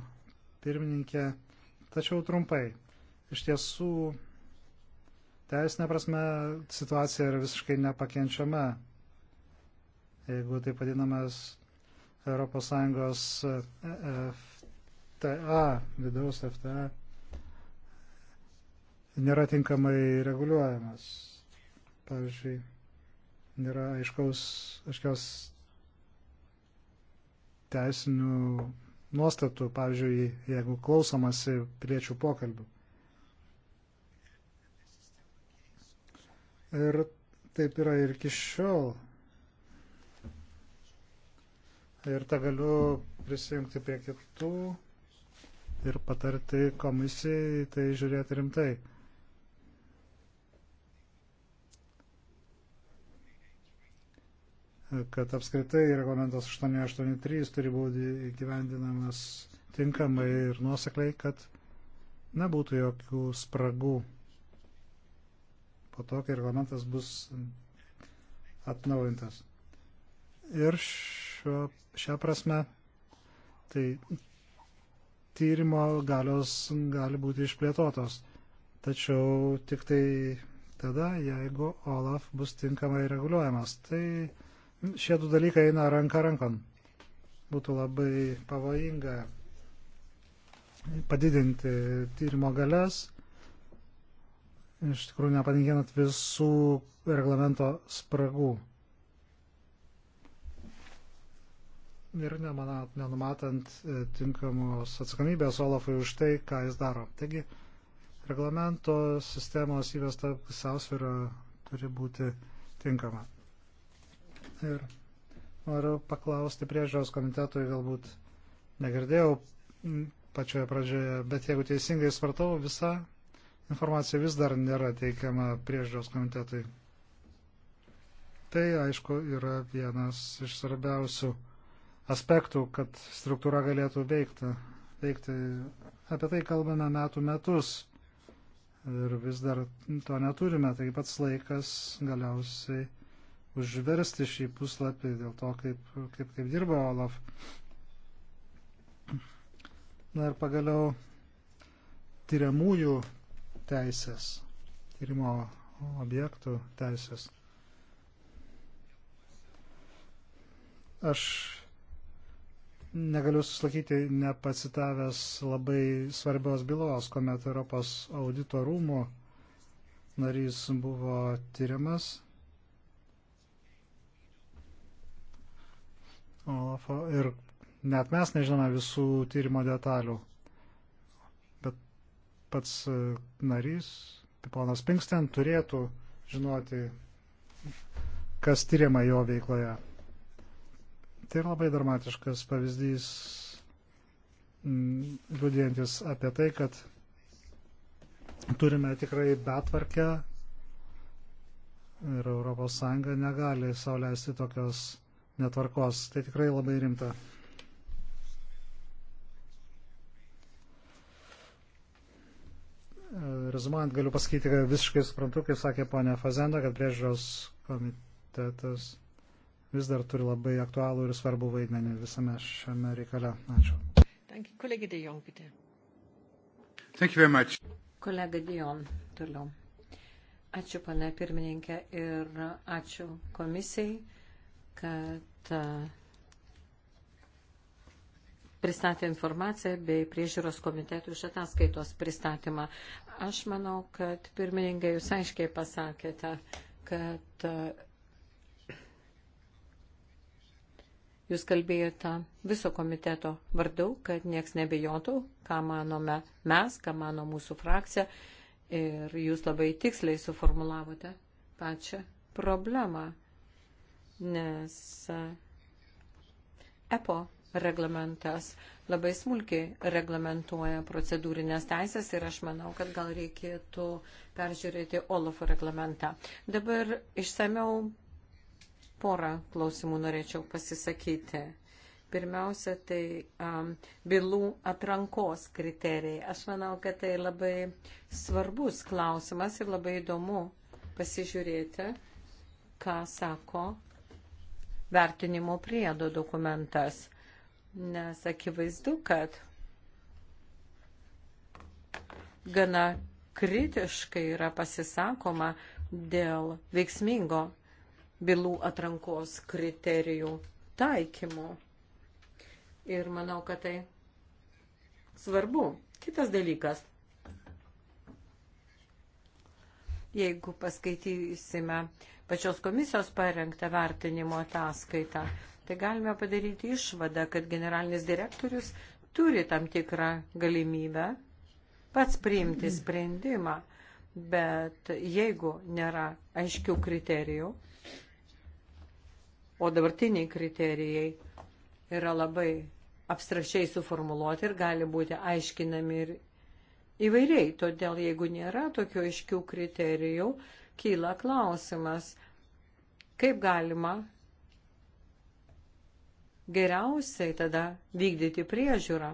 pirmininkė. Tačiau trumpai. Iš tiesų, teisinė prasme situacija yra visiškai nepakenčiama. Jeigu taip vadinamas ES e, e, FTA, vidaus FTA, nėra tinkamai reguliuojamas. Pavyzdžiui, nėra aiškaus, aiškios teisinių nuostatų, pavyzdžiui, jeigu klausomasi priečių pokalbių. Ir taip yra ir iki šiol. Ir tą galiu prisijungti prie kitų ir patarti komisijai tai žiūrėti rimtai. kad apskritai reglamentas 883 turi būti įgyvendinamas tinkamai ir nuosekliai, kad nebūtų jokių spragų. Po to, kai reglamentas bus atnaujintas. Ir š šio, šią prasme. Tai tyrimo galios gali būti išplėtotos, tačiau tik tai tada, jeigu OLAF bus tinkamai reguliuojamas. Tai šie du dalykai eina ranka rankon. Būtų labai pavojinga padidinti tyrimo galės, iš tikrųjų nepadengiant visų reglamento spragų. ir nemanat, nenumatant e, tinkamos atsakomybės Olafui už tai, ką jis daro. Taigi, reglamento sistemos įvesta pusiausvyrą turi būti tinkama. Ir noriu paklausti priežiūros komitetui, galbūt negirdėjau pačioje pradžioje, bet jeigu teisingai svartau, visa informacija vis dar nėra teikiama priežiūros komitetui. Tai, aišku, yra vienas iš svarbiausių aspektų, kad struktūra galėtų veikti. veikti. Apie tai kalbame metų metus ir vis dar to neturime. Taigi pats laikas galiausiai užversti šį puslapį dėl to, kaip, kaip, kaip dirba Olaf. Na ir pagaliau tyriamųjų teisės, tyrimo objektų teisės. Aš negaliu susilakyti nepacitavęs labai svarbios bylos, kuomet Europos audito rūmų narys buvo tyriamas. Olafo ir net mes nežinome visų tyrimo detalių. Bet pats e, narys, ponas Pinksten, turėtų žinoti, kas tyriama jo veikloje. Tai yra labai dramatiškas pavyzdys, mm, liūdėjantis apie tai, kad turime tikrai betvarkę ir ES negali sauliaisti tokios netvarkos. Tai tikrai labai rimta. rezumuojant, galiu pasakyti, kad visiškai suprantu, kaip sakė ponia Fazenda, kad priežiūros komitetas vis dar turi labai aktualų ir svarbų vaidmenį visame šiame reikale. Ačiū. Kolega De Jong, bitte. Thank you very much. Kolega De Jong, toliau. Ačiū, pane pirmininkė, ir ačiū komisijai, kad pristatė informaciją bei priežiūros komitetų iš ataskaitos pristatymą. Aš manau, kad pirmininkai jūs aiškiai pasakėte, kad Jūs kalbėjote viso komiteto vardu, kad nieks nebejotų, ką manome mes, ką mano mūsų frakcija. Ir jūs labai tiksliai suformulavote pačią problemą, nes e, EPO reglamentas labai smulkiai reglamentuoja procedūrinės teisės ir aš manau, kad gal reikėtų peržiūrėti OLAFO reglamentą. Dabar išsameu porą klausimų norėčiau pasisakyti. Pirmiausia, tai um, bylų atrankos kriterijai. Aš manau, kad tai labai svarbus klausimas ir labai įdomu pasižiūrėti, ką sako vertinimo priedo dokumentas. Nes akivaizdu, kad gana kritiškai yra pasisakoma dėl veiksmingo bylų atrankos kriterijų taikymu. Ir manau, kad tai svarbu. Kitas dalykas. Jeigu paskaitysime pačios komisijos parengtą vertinimo ataskaitą, tai galime padaryti išvadą, kad generalinis direktorius turi tam tikrą galimybę pats priimti sprendimą, bet jeigu nėra aiškių kriterijų, o dabartiniai kriterijai yra labai abstrakčiai suformuluoti ir gali būti aiškinami ir įvairiai. Todėl, jeigu nėra tokių aiškių kriterijų, kyla klausimas, kaip galima geriausiai tada vykdyti priežiūrą.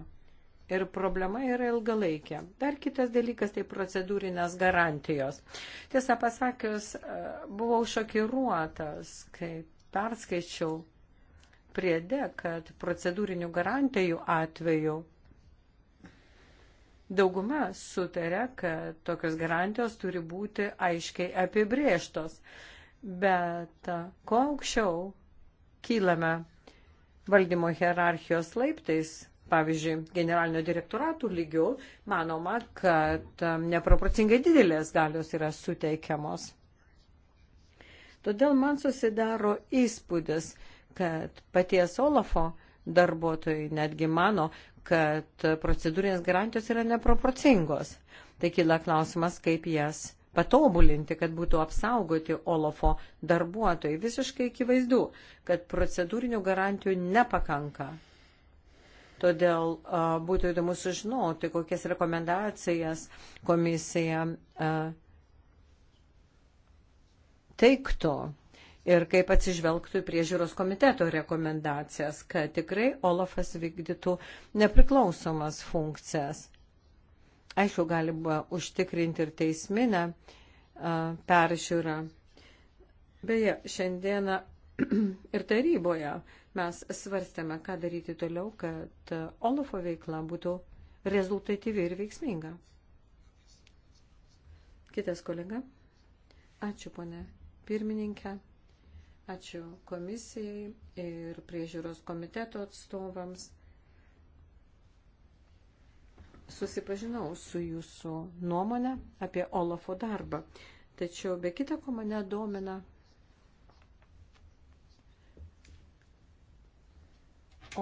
Ir problema yra ilgalaikė. Dar kitas dalykas tai procedūrinės garantijos. Tiesą pasakius, e, buvau šokiruotas, kaip perskaičiau priede, kad procedūrinių garantijų atveju dauguma sutarė, kad tokios garantijos turi būti aiškiai apibrieštos. Bet kuo aukščiau kylame valdymo hierarchijos laiptais, pavyzdžiui, generalinio direktoratų lygių, manoma, kad neproporcingai didelės galios yra suteikiamos. Todėl man susidaro įspūdis, kad paties Olafo darbuotojai netgi mano, kad procedūrinės garantijos yra neproporcingos. Tai kyla klausimas, kaip jas patobulinti, kad būtų apsaugoti Olofo darbuotojai. Visiškai akivaizdu, kad procedūrinių garantijų nepakanka. Todėl a, būtų įdomu sužinoti, kokias rekomendacijas komisija a, teiktų ir kaip atsižvelgtų į priežiūros komiteto rekomendacijas, kad tikrai Olafas vykdytų nepriklausomas funkcijas. Aišku, galima užtikrinti ir teisminę peržiūrą. Beje, šiandieną ir taryboje mes svarstėme, ką daryti toliau, kad Olafo veikla būtų rezultatyvi ir veiksminga. Kitas kolega. Ačiū, ponė pirmininkę. Ačiū komisijai ir priežiūros komiteto atstovams. Susipažinau su jūsų nuomonė apie Olafo darbą, tačiau be kita ko mane domina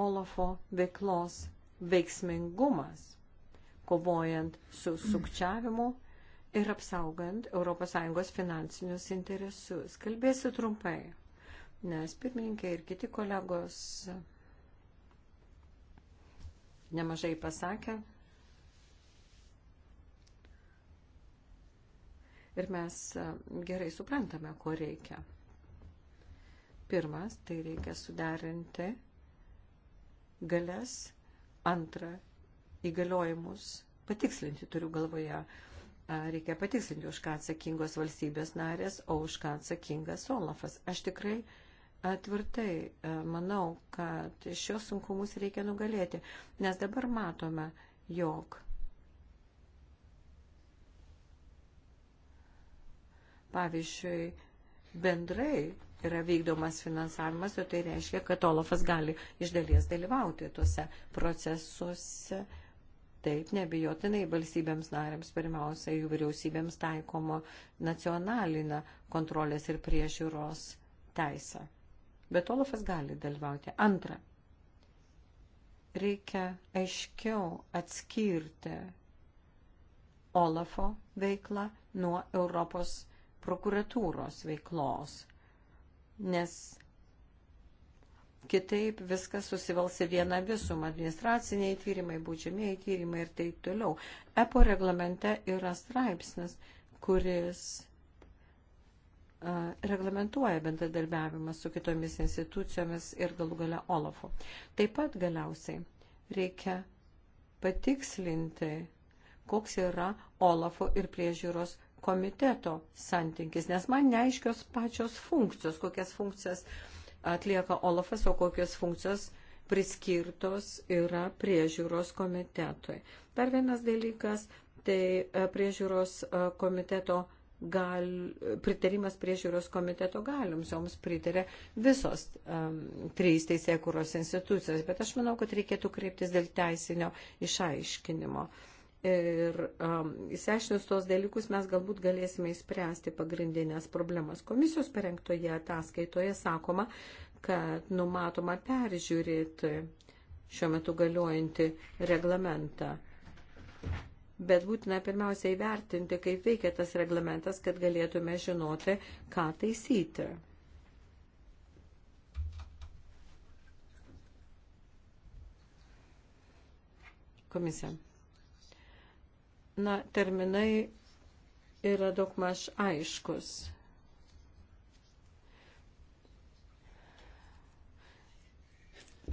Olafo veiklos veiksmingumas, kovojant su sukčiavimu ir apsaugant ES finansinius interesus. Kalbėsiu trumpai, nes pirmininkė ir kiti kolegos nemažai pasakė. Ir mes gerai suprantame, ko reikia. Pirmas, tai reikia suderinti galės, antra, įgaliojimus, patikslinti turiu galvoje reikia patikslinti, už ką atsakingos valstybės narės, o už ką atsakingas Olafas. Aš tikrai tvirtai manau, kad šios sunkumus reikia nugalėti, nes dabar matome, jog pavyzdžiui, bendrai yra vykdomas finansavimas, o tai reiškia, kad Olafas gali iš dalies dalyvauti tuose procesuose Taip, nebijotinai valstybėms narėms pirmiausia jų vyriausybėms taikoma nacionalinė kontrolės ir priežiūros teisė. Bet Olafas gali dalyvauti. Antra, reikia aiškiau atskirti Olafo veiklą nuo Europos prokuratūros veiklos, nes Kitaip viskas susivals į vieną visumą - administraciniai tyrimai, būdžiamieji tyrimai ir taip toliau. EPO reglamente yra straipsnis, kuris uh, reglamentuoja bendradarbiavimą su kitomis institucijomis ir galų gale Olafu. Taip pat galiausiai reikia patikslinti, koks yra Olafo ir priežiūros komiteto santykis, nes man neaiškios pačios funkcijos, kokias funkcijas uh, atlieka Olafas, o kokios funkcijos priskirtos yra priežiūros komitetui. Dar vienas dalykas, tai e, priežiūros e, komiteto gal, pritarimas priežiūros komiteto galims, joms pritarė visos um, trys teisėkuros institucijos, bet aš manau, kad reikėtų kreiptis dėl teisinio išaiškinimo. Uh, ir um, įsiaiškinus tos dalykus mes galbūt galėsime įspręsti pagrindinės problemas. Komisijos parengtoje ataskaitoje sakoma, kad numatoma peržiūrėti šiuo metu galiojantį reglamentą. Bet būtina pirmiausia įvertinti, kaip veikia tas reglamentas, kad galėtume žinoti, ką taisyti. Komisija. Na, terminai yra daug maž aiškus.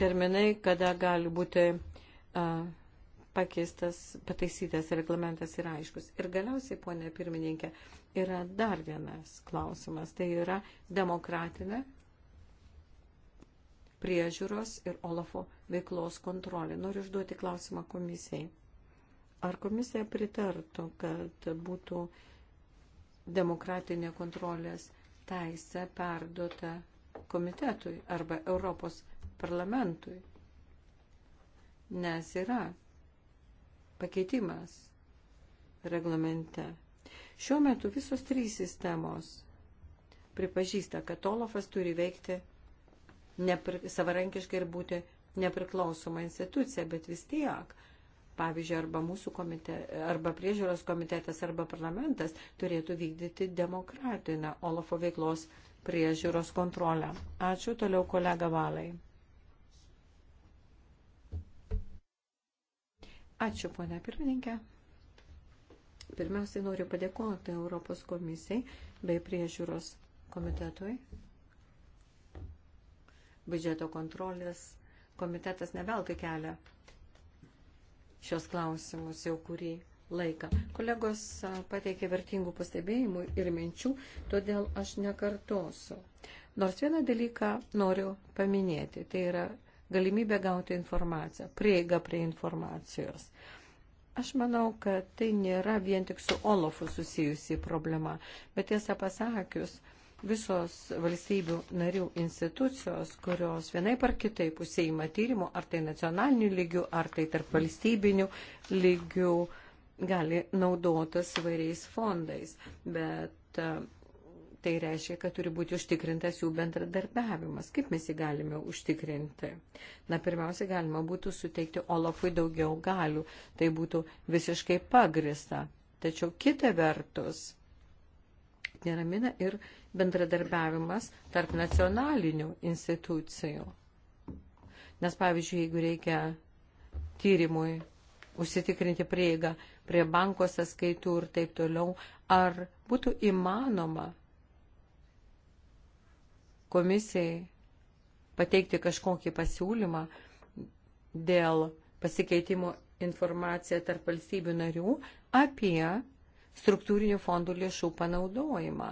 Terminai, kada gali būti a, pakeistas, pataisytas reglamentas yra aiškus. Ir galiausiai, ponė pirmininkė, yra dar vienas klausimas. Tai yra demokratinė priežiūros ir Olafo veiklos kontrolė. Noriu užduoti klausimą komisijai. Ar komisija pritartų, kad būtų demokratinė kontrolės teisė perduota komitetui arba Europos parlamentui? Nes yra pakeitimas reglamente. Šiuo metu visos trys sistemos pripažįsta, kad Olafas turi veikti nepri, savarankiškai ir būti nepriklausoma institucija, bet vis tiek pavyzdžiui, arba mūsų komitete, arba priežiūros komitetas, arba parlamentas turėtų vykdyti demokratinę Olafo veiklos priežiūros kontrolę. Ačiū toliau kolega Valai. Ačiū, ponia pirmininkė. Pirmiausiai noriu padėkoti Europos komisijai bei priežiūros komitetui. Biudžeto kontrolės komitetas neveltui kelia šios klausimus jau kurį laiką. Kolegos pateikė vertingų pastebėjimų ir minčių, todėl aš nekartosiu. Nors vieną dalyką noriu paminėti, tai yra galimybė gauti informaciją, prieiga prie informacijos. Aš manau, kad tai nėra vien tik su Olofu susijusi problema, bet tiesą pasakius, uh, visos valstybių narių institucijos, kurios vienai par kitaip užsieima tyrimų, ar tai nacionalinių lygių, ar tai tarp valstybinių lygių, gali naudotas vairiais fondais. Bet e, tai reiškia, kad turi būti užtikrintas jų bendradarbiavimas. Kaip mes jį galime užtikrinti? Na, pirmiausia, galima būtų suteikti Olafui daugiau galių. Tai būtų visiškai pagrista. Tačiau kita vertus, neramina ir bendradarbiavimas tarp nacionalinių institucijų. Nes, pavyzdžiui, jeigu reikia tyrimui užsitikrinti prieigą prie banko sąskaitų ir taip toliau, ar būtų įmanoma komisijai pateikti kažkokį pasiūlymą dėl pasikeitimo informaciją tarp valstybių narių apie struktūrinių fondų lėšų panaudojimą.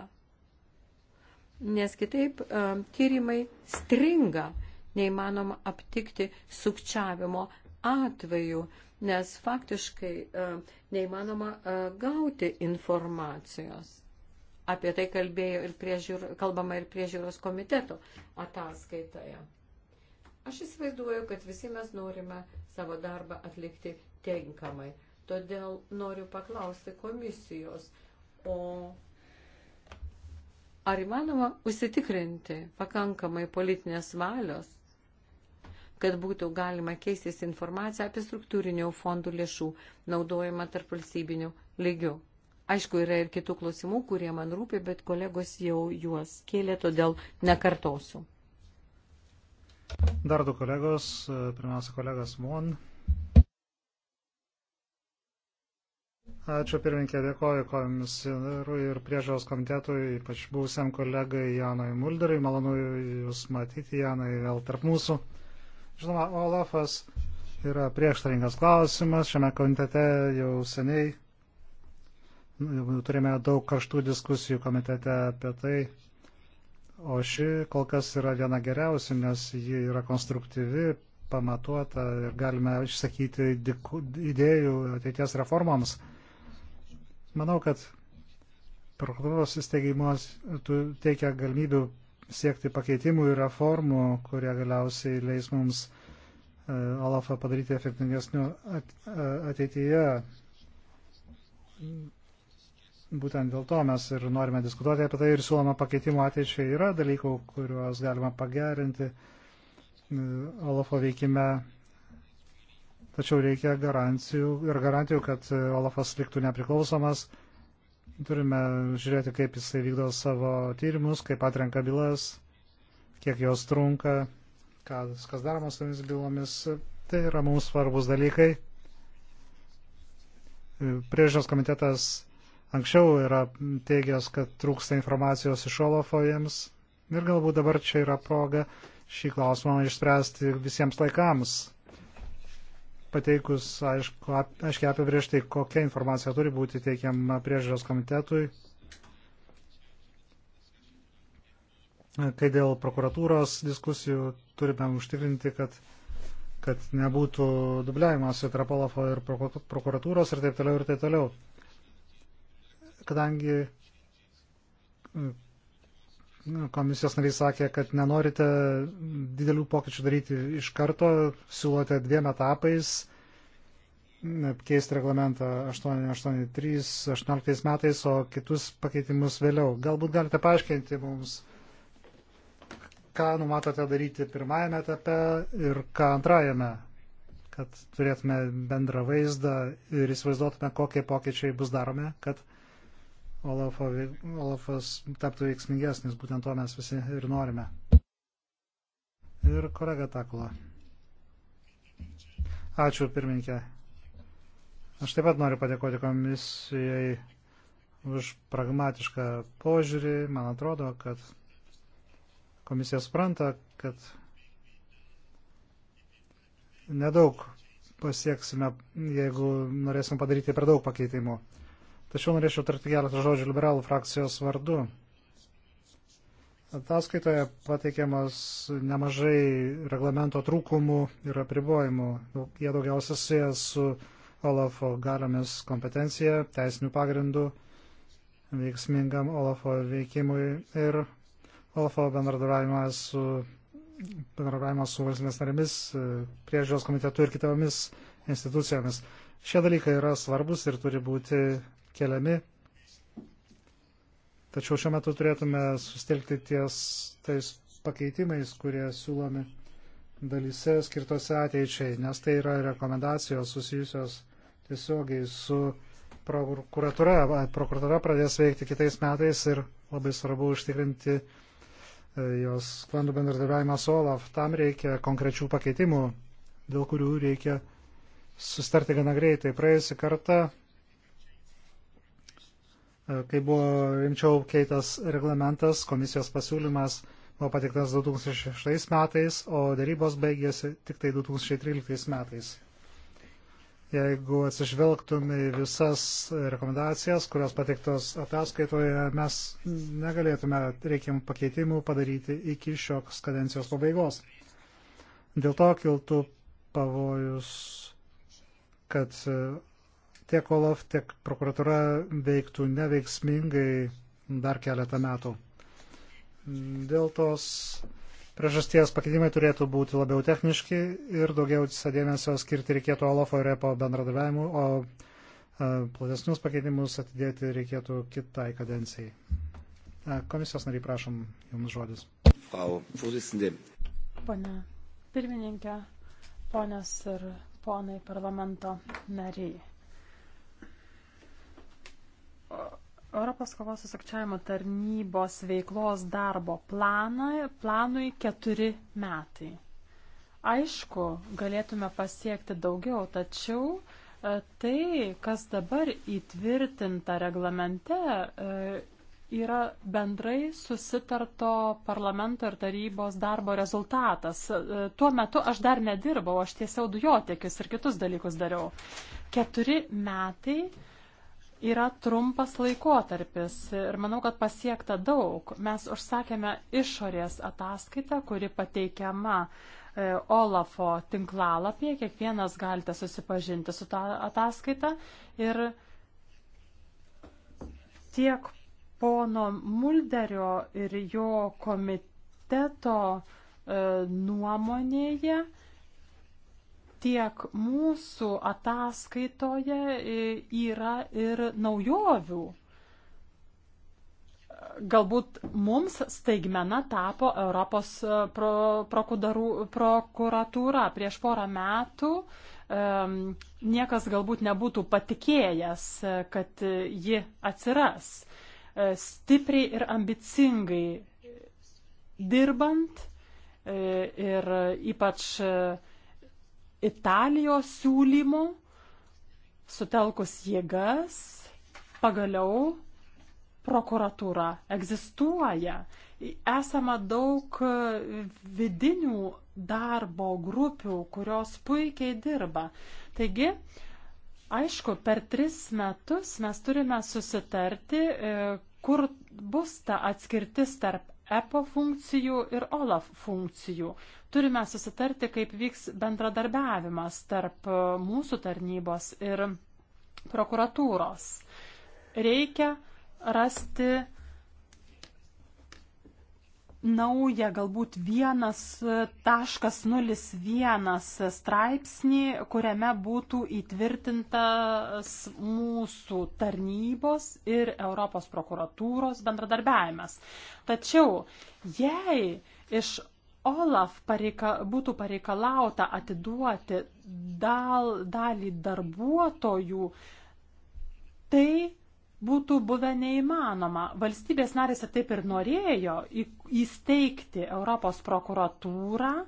Nes kitaip e, tyrimai stringa, neįmanoma aptikti sukčiavimo atveju, nes faktiškai e, neįmanoma e, gauti informacijos. Apie tai kalbėjo ir priežiūr, kalbama ir priežiūros komiteto ataskaitoje. Aš įsivaizduoju, kad visi mes norime savo darbą atlikti tinkamai. Todėl noriu paklausti komisijos, o ar įmanoma užsitikrinti pakankamai politinės valios, kad būtų galima keistis informaciją apie struktūrinių fondų lėšų naudojimą tarp valstybinių lygių. Aišku, yra ir kitų klausimų, kurie man rūpi, bet kolegos jau juos kėlė, todėl nekartosiu. Dar du kolegos, pirmiausia kolegas Mon. Ačiū pirminkė, dėkoju komisarui ir priežiūros komitetui, ypač būsiam kolegai Janui Mulderiui. Malonu Jūs matyti, Janai, vėl tarp mūsų. Žinoma, Olafas yra prieštaringas klausimas. Šiame komitete jau seniai turime daug karštų diskusijų komitete apie tai. O ši kol kas yra viena geriausių, nes ji yra konstruktyvi, pamatuota ir galime išsakyti idėjų ateities reformoms Manau, kad prokuratūros įsteigimas teikia galimybių siekti pakeitimų ir reformų, kurie galiausiai leis mums e, Olafą padaryti efektingesniu ateityje. Būtent dėl to mes ir norime diskutuoti apie tai ir siūloma pakeitimo ateičiai yra dalykų, kuriuos galima pagerinti e, Olafo veikime tačiau reikia garantijų ir garantijų, kad Olafas liktų nepriklausomas. Turime žiūrėti, kaip jisai vykdo savo tyrimus, kaip atrenka bylas, kiek jos trunka, kas, kas daroma su tomis bylomis. Tai yra mums svarbus dalykai. Priežiūros komitetas anksčiau yra teigęs, kad trūksta informacijos iš Olafo jiems ir galbūt dabar čia yra proga šį klausimą išspręsti visiems laikams pateikus aišku, aiškiai apibriežtai, kokia informacija turi būti teikiama priežiūros komitetui, kai dėl prokuratūros diskusijų turime užtikrinti, kad, kad nebūtų dubliavimas tarp Olafo ir prokuratūros ir taip toliau ir taip toliau. Kadangi komisijos nariai sakė, kad nenorite didelių pokyčių daryti iš karto, siūlote dviem etapais keisti reglamentą 883-18 metais, o kitus pakeitimus vėliau. Galbūt galite paaiškinti mums, ką numatote daryti pirmajame etape ir ką antrajame, kad turėtume bendrą vaizdą ir įsivaizduotume, kokie pokyčiai bus daromi, kad Olafo, Olafas taptų veiksmingesnis, būtent to mes visi ir norime. Ir kolega Takula. Ačiū pirmininkė. Aš taip pat noriu padėkoti komisijai už pragmatišką požiūrį. Man atrodo, kad komisija supranta, kad nedaug pasieksime, jeigu norėsime padaryti per daug pakeitimų. Tačiau norėčiau tarti keletą žodžių liberalų frakcijos vardu. Ataskaitoje pateikiamas nemažai reglamento trūkumų ir apribojimų. Jie daugiausia susijęs su Olafo galiomis kompetencija, teisinių pagrindų, veiksmingam Olafo veikimui ir Olafo bendradarbiavimas su, bendradarbiavimas su valstybės narėmis, priežiūros komitetu ir kitomis institucijomis. Šie dalykai yra svarbus ir turi būti keliami. Tačiau šiuo metu turėtume sustelkti ties tais pakeitimais, kurie siūlomi dalyse skirtose ateičiai, nes tai yra rekomendacijos susijusios tiesiogiai su prokuratūra. Prokuratūra pradės veikti kitais metais ir labai svarbu užtikrinti e, jos sklandų bendradarbiavimą su OLAF. Tam reikia konkrečių pakeitimų, dėl kurių reikia sustarti gana greitai. Praėjusį kartą E, kai buvo rimčiau keitas reglamentas, komisijos pasiūlymas buvo patiktas 2006 metais, o darybos baigėsi tik tai 2013 metais. Jeigu atsižvelgtume į visas rekomendacijas, kurios pateiktos ataskaitoje, mes negalėtume reikiamų pakeitimų padaryti iki šios kadencijos pabaigos. Dėl to kiltų pavojus, kad tiek OLAF, tiek prokuratura veiktų neveiksmingai dar keletą metų. Dėl tos priežasties pakeitimai turėtų būti labiau techniški ir daugiau dėmesio skirti reikėtų OLAFo ir EPO bendradarbiavimu, o e, platesnius pakeitimus atidėti reikėtų kitai kadencijai. E, komisijos nariai, prašom, jums žodis. Frau Vorsitzende. Pane pirmininkė, ponios ir ponai parlamento nariai. Europos kovos su sukčiavimo tarnybos veiklos darbo planą, planui keturi metai. Aišku, galėtume pasiekti daugiau, tačiau e, tai, kas dabar įtvirtinta reglamente, e, yra bendrai susitarto parlamento ir tarybos darbo rezultatas. E, tuo metu aš dar nedirbau, aš tiesiog dujotiekius ir kitus dalykus dariau. Keturi metai yra trumpas laikotarpis ir manau, kad pasiekta daug. Mes užsakėme išorės ataskaitą, kuri pateikiama e, Olafo tinklalapyje. Kiekvienas galite susipažinti su tą ataskaitą. Ir tiek pono Mulderio ir jo komiteto e, nuomonėje tiek mūsų ataskaitoje e, yra ir naujovių. Galbūt mums staigmena tapo Europos e, pro, prokuratūra prieš porą metų. Um, niekas galbūt nebūtų patikėjęs, e, kad ji atsiras. Stipriai ir ambicingai dirbant ir ypač uh, Italijos siūlymų, sutelkus jėgas, pagaliau prokuratūra egzistuoja. Esama daug vidinių darbo grupių, kurios puikiai dirba. Taigi, aišku, per tris metus mes turime susitarti, e, kur bus ta atskirtis tarp EPO funkcijų ir OLAF funkcijų. Turime susitarti, kaip vyks bendradarbiavimas tarp mūsų tarnybos ir prokuratūros. Reikia rasti naują, galbūt vienas taškas nulis vienas straipsnį, kuriame būtų įtvirtintas mūsų tarnybos ir Europos prokuratūros bendradarbiavimas. Tačiau, jei iš Olaf pareika, būtų pareikalauta atiduoti dal, dalį darbuotojų, tai būtų buvę neįmanoma. Valstybės narės taip ir norėjo įsteigti Europos prokuratūrą e,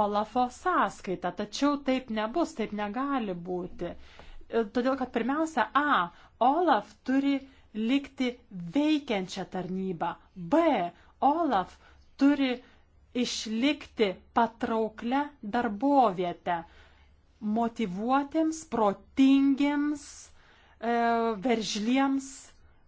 Olafo sąskaitą, tačiau taip nebus, taip negali būti. E, todėl, kad pirmiausia, A, Olaf turi likti veikiančią tarnybą, B, Olaf turi uh, išlikti patrauklę darbovietę motivuotiems, protingiems, e, veržliems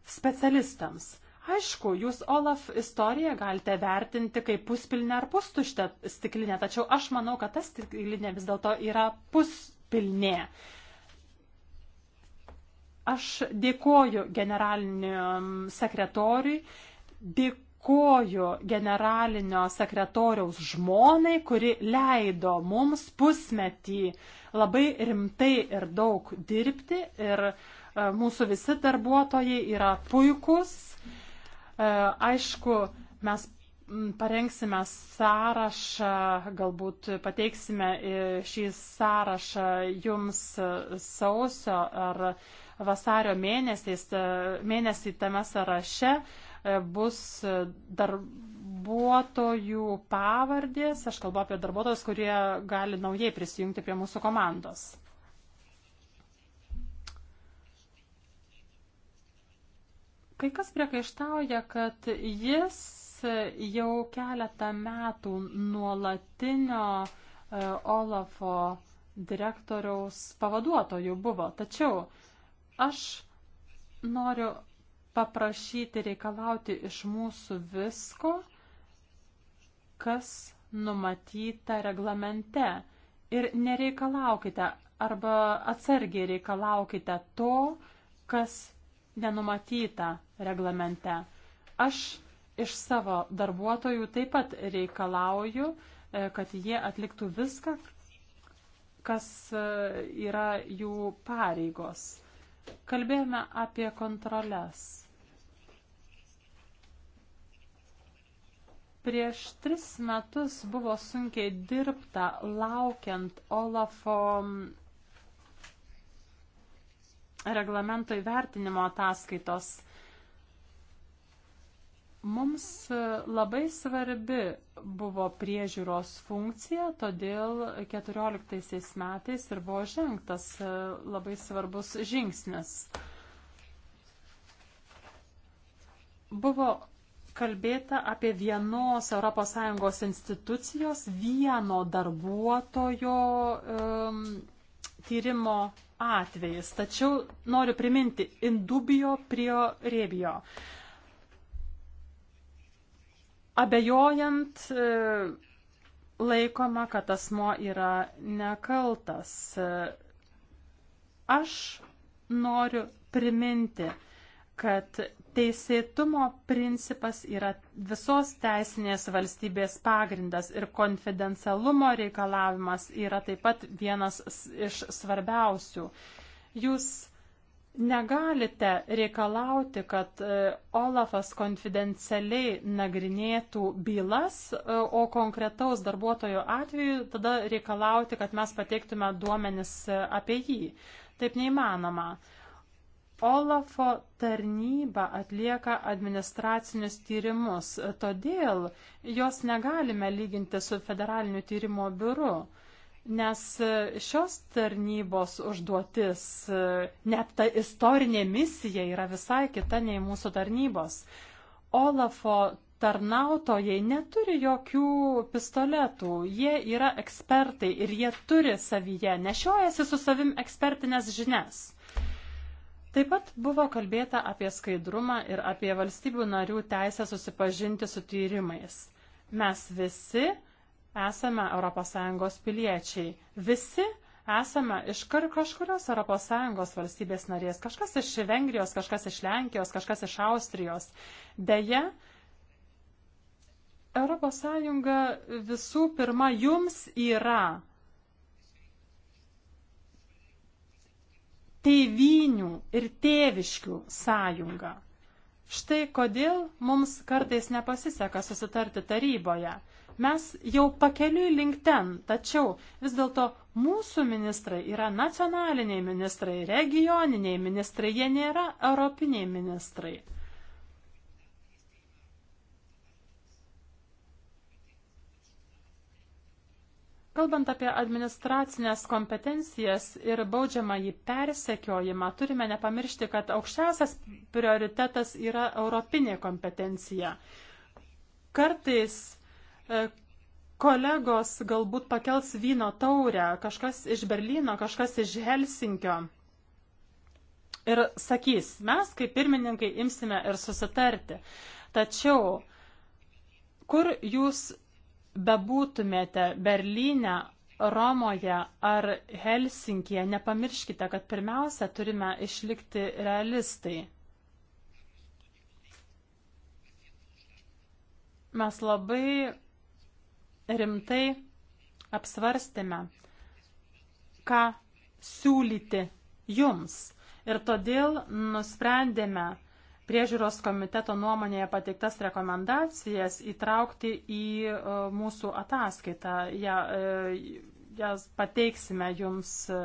specialistams. Aišku, jūs Olaf istoriją galite vertinti kaip puspilnę ar pustuštę stiklinę, tačiau aš manau, kad ta stiklinė vis dėlto yra puspilnė. Aš dėkoju generaliniam sekretoriui, dėkoju dėkoju generalinio sekretoriaus žmonai, kuri leido mums pusmetį labai rimtai ir daug dirbti ir e, mūsų visi darbuotojai yra puikus. E, aišku, mes parengsime sąrašą, galbūt pateiksime e, šį sąrašą jums sausio ar vasario mėnesiais, mėnesį tame sąraše bus darbuotojų pavardės. Aš kalbu apie darbuotojus, kurie gali naujai prisijungti prie mūsų komandos. Kai kas priekaištauja, kad jis jau keletą metų nuolatinio e, Olafo direktoriaus pavaduotojų buvo. Tačiau aš noriu paprašyti reikalauti iš mūsų visko, kas numatyta reglamente. Ir nereikalaukite arba atsargiai reikalaukite to, kas nenumatyta reglamente. Aš iš savo darbuotojų taip pat reikalauju, e, kad jie atliktų viską, kas e, yra jų pareigos. Kalbėjome apie kontrolės. Prieš tris metus buvo sunkiai dirbta laukiant Olafo reglamento įvertinimo ataskaitos. Mums labai svarbi buvo priežiūros funkcija, todėl 14 metais ir buvo žengtas labai svarbus žingsnis. Buvo kalbėta apie vienos ES institucijos vieno darbuotojo um, tyrimo atvejis. Tačiau noriu priminti Indubio prio Rebio. Abejojant e, laikoma, kad asmo yra nekaltas. Aš noriu priminti, kad teisėtumo principas yra visos teisinės valstybės pagrindas ir konfidencialumo reikalavimas yra taip pat vienas iš svarbiausių. Jūs negalite reikalauti, kad e, Olafas konfidencialiai nagrinėtų bylas, e, o konkretaus darbuotojo atveju tada reikalauti, kad mes pateiktume duomenis e, apie jį. Taip neįmanoma. Olafo tarnyba atlieka administracinius tyrimus, todėl jos negalime lyginti su federaliniu tyrimo biuru, nes šios tarnybos užduotis, net ta istorinė misija yra visai kita nei mūsų tarnybos. Olafo tarnautojai neturi jokių pistoletų, jie yra ekspertai ir jie turi savyje, nešiojasi su savim ekspertinės žinias. Taip pat buvo kalbėta apie skaidrumą ir apie valstybių narių teisę susipažinti su tyrimais. Mes visi esame ES piliečiai. Visi esame iš kažkurios ES valstybės narės. Kažkas iš Vengrijos, kažkas iš Lenkijos, kažkas iš Austrijos. Deja, ES visų pirma jums yra teivinių ir tėviškių sąjunga. Štai kodėl mums kartais nepasiseka susitarti taryboje. Mes jau pakeliui link ten, tačiau vis dėlto mūsų ministrai yra nacionaliniai ministrai, regioniniai ministrai, jie nėra europiniai ministrai. Kalbant apie administracinės kompetencijas ir baudžiamą jį persekiojimą, turime nepamiršti, kad aukščiausias prioritetas yra europinė kompetencija. Kartais e, kolegos galbūt pakels vyno taurę, kažkas iš Berlyno, kažkas iš Helsinkio. Ir sakys, mes kaip pirmininkai imsime ir susitarti. Tačiau, kur jūs bebūtumėte Berlyne, Romoje ar Helsinkije, nepamirškite, kad pirmiausia turime išlikti realistai. Mes labai rimtai apsvarstėme, ką siūlyti jums. Ir todėl nusprendėme priežiūros komiteto nuomonėje pateiktas rekomendacijas įtraukti į e, mūsų ataskaitą. Ja, e, jas pateiksime jums e,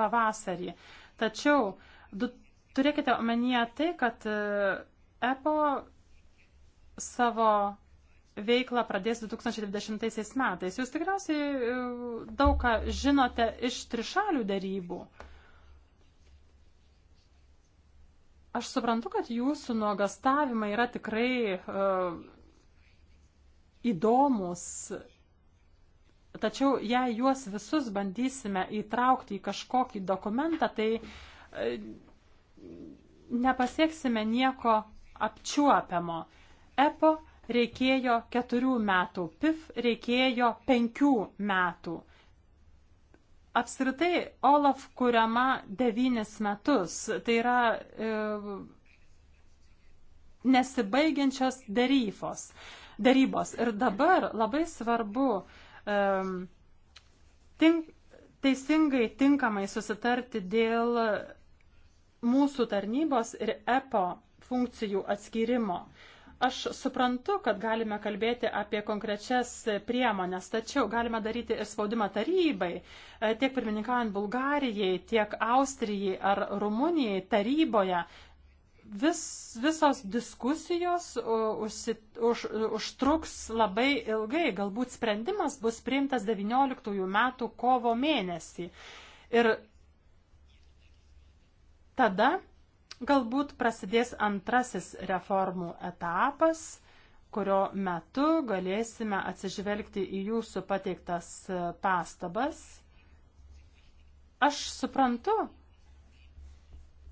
pavasarį. Tačiau du, turėkite omenyje tai, kad EPO savo veiklą pradės 2020 metais. Jūs tikriausiai daug ką žinote iš trišalių darybų. Aš suprantu, kad jūsų nuogastavimai yra tikrai uh, įdomus, tačiau jei juos visus bandysime įtraukti į kažkokį dokumentą, tai uh, nepasieksime nieko apčiuopiamo. EPO reikėjo keturių metų, PIF reikėjo penkių metų. Uh, Apskritai, Olaf kuriama devynis metus. Tai yra e, nesibaigiančios darybos. darybos. Ir dabar labai svarbu e, tink, teisingai, tinkamai susitarti dėl mūsų tarnybos ir EPO funkcijų atskirimo. E, Aš suprantu, kad galime kalbėti apie konkrečias priemonės, tačiau galime daryti ir spaudimą tarybai, e, tiek pirmininkaujant Bulgarijai, tiek Austrijai ar Rumunijai taryboje. Vis, visos diskusijos e, užsit, už, užtruks labai ilgai, galbūt sprendimas bus priimtas 19 metų kovo mėnesį. Ir tada Galbūt prasidės antrasis reformų etapas, kurio metu galėsime atsižvelgti į jūsų pateiktas pastabas. Aš suprantu,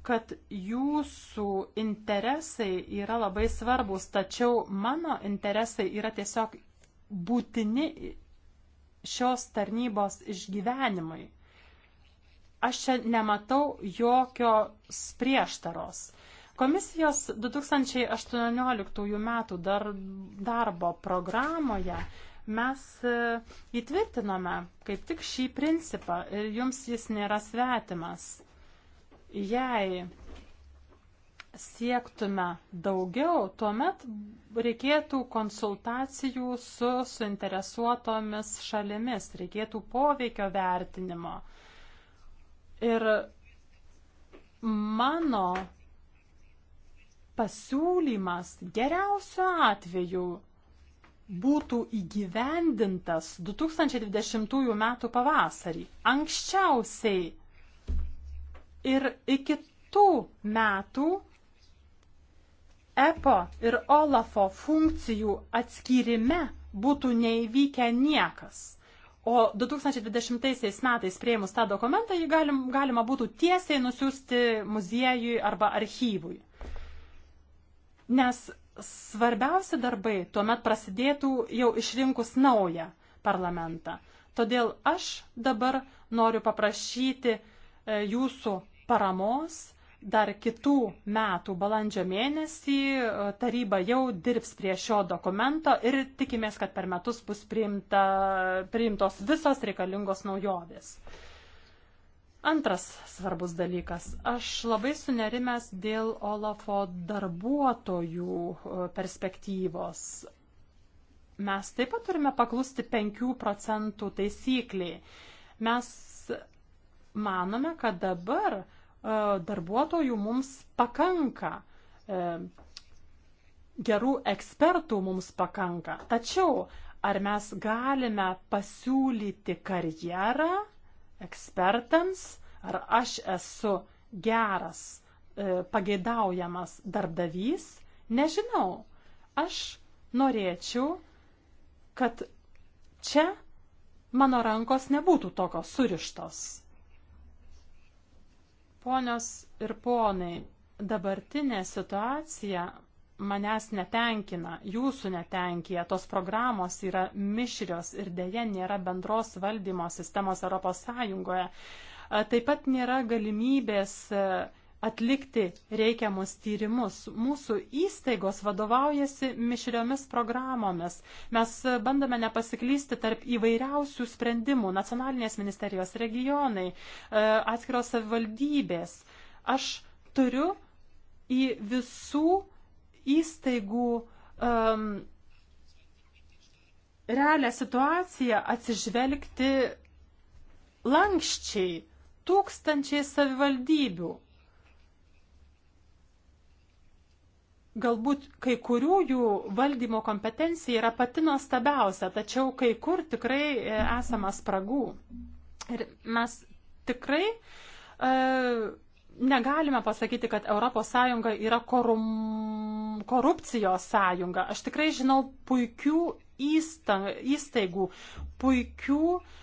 kad jūsų interesai yra labai svarbus, tačiau mano interesai yra tiesiog būtini šios tarnybos išgyvenimui aš čia nematau jokios prieštaros. Komisijos 2018 metų dar, darbo programoje mes e, įtvirtinome kaip tik šį principą ir jums jis nėra svetimas. Jei siektume daugiau, tuomet reikėtų konsultacijų su suinteresuotomis šalimis, reikėtų poveikio vertinimo. Ir mano pasiūlymas geriausiu atveju būtų įgyvendintas 2020 m. pavasarį, anksčiausiai ir iki tų metų EPO ir OLAFO funkcijų atskyrime būtų neįvykę niekas. O 2020 metais prieimus tą dokumentą jį galim, galima būtų tiesiai nusiųsti muziejui arba archyvui. Nes svarbiausi darbai tuomet prasidėtų jau išrinkus naują parlamentą. Todėl aš dabar noriu paprašyti e, jūsų paramos dar kitų metų balandžio mėnesį e, taryba jau dirbs prie šio dokumento ir tikimės, kad per metus bus priimta, priimtos visos reikalingos naujovės. Antras svarbus dalykas. Aš labai sunerimęs dėl Olafo darbuotojų e, perspektyvos. Mes taip pat turime paklusti 5 procentų taisykliai. Mes manome, kad dabar uh, E, darbuotojų mums pakanka, e, gerų ekspertų mums pakanka. Tačiau ar mes galime pasiūlyti karjerą ekspertams, ar aš esu geras, e, pageidaujamas darbdavys, nežinau. Aš norėčiau, kad čia mano rankos nebūtų tokios surištos. Ponios ir ponai, dabartinė situacija manęs netenkina, jūsų netenkina, tos programos yra mišrios ir dėje nėra bendros valdymo sistemos ES. Taip pat nėra galimybės uh, atlikti reikiamus tyrimus. Mūsų įstaigos vadovaujasi mišriomis programomis. Mes bandome nepasiklysti tarp įvairiausių sprendimų - nacionalinės ministerijos regionai, e, atskiros savivaldybės. Aš turiu į visų įstaigų um, realią situaciją atsižvelgti lankščiai tūkstančiai savivaldybių Galbūt kai kurių jų valdymo kompetencija yra pati nuostabiausia, tačiau kai kur tikrai e, esama spragų. Ir mes tikrai e, negalime pasakyti, kad ES yra korum, korupcijos sąjunga. Aš tikrai žinau puikių įsta, įstaigų, puikių uh,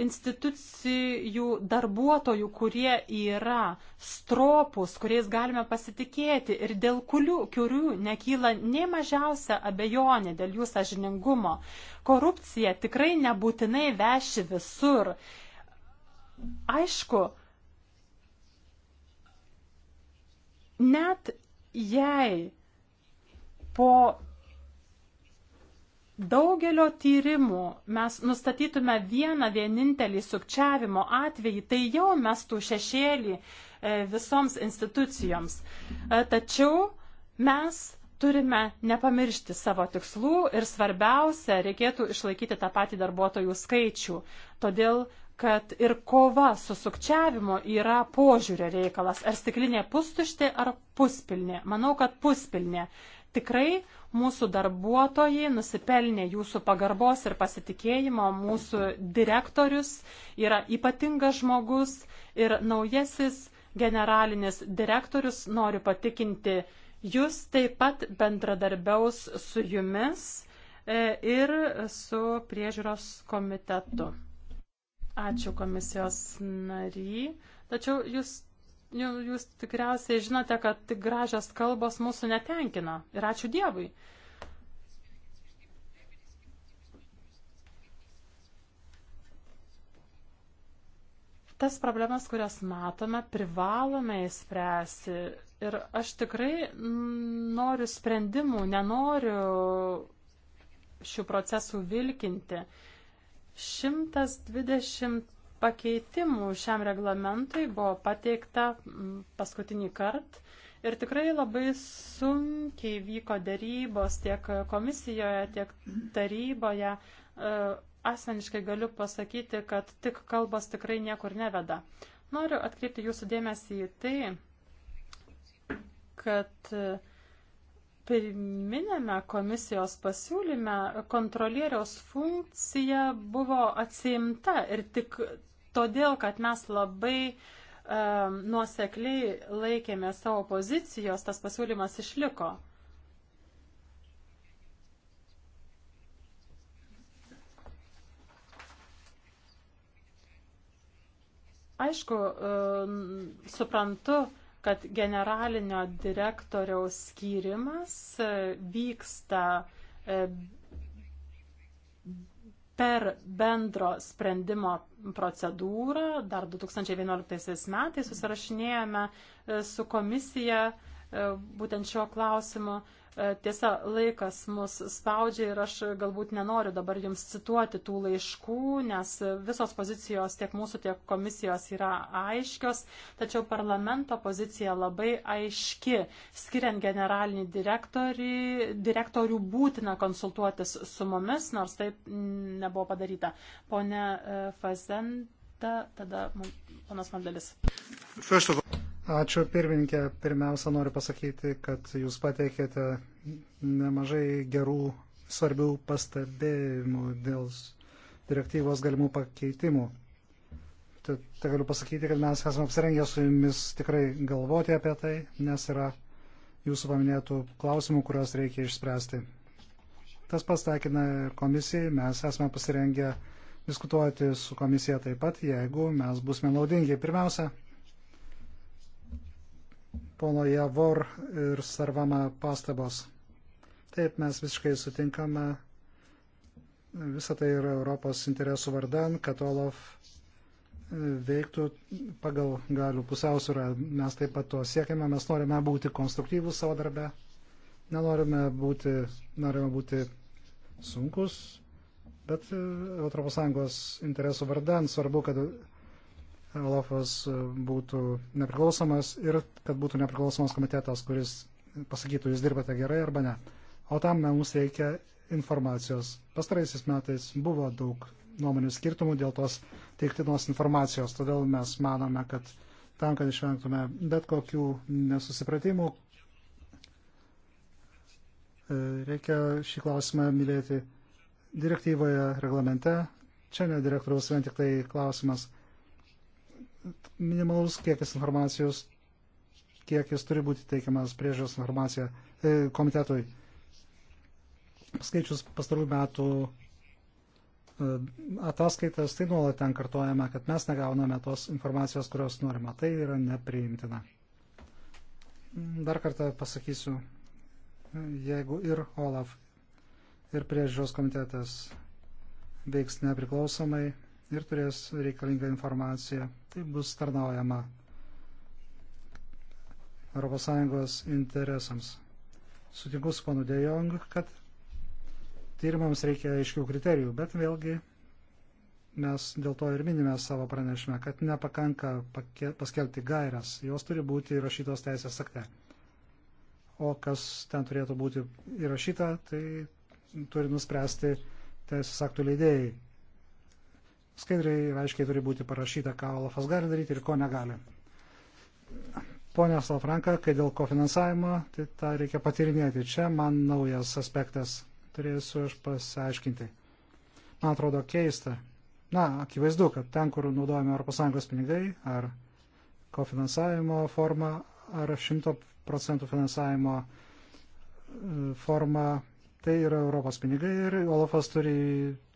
institucijų darbuotojų, kurie yra stropus, kuriais galime pasitikėti ir dėl kurių, kurių nekyla nei mažiausia abejonė dėl jų sažiningumo. Korupcija tikrai nebūtinai veši visur. Aišku, net jei po daugelio tyrimų mes nustatytume vieną vienintelį sukčiavimo atvejį, tai jau mestų šešėlį e, visoms institucijoms. E, tačiau mes turime nepamiršti savo tikslų ir svarbiausia, reikėtų išlaikyti tą patį darbuotojų skaičių. Todėl kad ir kova su sukčiavimu yra požiūrio reikalas. Ar stiklinė pustuštė, ar puspilnė? Manau, kad puspilnė. Tikrai Mūsų darbuotojai nusipelnė jūsų pagarbos ir pasitikėjimo, mūsų direktorius yra ypatingas žmogus ir naujasis generalinis direktorius noriu patikinti, jūs taip pat bendradarbiaus su jumis e, ir su priežiūros komitetu. Ačiū komisijos nary, tačiau jūs jūs tikriausiai žinote, kad tik gražios kalbos mūsų netenkina. Ir ačiū Dievui. Tas problemas, kurias matome, privalome įspręsti. Ir aš tikrai noriu sprendimų, nenoriu šių procesų vilkinti. 120 pakeitimų šiam reglamentui buvo pateikta mm, paskutinį kartą ir tikrai labai sunkiai vyko dėrybos tiek komisijoje, tiek taryboje. E, asmeniškai galiu pasakyti, kad tik kalbos tikrai niekur neveda. Noriu atkreipti jūsų dėmesį į tai, kad e, pirminėme komisijos pasiūlyme kontrolieriaus funkcija buvo atsiimta ir tik todėl, kad mes labai um, nuosekliai laikėme savo pozicijos, tas pasiūlymas išliko. Aišku, um, suprantu, kad generalinio direktoriaus skyrimas e, vyksta um, per bendro sprendimo procedūrą dar 2011 metais susirašinėjome e, su komisija e, būtent šio klausimu E, tiesa, laikas mus spaudžia ir aš galbūt nenoriu dabar jums cituoti tų laiškų, nes visos pozicijos tiek mūsų, tiek komisijos yra aiškios, tačiau parlamento pozicija labai aiški. Skiriant generalinį direktorių būtina konsultuotis su mumis, nors taip nebuvo padaryta. Pone e, Fazenda, tada ponas Mandelis. Ačiū pirmininkė. Pirmiausia, noriu pasakyti, kad jūs pateikėte nemažai gerų, svarbių pastebėjimų dėl direktyvos galimų pakeitimų. Tai, tai galiu pasakyti, kad mes esame apsirengę su jumis tikrai galvoti apie tai, nes yra jūsų paminėtų klausimų, kuriuos reikia išspręsti. Tas pastakina komisijai, mes esame pasirengę diskutuoti su komisija taip pat, jeigu mes busime naudingi. Pirmiausia, pono Javor ir Sarvama pastabos. Taip, mes visiškai sutinkame. Visą tai yra Europos interesų vardan, kad Olaf e, veiktų pagal galių pusiausvyrą. Mes taip pat to siekime, mes norime būti konstruktyvūs savo darbe, nenorime būti, norime būti sunkus, bet ES interesų vardan svarbu, kad Olafas e, būtų nepriklausomas ir kad būtų nepriklausomas komitetas, kuris pasakytų, jūs dirbate gerai arba ne. O tam mums reikia informacijos. Pastaraisiais metais buvo daug nuomonių skirtumų dėl tos teiktinos informacijos, todėl mes manome, kad tam, kad išvengtume bet kokių nesusipratimų, e, reikia šį klausimą mylėti direktyvoje, reglamente. Čia ne direktoriaus vien tik tai klausimas minimalus kiekis informacijos, kiek jis turi būti teikiamas priežiūros informacija e, komitetui. Skaičius pastarų metų e, ataskaitas, tai nuolat ten kartuojama, kad mes negauname tos informacijos, kurios norima. Tai yra nepriimtina. Dar kartą pasakysiu, jeigu ir OLAF, ir priežiūros komitetas veiks nepriklausomai, ir turės reikalingą informaciją. Tai bus tarnaujama ES interesams. Sutinku su panu Dejong, kad tyrimams reikia aiškių kriterijų, bet vėlgi mes dėl to ir minime savo pranešime, kad nepakanka paskelbti gairias, jos turi būti įrašytos teisės akte. O kas ten turėtų būti įrašyta, tai turi nuspręsti teisės aktų leidėjai skaidriai ir aiškiai turi būti parašyta, ką Olafas gali daryti ir ko negali. Pone Salafranka, kai dėl kofinansavimo, tai tą reikia patirinėti. Čia man naujas aspektas turėsiu aš pasiaiškinti. Man atrodo keista. Na, akivaizdu, kad ten, kur naudojami ES pinigai, ar kofinansavimo forma, ar 100 procentų finansavimo e, forma, Tai yra Europos pinigai ir Olafas turi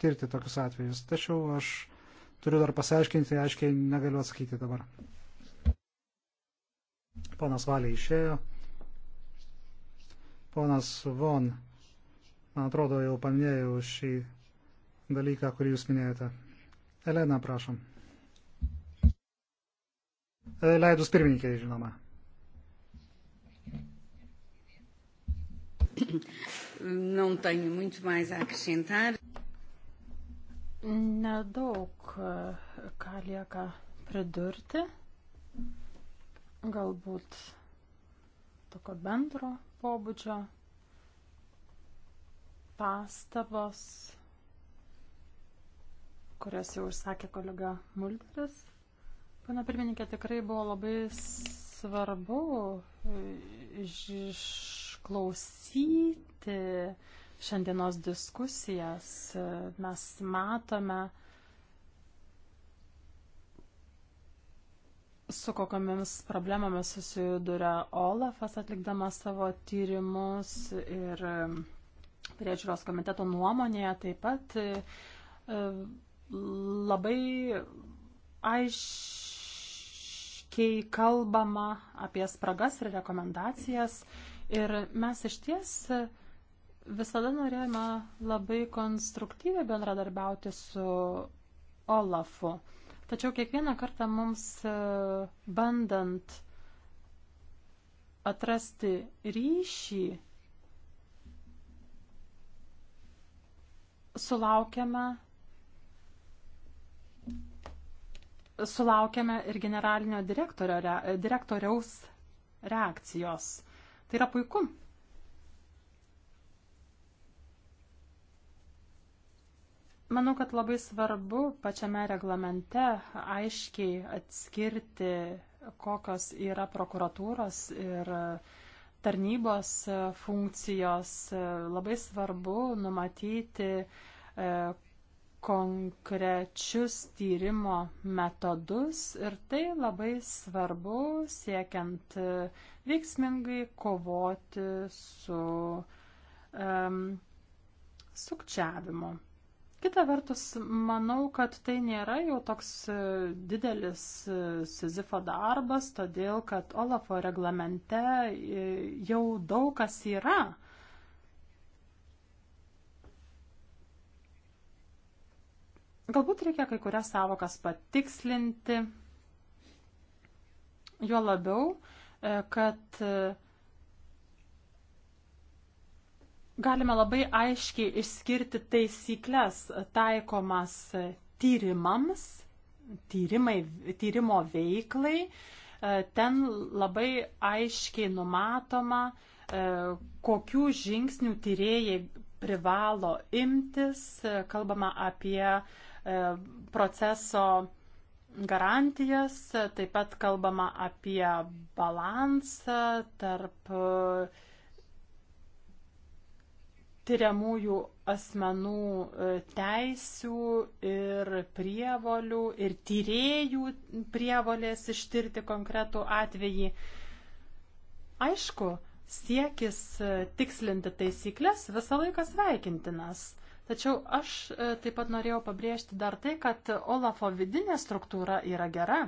tirti tokius atvejus. Tačiau aš turiu dar pasiaiškinti, aiškiai negaliu atsakyti dabar. Ponas Valiai išėjo. Ponas Von, man atrodo, jau paminėjau šį dalyką, kurį jūs minėjote. Elena, prašom. E, leidus pirmininkai, žinoma. Não tenho muito mais a acrescentar. Nedaug eh, ką lieka pridurti. Galbūt tokio bendro pobūdžio pastabos, kurias jau užsakė kolega Mulderis. Pana pirmininkė, tikrai buvo labai svarbu eh, išklausyti stebėti šiandienos diskusijas, mes matome, su kokiamis problemomis susiduria Olafas atlikdamas savo tyrimus ir priežiūros komiteto nuomonėje taip pat e, labai aiškiai kalbama apie spragas ir rekomendacijas. Ir mes iš ties Visada norėjome labai konstruktyviai bendradarbiauti su Olafu. Tačiau kiekvieną kartą mums e, bandant atrasti ryšį, sulaukiame, sulaukiame ir generalinio direktoriaus reakcijos. Tai yra puiku. Manau, kad labai svarbu pačiame reglamente aiškiai atskirti, kokios yra prokuratūros ir tarnybos funkcijos. Labai svarbu numatyti e, konkrečius tyrimo metodus ir tai labai svarbu siekiant e, veiksmingai kovoti su um, sukčiavimu. Kita vertus, manau, kad tai nėra jau toks e, didelis e, Sizifo darbas, todėl kad Olafo reglamente e, jau daug kas yra. Galbūt reikia kai kurias savokas patikslinti, juo labiau, kad galime labai aiškiai išskirti taisyklės taikomas tyrimams, tyrimai, tyrimo veiklai. E, ten labai aiškiai numatoma, e, kokių žingsnių tyrėjai privalo imtis. E, kalbama apie proceso garantijas, taip pat kalbama apie balansą tarp tyriamųjų asmenų e, teisių ir prievolių ir tyriejų prievolės ištirti konkretų atvejį. Aišku, siekis e, tikslinti taisyklės visą laiką sveikintinas. Tačiau aš e, taip pat norėjau pabrėžti dar tai, kad Olafo vidinė struktūra yra gera.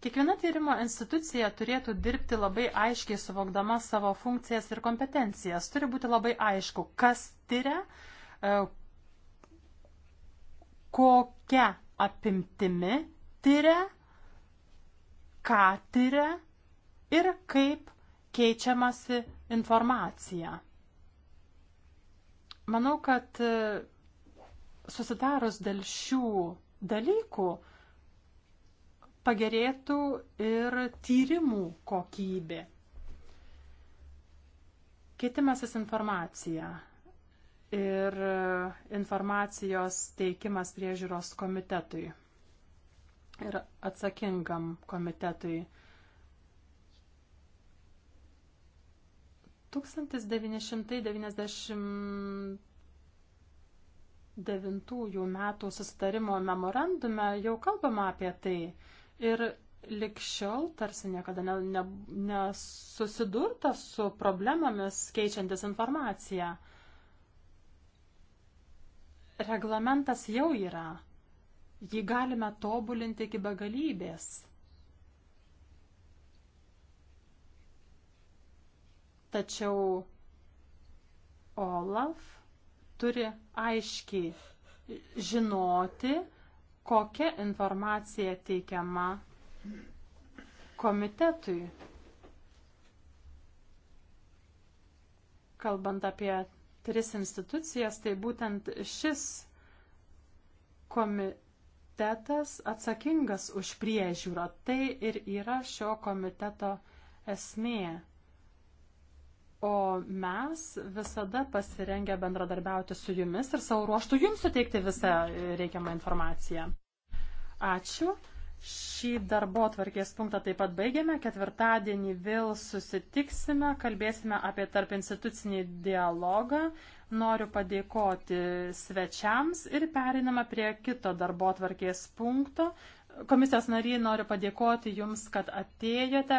Kiekviena tyrimo institucija turėtų dirbti labai aiškiai suvokdama savo funkcijas ir kompetencijas. Turi būti labai aišku, kas tyria, e, kokia apimtimi tyria, ką tyria ir kaip keičiamasi informacija. Manau, kad e, susitarus dėl šių dalykų, pagerėtų ir tyrimų kokybė. Keitimasis informacija ir informacijos teikimas priežiūros komitetui ir atsakingam komitetui. 1999 metų susitarimo memorandume jau kalbama apie tai. Ir likščiol tarsi niekada ne, ne, nesusidurta su problemomis keičiantis informaciją. Reglamentas jau yra. Jį galime tobulinti iki begalybės. Tačiau Olaf turi aiškiai žinoti, kokia informacija teikiama komitetui, kalbant apie tris institucijas, tai būtent šis komitetas atsakingas už priežiūrą. Tai ir yra šio komiteto esmė. O mes visada pasirengę bendradarbiauti su jumis ir savo ruoštų jums suteikti visą reikiamą informaciją. Ačiū. Šį darbo tvarkės punktą taip pat baigiame. Ketvirtadienį vėl susitiksime, kalbėsime apie tarp institucinį dialogą. Noriu padėkoti svečiams ir periname prie kito darbo tvarkės punkto. Komisijos nariai noriu padėkoti Jums, kad atėjote.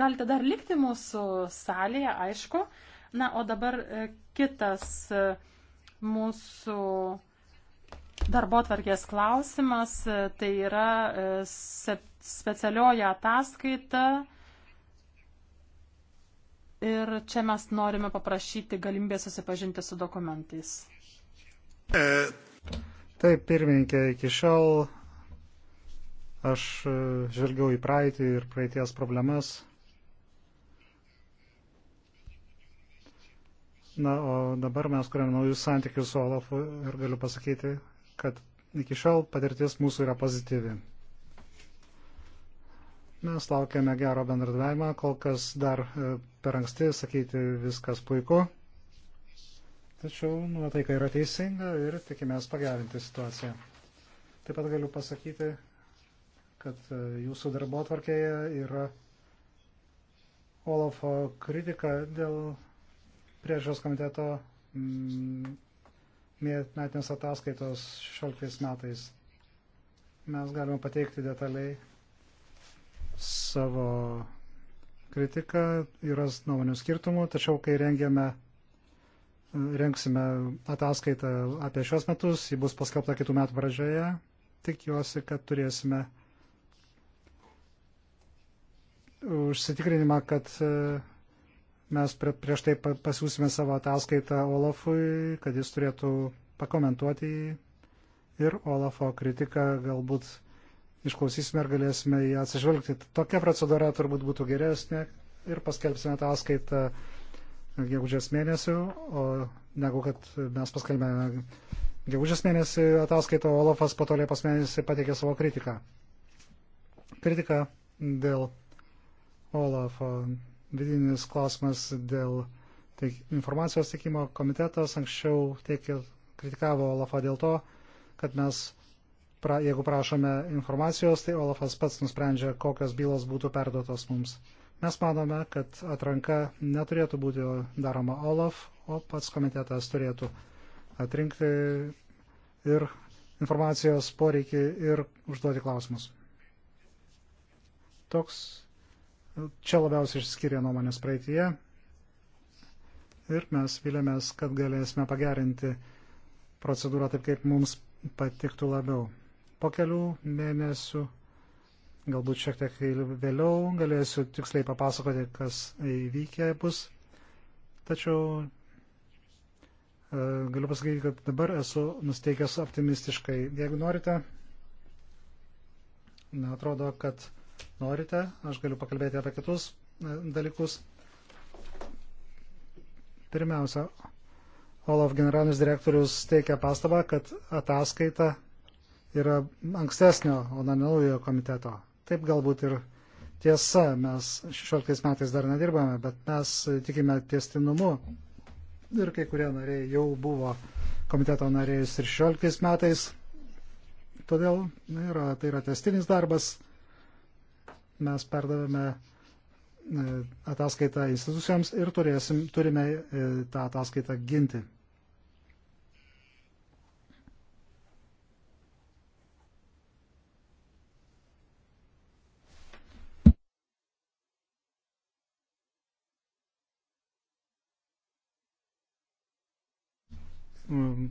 Galite dar likti mūsų salėje, aišku. Na, o dabar e, kitas e, mūsų darbo tvarkės klausimas, e, tai yra specialioji ataskaita. Ir čia mes norime paprašyti galimybę susipažinti su dokumentais. Taip, pirmininkė, iki šiol Aš e, žvelgiau į praeitį ir praeities problemas. Na, o dabar mes kuriame naujus santykius su Olafu ir galiu pasakyti, kad iki šiol patirtis mūsų yra pozityvi. Mes laukiame gero bendradavimą, kol kas dar e, per anksti sakyti viskas puiku. Tačiau nuotaika yra teisinga ir tikimės pagerinti situaciją. Taip pat galiu pasakyti, kad e, jūsų darbo atvarkėje yra Olafo kritika dėl priežiūros komiteto metinės mm, ataskaitos 16 metais. Mes galime pateikti detaliai savo kritiką, yra nuomonių skirtumų, tačiau kai rengiame, rengsime ataskaitą apie šios metus, ji bus paskelbta kitų metų pradžioje, tikiuosi, kad turėsime užsitikrinimą, kad e, mes prieš tai pasiūsime savo ataskaitą Olafui, kad jis turėtų pakomentuoti jį ir Olafo kritiką galbūt išklausysime ir galėsime ją atsižvelgti. Tokia procedūra turbūt būtų geresnė ir paskelbsime ataskaitą gegužės mėnesių, o negu kad mes paskelbėme gegužės mėnesį ataskaitą, Olafas po to Liepos mėnesį pateikė savo kritiką. Kritika dėl Olafo. Vidinis klausimas dėl tai informacijos teikimo komitetas anksčiau teikė, kritikavo Olafą dėl to, kad mes, pra, jeigu prašome informacijos, tai Olafas pats nusprendžia, kokios bylos būtų perduotos mums. Mes manome, kad atranka neturėtų būti daroma Olaf, o pats komitetas turėtų atrinkti ir informacijos poreikį ir užduoti klausimus. Toks Čia labiausiai išskiria nuomonės praeitie ir mes vilėmės, kad galėsime pagerinti procedūrą taip, kaip mums patiktų labiau. Po kelių mėnesių, galbūt šiek tiek vėliau, galėsiu tiksliai papasakoti, kas įvykė bus. Tačiau e, galiu pasakyti, kad dabar esu nusteikęs optimistiškai. Jeigu norite, na, atrodo, kad norite, aš galiu pakalbėti apie kitus e, dalykus. Pirmiausia, Olaf generalinis direktorius teikia pastabą, kad ataskaita yra ankstesnio, o ne naujo komiteto. Taip galbūt ir tiesa, mes 16 metais dar nedirbame, bet mes tikime tiestinumu. Ir kai kurie nariai jau buvo komiteto nariais ir 16 metais. Todėl yra, tai yra testinis darbas mes perdavėme e, ataskaitą institucijoms ir turėsim, turime e, tą ataskaitą ginti. Mm,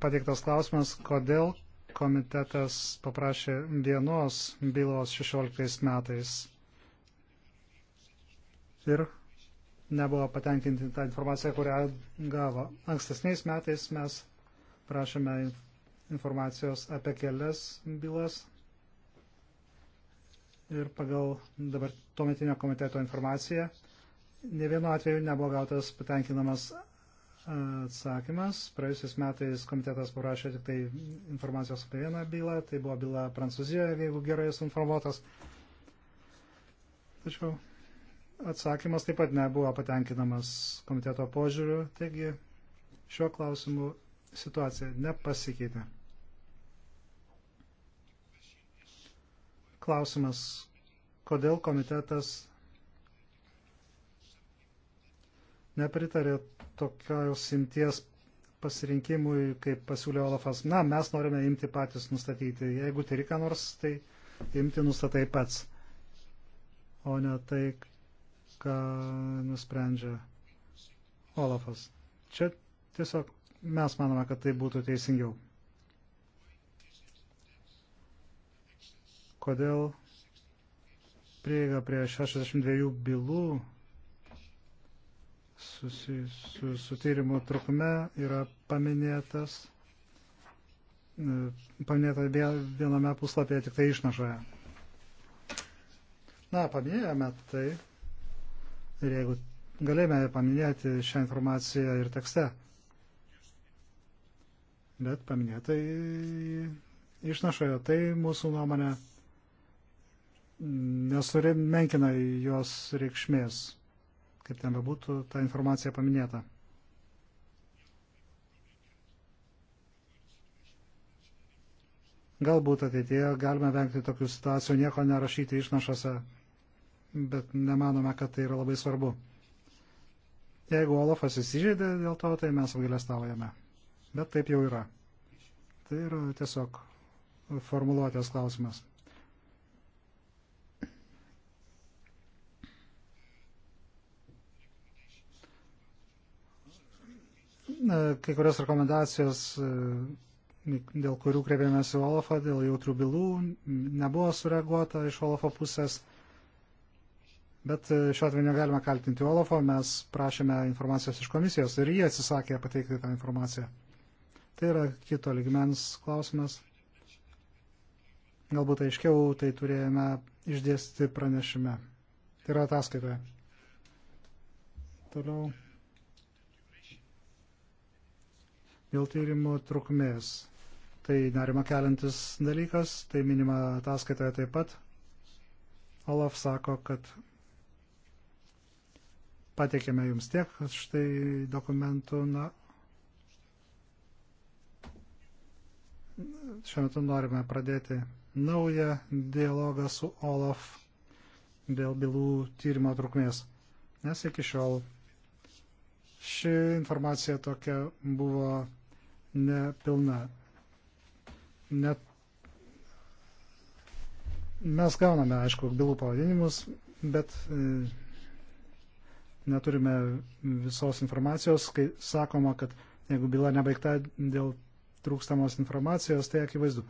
pateiktas klausimas, kodėl komitetas paprašė vienos bylos 16 metais ir nebuvo patenkinti tą informaciją, kurią gavo. Ankstesniais metais mes prašėme informacijos apie kelias bylas ir pagal dabar tuometinio komiteto informaciją ne vienu atveju nebuvo gautas patenkinamas atsakymas. Praėjusiais metais komitetas parašė tik tai informacijos apie vieną bylą, tai buvo byla Prancūzijoje, jeigu gerai esu informuotas. Tačiau atsakymas taip pat nebuvo patenkinamas komiteto požiūriu, taigi šiuo klausimu situacija nepasikeitė. Klausimas, kodėl komitetas nepritarė tokios imties pasirinkimui, kaip pasiūlė Olafas. Na, mes norime imti patys nustatyti. Jeigu turi ką nors, tai imti nustatai pats, o ne tai, ką nusprendžia Olafas. Čia tiesiog mes manome, kad tai būtų teisingiau. Kodėl prieiga prie 62 bylų susijęs su, su tyrimu trukme yra paminėtas, e, paminėta viename puslapyje tik tai išnašoje. Na, paminėjome tai ir jeigu galėjome paminėti šią informaciją ir tekste, bet paminėta išnašoje, tai mūsų nuomonė nesuremenkina jos reikšmės kaip ten bebūtų, ta informacija paminėta. Galbūt ateityje galime vengti tokių situacijų, nieko nerašyti išnašose, bet nemanome, kad tai yra labai svarbu. Jeigu Olafas įsižeidė dėl to, tai mes apgailestaujame. Bet taip jau yra. Tai yra tiesiog formuluotės klausimas. kai kurios rekomendacijos, e, dėl kurių kreipėmės į Olafą, dėl jautrių bylų, nebuvo sureaguota iš Olafo pusės. Bet e, šiuo atveju negalime kaltinti Olafo, mes prašėme informacijos iš komisijos ir jie atsisakė pateikti tą informaciją. Tai yra kito ligmens klausimas. Galbūt aiškiau tai turėjome išdėsti pranešime. Tai yra ataskaitoje. Toliau. Dėl tyrimo trukmės. Tai nerima keliantis dalykas, tai minima ataskaitoje taip pat. Olaf sako, kad pateikėme jums tiek štai dokumentų. Na, šiuo metu norime pradėti naują dialogą su Olaf dėl bylų tyrimo trukmės. Nes iki šiol ši informacija tokia buvo nepilna. Net mes gauname, aišku, bylų pavadinimus, bet e, neturime visos informacijos, kai sakoma, kad jeigu byla nebaigta dėl trūkstamos informacijos, tai akivaizdu.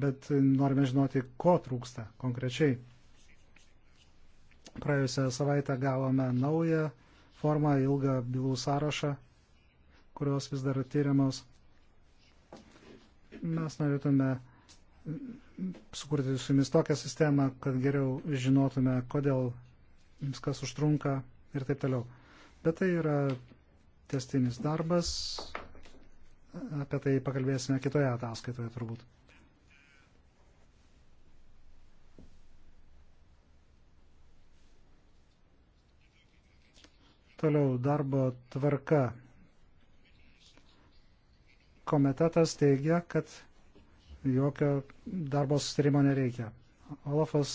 Bet e, norime žinoti, ko trūksta konkrečiai. Praėjusią savaitę gavome naują formą, ilgą bylų sąrašą, kurios vis dar tyriamos. Mes norėtume sukurti su jumis tokią sistemą, kad geriau žinotume, kodėl viskas užtrunka ir taip toliau. Bet tai yra testinis darbas, apie tai pakalbėsime kitoje ataskaitoje turbūt. Toliau darbo tvarka komitetas teigia, kad jokio darbo sustarimo nereikia. Olafas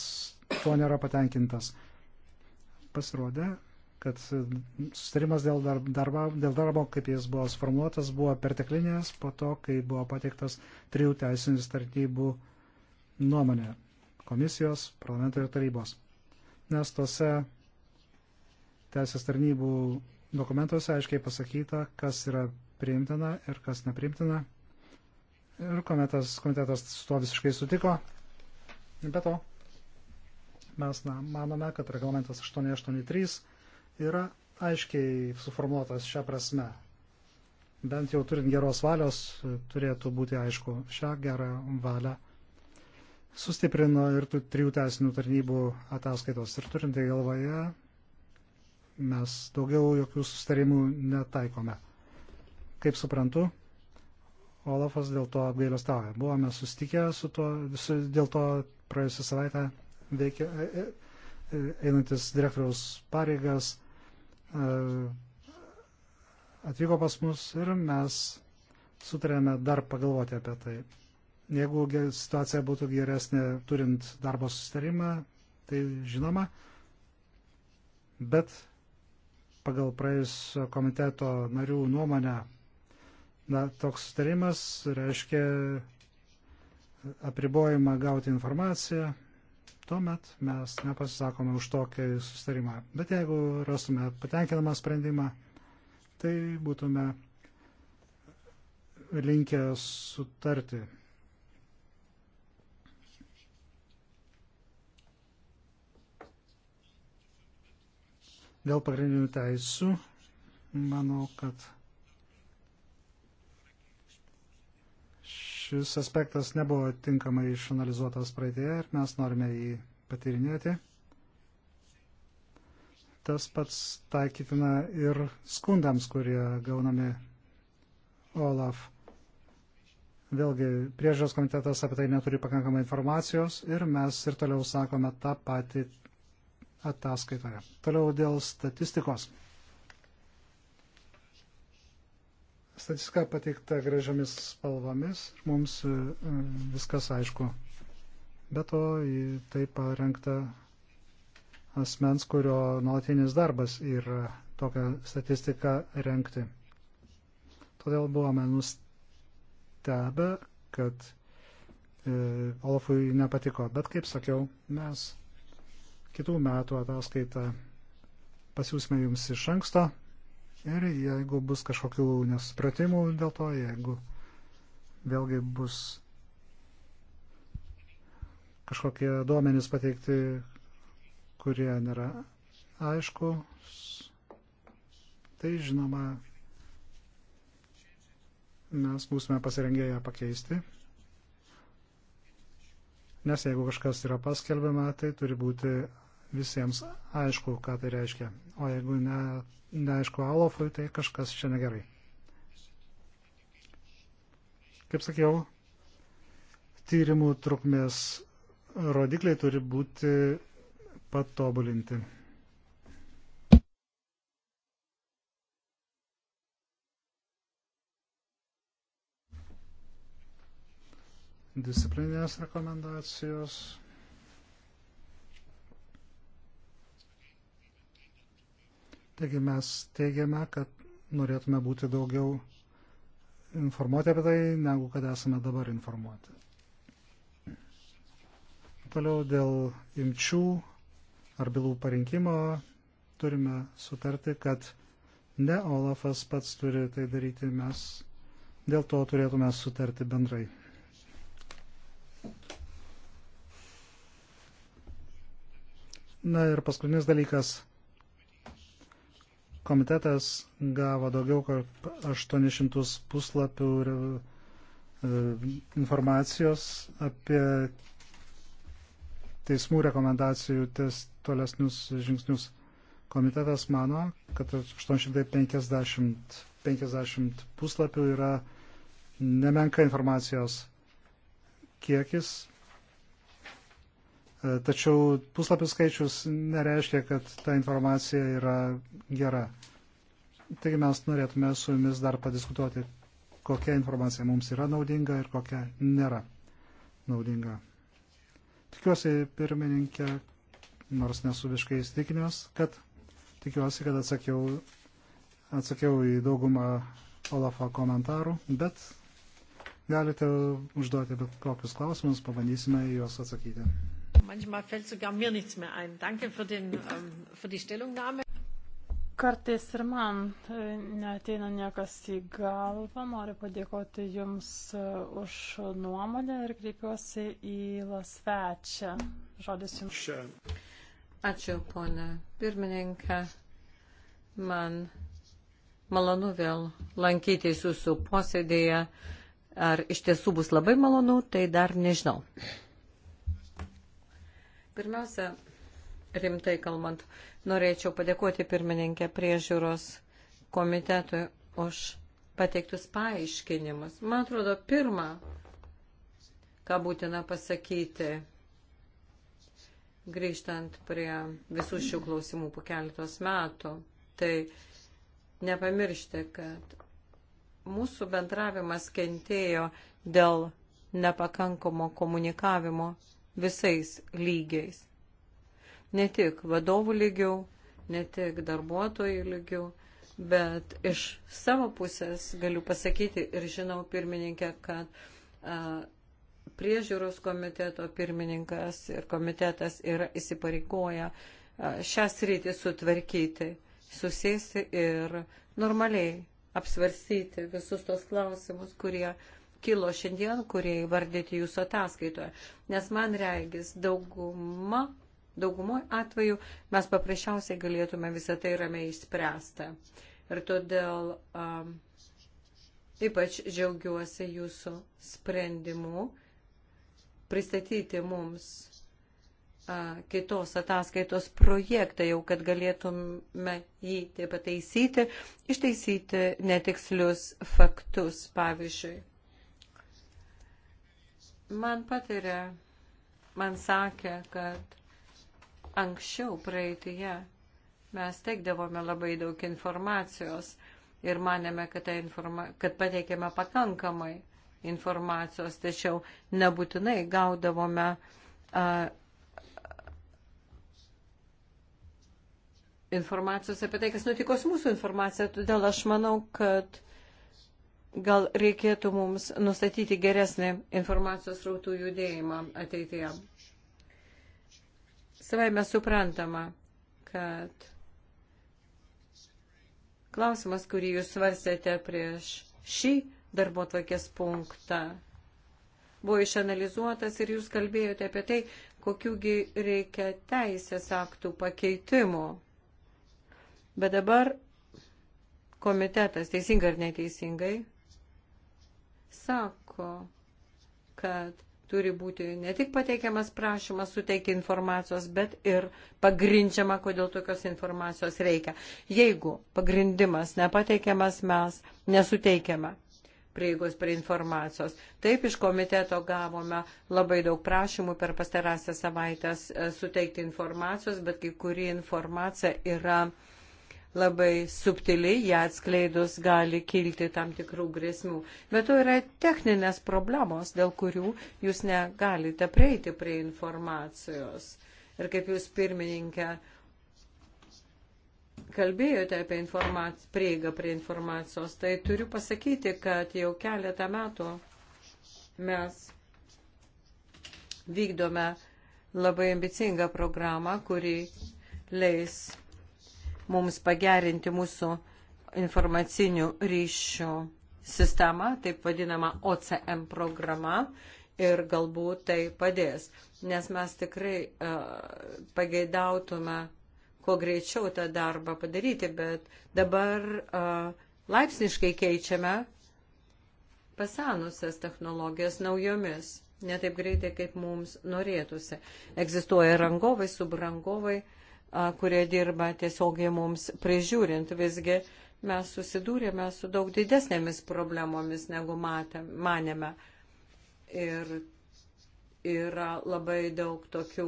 tuo nėra patenkintas. Pasirodė, kad sustarimas dėl, darba, dėl darbo, kaip jis buvo sformuotas, buvo perteklinės po to, kai buvo pateiktas trijų teisinių tarnybų nuomonė - komisijos, parlamento ir tarybos. Nes tose teisės tarnybų dokumentuose aiškiai pasakyta, kas yra priimtina ir kas nepriimtina. Ir komitetas, komitetas su tuo visiškai sutiko. Be to, mes na, manome, kad reglamentas 883 yra aiškiai suformuotas šią prasme. Bent jau turint geros valios, turėtų būti aišku, šią gerą valią sustiprino ir tų trijų teisinių tarnybų ataskaitos. Ir turint tai galvoje, mes daugiau jokių sustarimų netaikome. Kaip suprantu, Olafas dėl to apgailestauja. Buvome sustikę su tuo, su, dėl to praėjusią savaitę veikia, e, e, einantis direktoriaus pareigas, e, atvyko pas mus ir mes sutarėme dar pagalvoti apie tai. Jeigu situacija būtų geresnė turint darbo sustarimą, tai žinoma, bet pagal praėjusio komiteto narių nuomonę Na, toks sutarimas reiškia apribojimą gauti informaciją, tuomet mes nepasisakome už tokį sustarimą. Bet jeigu rastume patenkinamą sprendimą, tai būtume linkę sutarti. Dėl pagrindinių teisų, manau, kad šis aspektas nebuvo tinkamai išanalizuotas praeitėje ir mes norime jį patirinėti. Tas pats taikytina ir skundams, kurie gaunami OLAF. Vėlgi, priežiūros komitetas apie tai neturi pakankamai informacijos ir mes ir toliau sakome tą patį ataskaitoje. Toliau dėl statistikos. Statistika pateikta gražiamis spalvomis, mums e, viskas aišku. Be to, tai parengta asmens, kurio nuolatinis darbas yra tokią statistiką renkti. Todėl buvome nustebę, kad e, Olafui nepatiko. Bet kaip sakiau, mes kitų metų ataskaitą pasiūsime jums iš anksto Ir jeigu bus kažkokių nesupratimų dėl to, jeigu vėlgi bus kažkokie duomenys pateikti, kurie nėra aišku, tai žinoma, mes būsime pasirengę ją pakeisti. Nes jeigu kažkas yra paskelbiama, tai turi būti visiems aišku, ką tai reiškia. O jeigu ne, neaišku Alofui, tai kažkas čia negerai. Kaip sakiau, tyrimų trukmės rodikliai turi būti patobulinti. disciplininės rekomendacijos. Taigi mes teigiame, kad norėtume būti daugiau informuoti apie tai, negu kad esame dabar informuoti. Toliau dėl imčių ar bylų parinkimo turime sutarti, kad ne Olafas pats turi tai daryti, mes dėl to turėtume sutarti bendrai. Na ir paskutinis dalykas komitetas gavo daugiau kaip 800 puslapių ir e, informacijos apie teismų rekomendacijų ties tolesnius žingsnius. Komitetas mano, kad 850 50 puslapių yra nemenka informacijos kiekis E, tačiau puslapių skaičius nereiškia, kad ta informacija yra gera. Taigi mes norėtume su jumis dar padiskutuoti, kokia informacija mums yra naudinga ir kokia nėra naudinga. Tikiuosi, pirmininkė, nors nesu viškai įstikinęs, kad tikiuosi, kad atsakiau, atsakiau į daugumą Olafo komentarų, bet galite užduoti bet kokius klausimus, pabandysime juos atsakyti. Manchmal fällt sogar mir nichts mehr ein. Danke für, den, ähm, für die Stellungnahme. Kartais ir man e, neteina niekas į galvą. Noriu padėkoti Jums e, už nuomonę ir kreipiuosi į Lasvečią. Žodis Jums. Ačiū, ponė pirmininkė. Man malonu vėl lankytis Jūsų posėdėje. Ar iš tiesų bus labai malonu, tai dar nežinau. Pirmiausia, rimtai kalbant, norėčiau padėkoti pirmininkė priežiūros komitetui už pateiktus paaiškinimus. Man atrodo, pirmą, ką būtina pasakyti, grįžtant prie visų šių klausimų po keletos metų, tai nepamiršti, kad mūsų bendravimas kentėjo dėl nepakankamo komunikavimo visais lygiais. Ne tik vadovų lygių, ne tik darbuotojų lygių, bet iš savo pusės galiu pasakyti ir žinau pirmininkę, kad a, priežiūros komiteto pirmininkas ir komitetas yra įsipareigoję šią sritį sutvarkyti, susėsti ir normaliai apsvarstyti visus tos klausimus, kurie uh, kilo šiandien, kurie įvardyti jūsų ataskaitoje. Nes man reagis dauguma, daugumoje atveju mes paprasčiausiai galėtume visą tai ramiai išspręsti. Ir todėl um, ypač džiaugiuosi jūsų sprendimu pristatyti mums kitos ataskaitos projektą jau, kad galėtume jį taip pataisyti, ištaisyti netikslius faktus, pavyzdžiui. Man patarė, man sakė, kad anksčiau praeitįje mes teikdavome labai daug informacijos ir manėme, kad, tai informa kad pateikėme pakankamai informacijos, tačiau nebūtinai gaudavome a, informacijos apie tai, kas nutiko su mūsų informacija. Todėl aš manau, kad gal reikėtų mums nustatyti geresnį informacijos rautų judėjimą ateityje. Savai mes suprantama, kad klausimas, kurį jūs svarstėte prieš šį darbo tvarkės punktą, buvo išanalizuotas ir jūs kalbėjote apie tai, kokiųgi reikia teisės aktų pakeitimų. Bet dabar komitetas, teisingai ar neteisingai, sako, kad turi būti ne tik pateikiamas prašymas suteikti informacijos, bet ir pagrindžiama, kodėl tokios informacijos reikia. Jeigu pagrindimas nepateikiamas, mes nesuteikiame prieigos prie informacijos. Taip iš komiteto gavome labai daug prašymų per pastarąsią savaitęs e, suteikti informacijos, bet kai kuri informacija yra uh, labai subtiliai, ją atskleidus gali kilti tam tikrų grėsmių. Bet to yra techninės problemos, dėl kurių jūs negalite prieiti prie informacijos. Ir kaip jūs pirmininkė kalbėjote apie informac... prieigą prie informacijos, tai turiu pasakyti, kad jau keletą metų mes vykdome labai ambicingą programą, kuri leis mums pagerinti mūsų informacinių ryšių sistemą, taip vadinama OCM programa, ir galbūt tai padės, nes mes tikrai uh, pageidautume kuo greičiau tą darbą padaryti, bet dabar uh, laipsniškai keičiame pasenusias technologijas naujomis, netaip greitai, kaip mums norėtųsi. Egzistuoja rangovai, subrangovai, uh, kurie dirba tiesiogiai mums prižiūrint. Visgi mes susidūrėme su daug didesnėmis problemomis, negu matėm, manėme. Ir yra labai daug tokių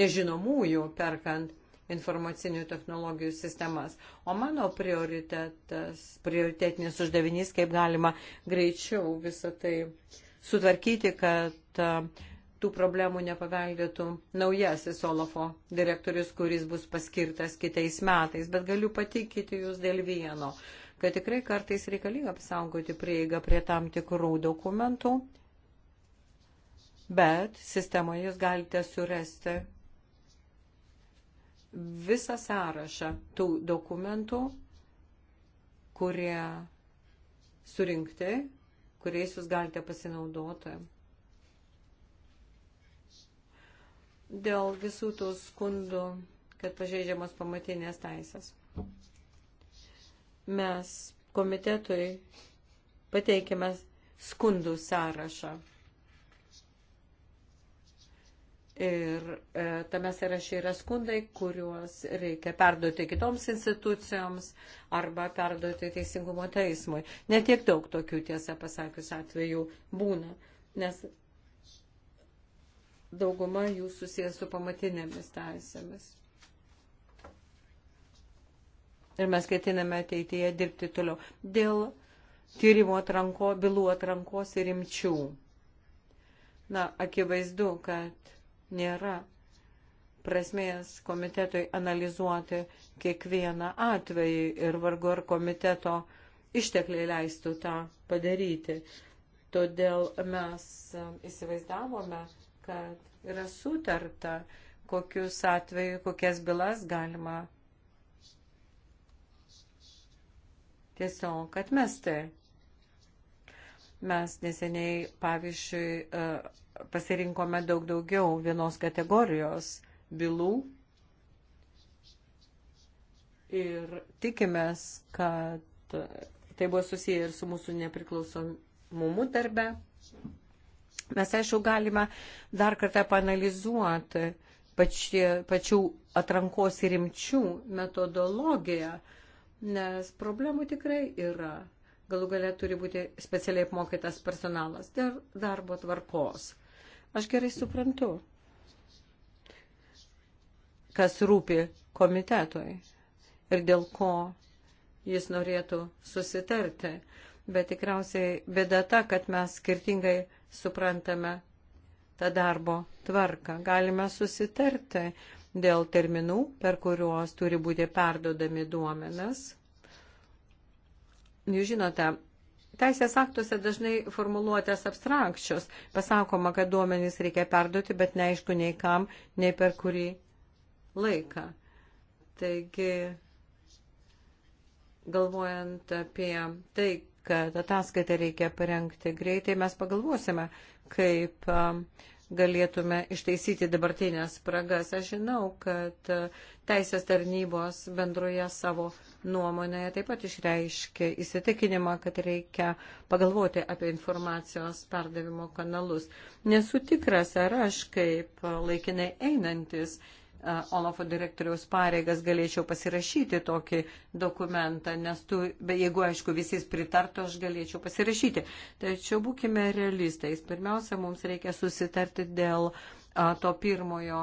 nežinomųjų perkant informacinių technologijų sistemas. O mano prioritetas, prioritetinis uždavinys, kaip galima greičiau visą tai sutvarkyti, kad uh, tų problemų nepaveldėtų naujasis Olofo direktorius, kuris bus paskirtas kitais metais. Bet galiu patikyti jūs dėl vieno, kad tikrai kartais reikalinga apsaugoti prieigą prie tam tikrų dokumentų, bet sistemoje jūs galite surasti visą sąrašą tų dokumentų, kurie surinkti, kuriais jūs galite pasinaudoti dėl visų tų skundų, kad pažeidžiamas pamatinės teisės. Mes komitetui pateikėme skundų sąrašą. Ir e, tame sąraše yra skundai, kuriuos reikia perduoti kitoms institucijoms arba perduoti teisingumo teismui. Netiek daug tokių tiesą pasakius atvejų būna, nes dauguma jų susijęs su pamatinėmis teisėmis. Ir mes ketiname ateityje dirbti toliau. Dėl tyrimo atranko, bylų atrankos ir rimčių. Na, akivaizdu, kad nėra prasmės komitetui analizuoti kiekvieną atvejį ir vargu ar komiteto ištekliai leistų tą padaryti. Todėl mes įsivaizdavome, kad yra sutarta, kokius atveju, kokias bylas galima tiesiog atmesti. Mes neseniai, pavyzdžiui, e, pasirinkome daug daugiau vienos kategorijos bylų ir tikimės, kad tai buvo susiję ir su mūsų nepriklausomumu darbe. Mes, aišku, galime dar kartą panalizuoti pači, pačių atrankos ir rimčių metodologiją, nes problemų tikrai yra. Galų galia turi būti specialiai apmokytas personalas dėl darbo tvarkos. Aš gerai suprantu, kas rūpi komitetui ir dėl ko jis norėtų susitarti. Bet tikriausiai bėda ta, kad mes skirtingai suprantame tą darbo tvarką. Galime susitarti dėl terminų, per kuriuos turi būti perdodami duomenas. Jūs žinote, Teisės aktuose dažnai formuluotės abstrakčios. Pasakoma, kad duomenys reikia perduoti, bet neaišku nei kam, nei per kurį laiką. Taigi, galvojant apie tai, kad ataskaitą reikia parengti greitai, mes pagalvosime, kaip um, galėtume ištaisyti dabartinės spragas. Aš žinau, kad uh, teisės tarnybos bendroje savo nuomonėje taip pat išreiškė įsitikinimą, kad reikia pagalvoti apie informacijos perdavimo kanalus. Nesu tikras, ar aš kaip uh, laikinai einantis Olafo direktoriaus pareigas galėčiau pasirašyti tokį dokumentą, nes tu, be, jeigu aišku visais pritartų, aš galėčiau pasirašyti. Tačiau būkime realistais. Pirmiausia, mums reikia susitarti dėl a, to pirmojo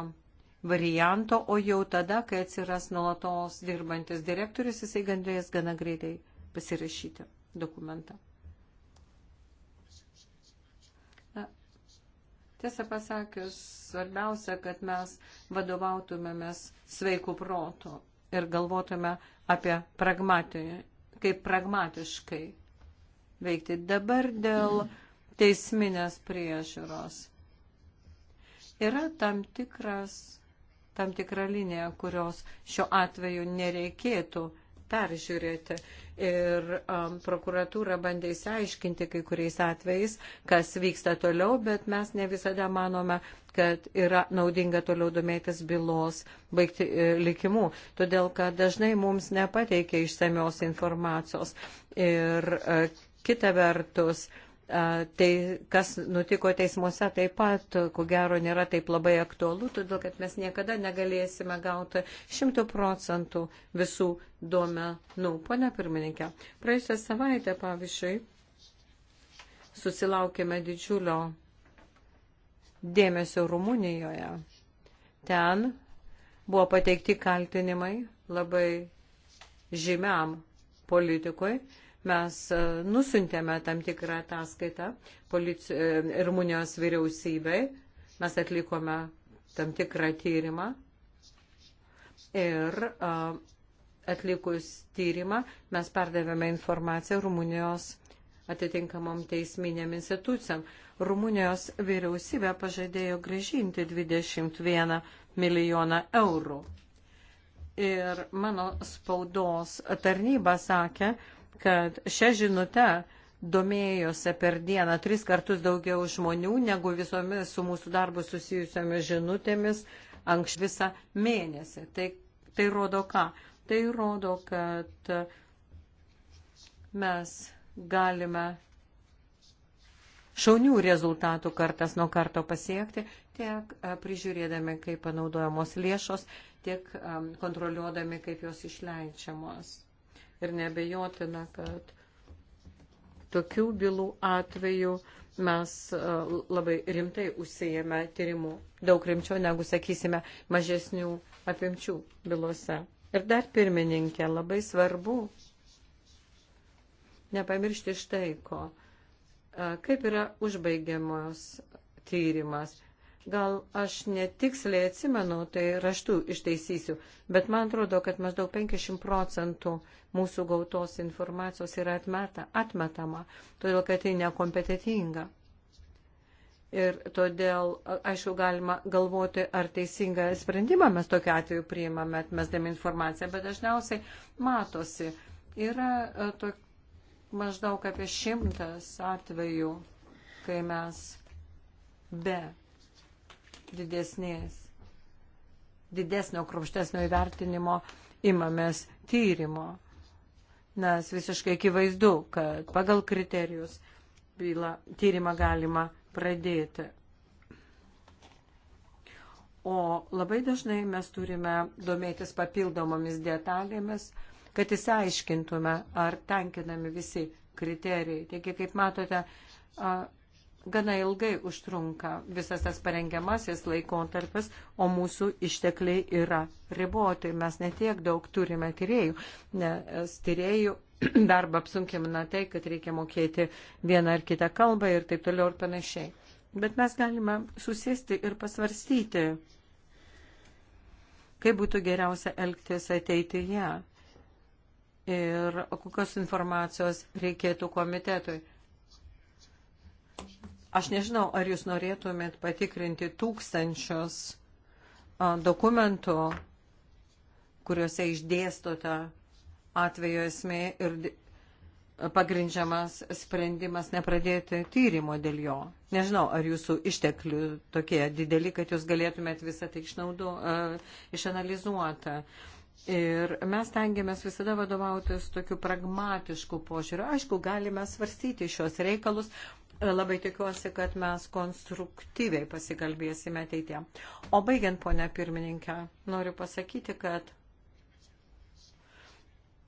varianto, o jau tada, kai atsiras nuolatos dirbantis direktorius, jisai galės gana greitai pasirašyti dokumentą. Tiesą pasakius, svarbiausia, kad mes vadovautumėmės sveikų protų ir galvotume apie pragmatinį, kaip pragmatiškai veikti. Dabar dėl teisminės priežiūros. Yra tam tikras tam tikra linija, kurios šiuo atveju nereikėtų peržiūrėti. Ir um, prokuratūra bandė įsiaiškinti kai kuriais atvejais, kas vyksta toliau, bet mes ne visada manome, kad yra naudinga toliau domėtis bylos baigti e, likimu, todėl kad dažnai mums nepateikia išsamios informacijos. Ir e, kita vertus, e, tai, kas nutiko teismuose, taip pat, ko gero, nėra taip labai aktualu, todėl kad mes niekada negalėsime gauti šimtų procentų visų duomenų. Pone pirmininkė, praėjusią savaitę, pavyzdžiui, susilaukėme didžiulio dėmesio Rumunijoje. Ten buvo pateikti kaltinimai labai žymiam politikui, mes e, nusintėme tam tikrą ataskaitą polici... E, Rumunijos vyriausybei, mes atlikome tam tikrą tyrimą ir e, atlikus tyrimą mes perdavėme informaciją Rumunijos atitinkamom teisminėm institucijom. Rumunijos vyriausybė pažadėjo gražinti 21 milijoną eurų. Ir mano spaudos tarnyba sakė, kad šią žinutę domėjosi per dieną tris kartus daugiau žmonių negu visomis su mūsų darbu susijusiomis žinutėmis anks visą mėnesį. Tai, tai rodo ką? Tai rodo, kad mes galime šaunių rezultatų kartas nuo karto pasiekti, tiek e, prižiūrėdami, kaip panaudojamos lėšos, tiek e, kontroliuodami, kaip jos išleidžiamos ir nebejotina, kad tokių bylų atveju mes e, labai rimtai užsijėme tyrimų, daug rimčiau negu, sakysime, mažesnių apimčių bylose. Ir dar pirmininkė, labai svarbu nepamiršti štai ko, e, kaip yra užbaigiamos tyrimas Gal aš netiksliai atsimenu, tai raštu išteisysiu, bet man atrodo, kad maždaug 50 procentų mūsų gautos informacijos yra atmeta, atmetama, todėl kad tai nekompetitinga. Ir todėl, aišku, galima galvoti, ar teisingą sprendimą mes tokiu atveju priimame, atmesdami informaciją, bet dažniausiai matosi. Yra to, maždaug apie šimtas atvejų, kai mes be didesnės, didesnio kruopštesnio įvertinimo imamės tyrimo. Nes visiškai akivaizdu, kad pagal kriterijus bylą, tyrimą galima pradėti. O labai dažnai mes turime domėtis papildomomis detalėmis, kad įsiaiškintume, ar tenkinami visi kriterijai. Taigi, kaip matote, gana ilgai užtrunka visas tas parengiamasis laikotarpis, o mūsų ištekliai yra riboti. Mes netiek daug turime tyriejų, nes tyriejų darbą apsunkimina tai, kad reikia mokėti vieną ar kitą kalbą ir taip toliau ir panašiai. Bet mes galime susėsti ir pasvarstyti, kaip būtų geriausia elgtis ateityje ir kokios informacijos reikėtų komitetui. Aš nežinau, ar jūs norėtumėt patikrinti tūkstančios dokumentų, kuriuose išdėstota atvejo esmė ir pagrindžiamas sprendimas nepradėti tyrimo dėl jo. Nežinau, ar jūsų išteklių tokie dideli, kad jūs galėtumėt visą tai išnaudo, išanalizuoti. Ir mes tengiamės visada vadovautis tokiu pragmatišku požiūriu. Aišku, galime svarstyti šios reikalus, labai tikiuosi, kad mes konstruktyviai pasikalbėsime ateitie. O baigiant, ponia pirmininkė, noriu pasakyti, kad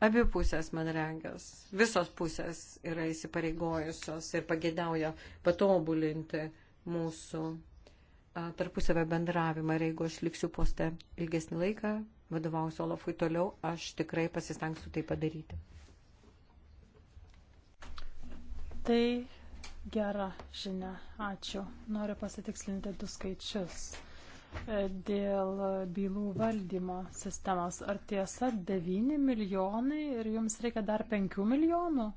abi pusės man rengias, visos pusės yra įsipareigojusios ir pagėdauja patobulinti mūsų tarpusavę bendravimą. Ir jeigu aš liksiu poste ilgesnį laiką, vadovausiu Olafui toliau, aš tikrai pasistengsiu tai padaryti. Tai Gera žinia, ačiū. Noriu pasitikslinti du skaičius e, dėl bylų valdymo sistemos. Ar tiesa 9 milijonai ir jums reikia dar 5 milijonų?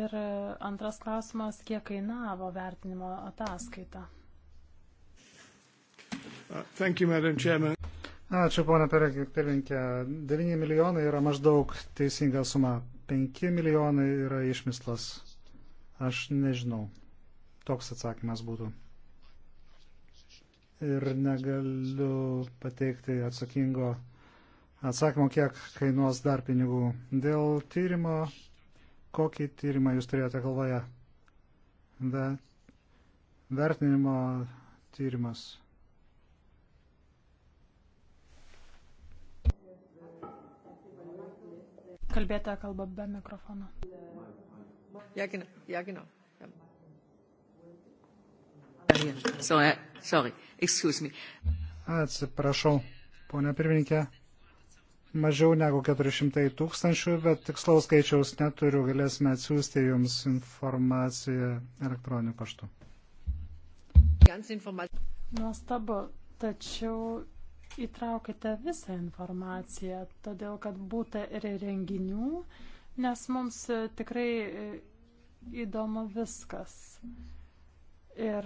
Ir e, antras klausimas, kiek kainavo vertinimo ataskaita? Uh, thank you, Madam Chairman. Ačiū, ponia pirmininkė. 9 milijonai yra maždaug teisinga suma. 5 milijonai yra išmislas Aš nežinau. Toks atsakymas būtų. Ir negaliu pateikti atsakingo atsakymo, kiek kainuos dar pinigų. Dėl tyrimo, kokį tyrimą jūs turėjote galvoje? Ve, vertinimo tyrimas. Kalbėtoja kalba be mikrofono. Ja, genau. Ja, genau. So, uh, sorry, excuse me. Atsiprašau, ponia pirmininkė. Mažiau negu 400 tūkstančių, bet tikslaus skaičiaus neturiu, galėsime atsiųsti jums informaciją elektroniniu paštu. Nuostabu, tačiau įtraukite visą informaciją, todėl kad būtų ir renginių, nes mums tikrai įdomu viskas. Ir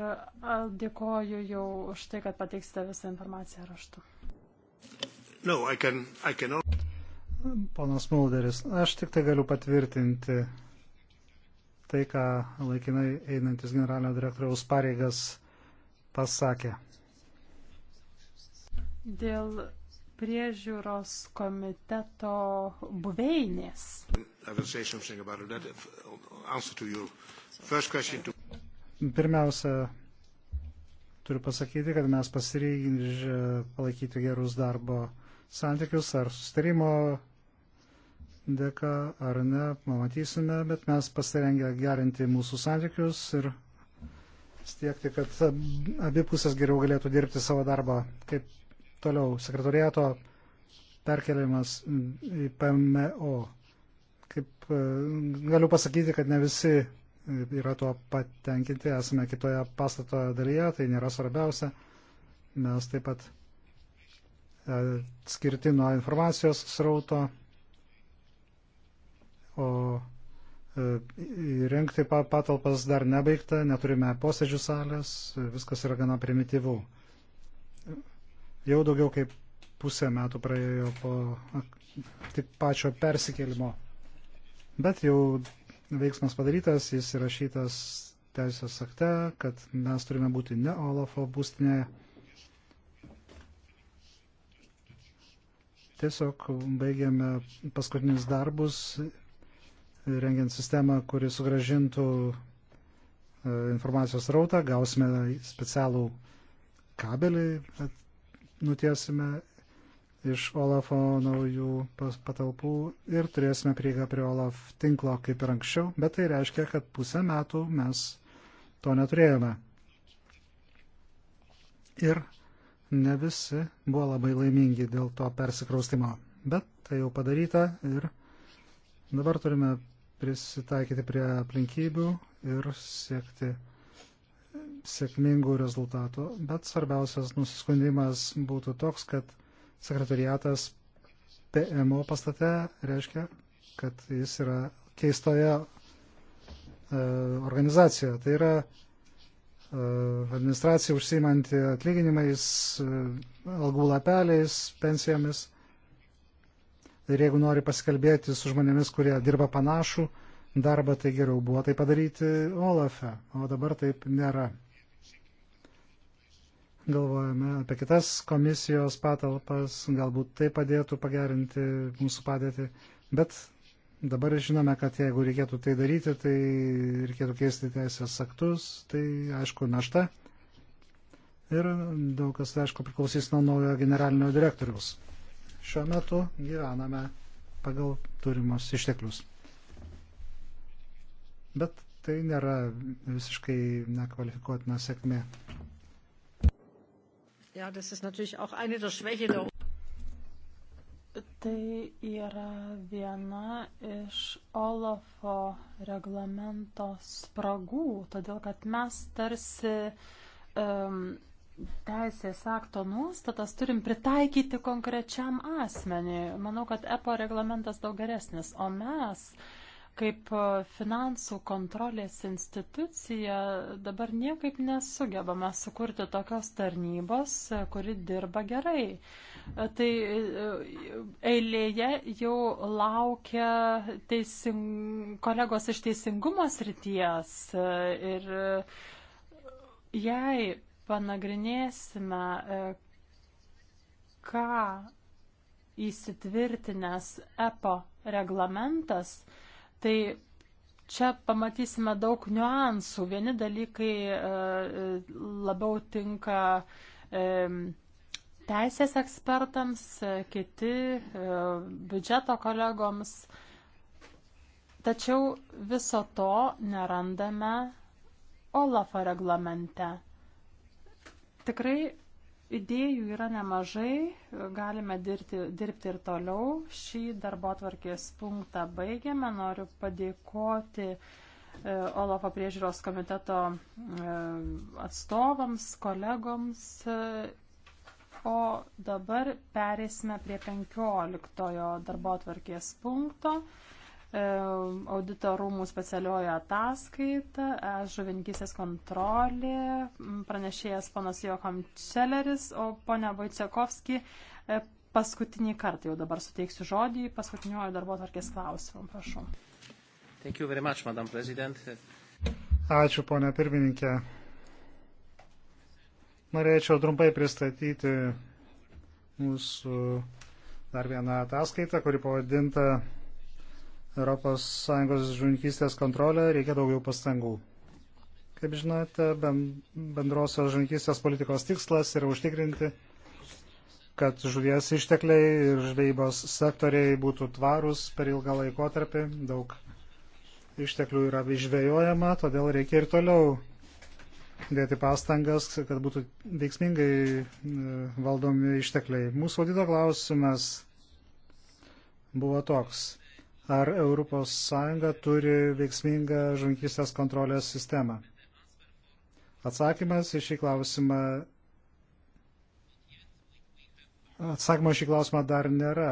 dėkoju jau už tai, kad pateiksite visą informaciją raštu. No, I can, I can... Ponas Mulderis, aš tik tai galiu patvirtinti tai, ką laikinai einantis generalinio direktoriaus pareigas pasakė. Dėl priežiūros komiteto buveinės answer to your first question. To... Pirmiausia, turiu pasakyti, kad mes pasiryžę palaikyti gerus darbo santykius ar sustarimo dėka ar ne, pamatysime, bet mes pasirengę gerinti mūsų santykius ir siekti, kad abi pusės geriau galėtų dirbti savo darbą. Kaip toliau, sekretoriato perkeliamas į PMO. E E, galiu pasakyti, kad ne visi e, yra tuo patenkinti, esame kitoje pastato dalyje, tai nėra svarbiausia. Mes taip pat e, skirti nuo informacijos srauto, o įrengti patalpas dar nebaigta, neturime posėdžių salės, viskas yra gana primityvų. Jau daugiau kaip pusę metų praėjo po tik pačio persikėlimo bet jau veiksmas padarytas, jis įrašytas teisės akte, kad mes turime būti ne Olafo būstinėje. Tiesiog baigėme paskutinius darbus, rengiant sistemą, kuri sugražintų e, informacijos rautą, gausime specialų kabelį, nutiesime iš Olafo naujų patalpų ir turėsime prieigą prie Olaf tinklo kaip ir anksčiau, bet tai reiškia, kad pusę metų mes to neturėjome. Ir ne visi buvo labai laimingi dėl to persikraustimo, bet tai jau padaryta ir dabar turime prisitaikyti prie aplinkybių ir siekti sėkmingų rezultatų, bet svarbiausias nusiskundimas būtų toks, kad sekretariatas PMO pastate reiškia, kad jis yra keistoje e, organizacijoje. Tai yra e, administracija užsiimanti atlyginimais, e, algų lapeliais, pensijomis. Ir jeigu nori pasikalbėti su žmonėmis, kurie dirba panašų darbą, tai geriau buvo tai padaryti Olafe, o dabar taip nėra galvojame apie kitas komisijos patalpas, galbūt tai padėtų pagerinti mūsų padėtį, bet dabar žinome, kad jeigu reikėtų tai daryti, tai reikėtų keisti teisės aktus, tai aišku našta. Ir daug kas, tai aišku, priklausys nuo naujo generalinio direktoriaus. Šiuo metu gyvename pagal turimus išteklius. Bet tai nėra visiškai nekvalifikuotina sėkmė. Ja, das ist natürlich auch eine der Schwächen der Tai yra viena iš Olafo reglamento spragų, todėl kad mes tarsi um, teisės akto nuostatas turim pritaikyti konkrečiam asmeniui. Manau, kad EPO reglamentas daug geresnis, o mes uh, kaip e, finansų kontrolės institucija dabar niekaip nesugebame sukurti tokios tarnybos, e, kuri dirba gerai. E, tai eilėje jau laukia teising... kolegos iš teisingumo srities ir jei panagrinėsime, ką įsitvirtinęs EPO reglamentas, Tai čia pamatysime daug niuansų. Vieni dalykai e, e, labiau tinka e, teisės ekspertams, kiti biudžeto kolegoms. Tačiau viso to nerandame Olafo reglamente. Tikrai Idėjų yra nemažai, galime dirbti, dirbti ir toliau. Šį darbo tvarkės punktą baigiame. Noriu padėkoti e, Olofo priežiūros komiteto e, atstovams, kolegoms. O dabar perėsime prie 15 darbo tvarkės punkto audito rūmų specialioji ataskaita, e, žuvinkysės kontrolė, pranešėjas panas Jokom Čeleris, o ponia Vojcekovski e, paskutinį kartą jau dabar suteiksiu žodį paskutiniuoju darbo tvarkės klausimu. Prašau. Much, Madam President. Ačiū, ponia pirmininkė. Norėčiau trumpai pristatyti mūsų dar vieną ataskaitą, kuri pavadinta ES žuvininkystės kontrolę reikia daugiau pastangų. Kaip žinote, bendrosios žuvininkystės politikos tikslas yra užtikrinti, kad žuvies ištekliai ir žvejybos sektoriai būtų tvarūs per ilgą laikotarpį. Daug išteklių yra išvejojama, todėl reikia ir toliau dėti pastangas, kad būtų veiksmingai e, valdomi ištekliai. Mūsų audito klausimas buvo toks ar ES turi veiksmingą žuvinkystės kontrolės sistemą. Atsakymas į šį klausimą. Atsakymo šį klausimą dar nėra.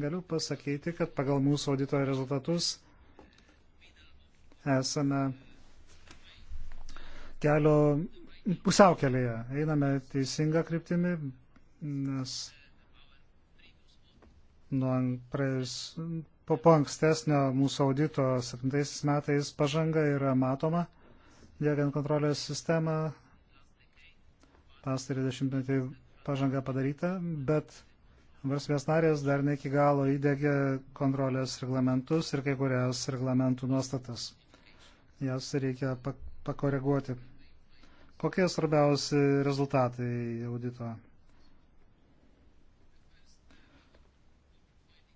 Galiu pasakyti, kad pagal mūsų audito rezultatus esame kelio pusiaukelėje. Einame teisinga kryptimi, nes nuo praėjus, po, po ankstesnio mūsų audito 7 metais pažanga yra matoma, dėgiant kontrolės sistemą, pastarį dešimtmetį pažanga padaryta, bet valstybės narės dar ne iki galo įdėgė kontrolės reglamentus ir kai kurias reglamentų nuostatas. Jas reikia pakoreguoti. Kokie svarbiausi rezultatai audito?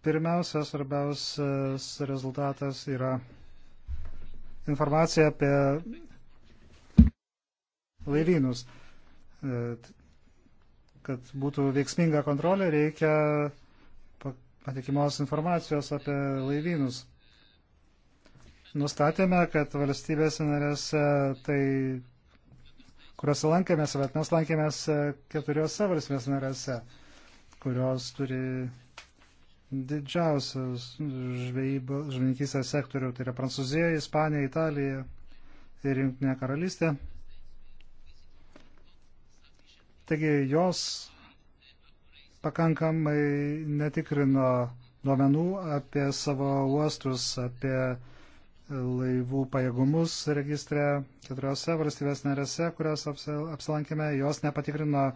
Pirmiausia, svarbiausias rezultatas yra informacija apie laivynus. E, kad būtų veiksminga kontrolė, reikia patikimos informacijos apie laivynus. Nustatėme, kad valstybės narėse, tai, kuriuose lankėmės, bet mes lankėmės keturiose valstybės narėse, kurios turi didžiausios žvejininkystės sektorių, tai yra Prancūzija, Ispanija, Italija ir Junktinė karalystė. Taigi jos pakankamai netikrino duomenų apie savo uostus, apie laivų pajėgumus registre keturiose valstybės narėse, kurios apsilankėme, jos nepatikrino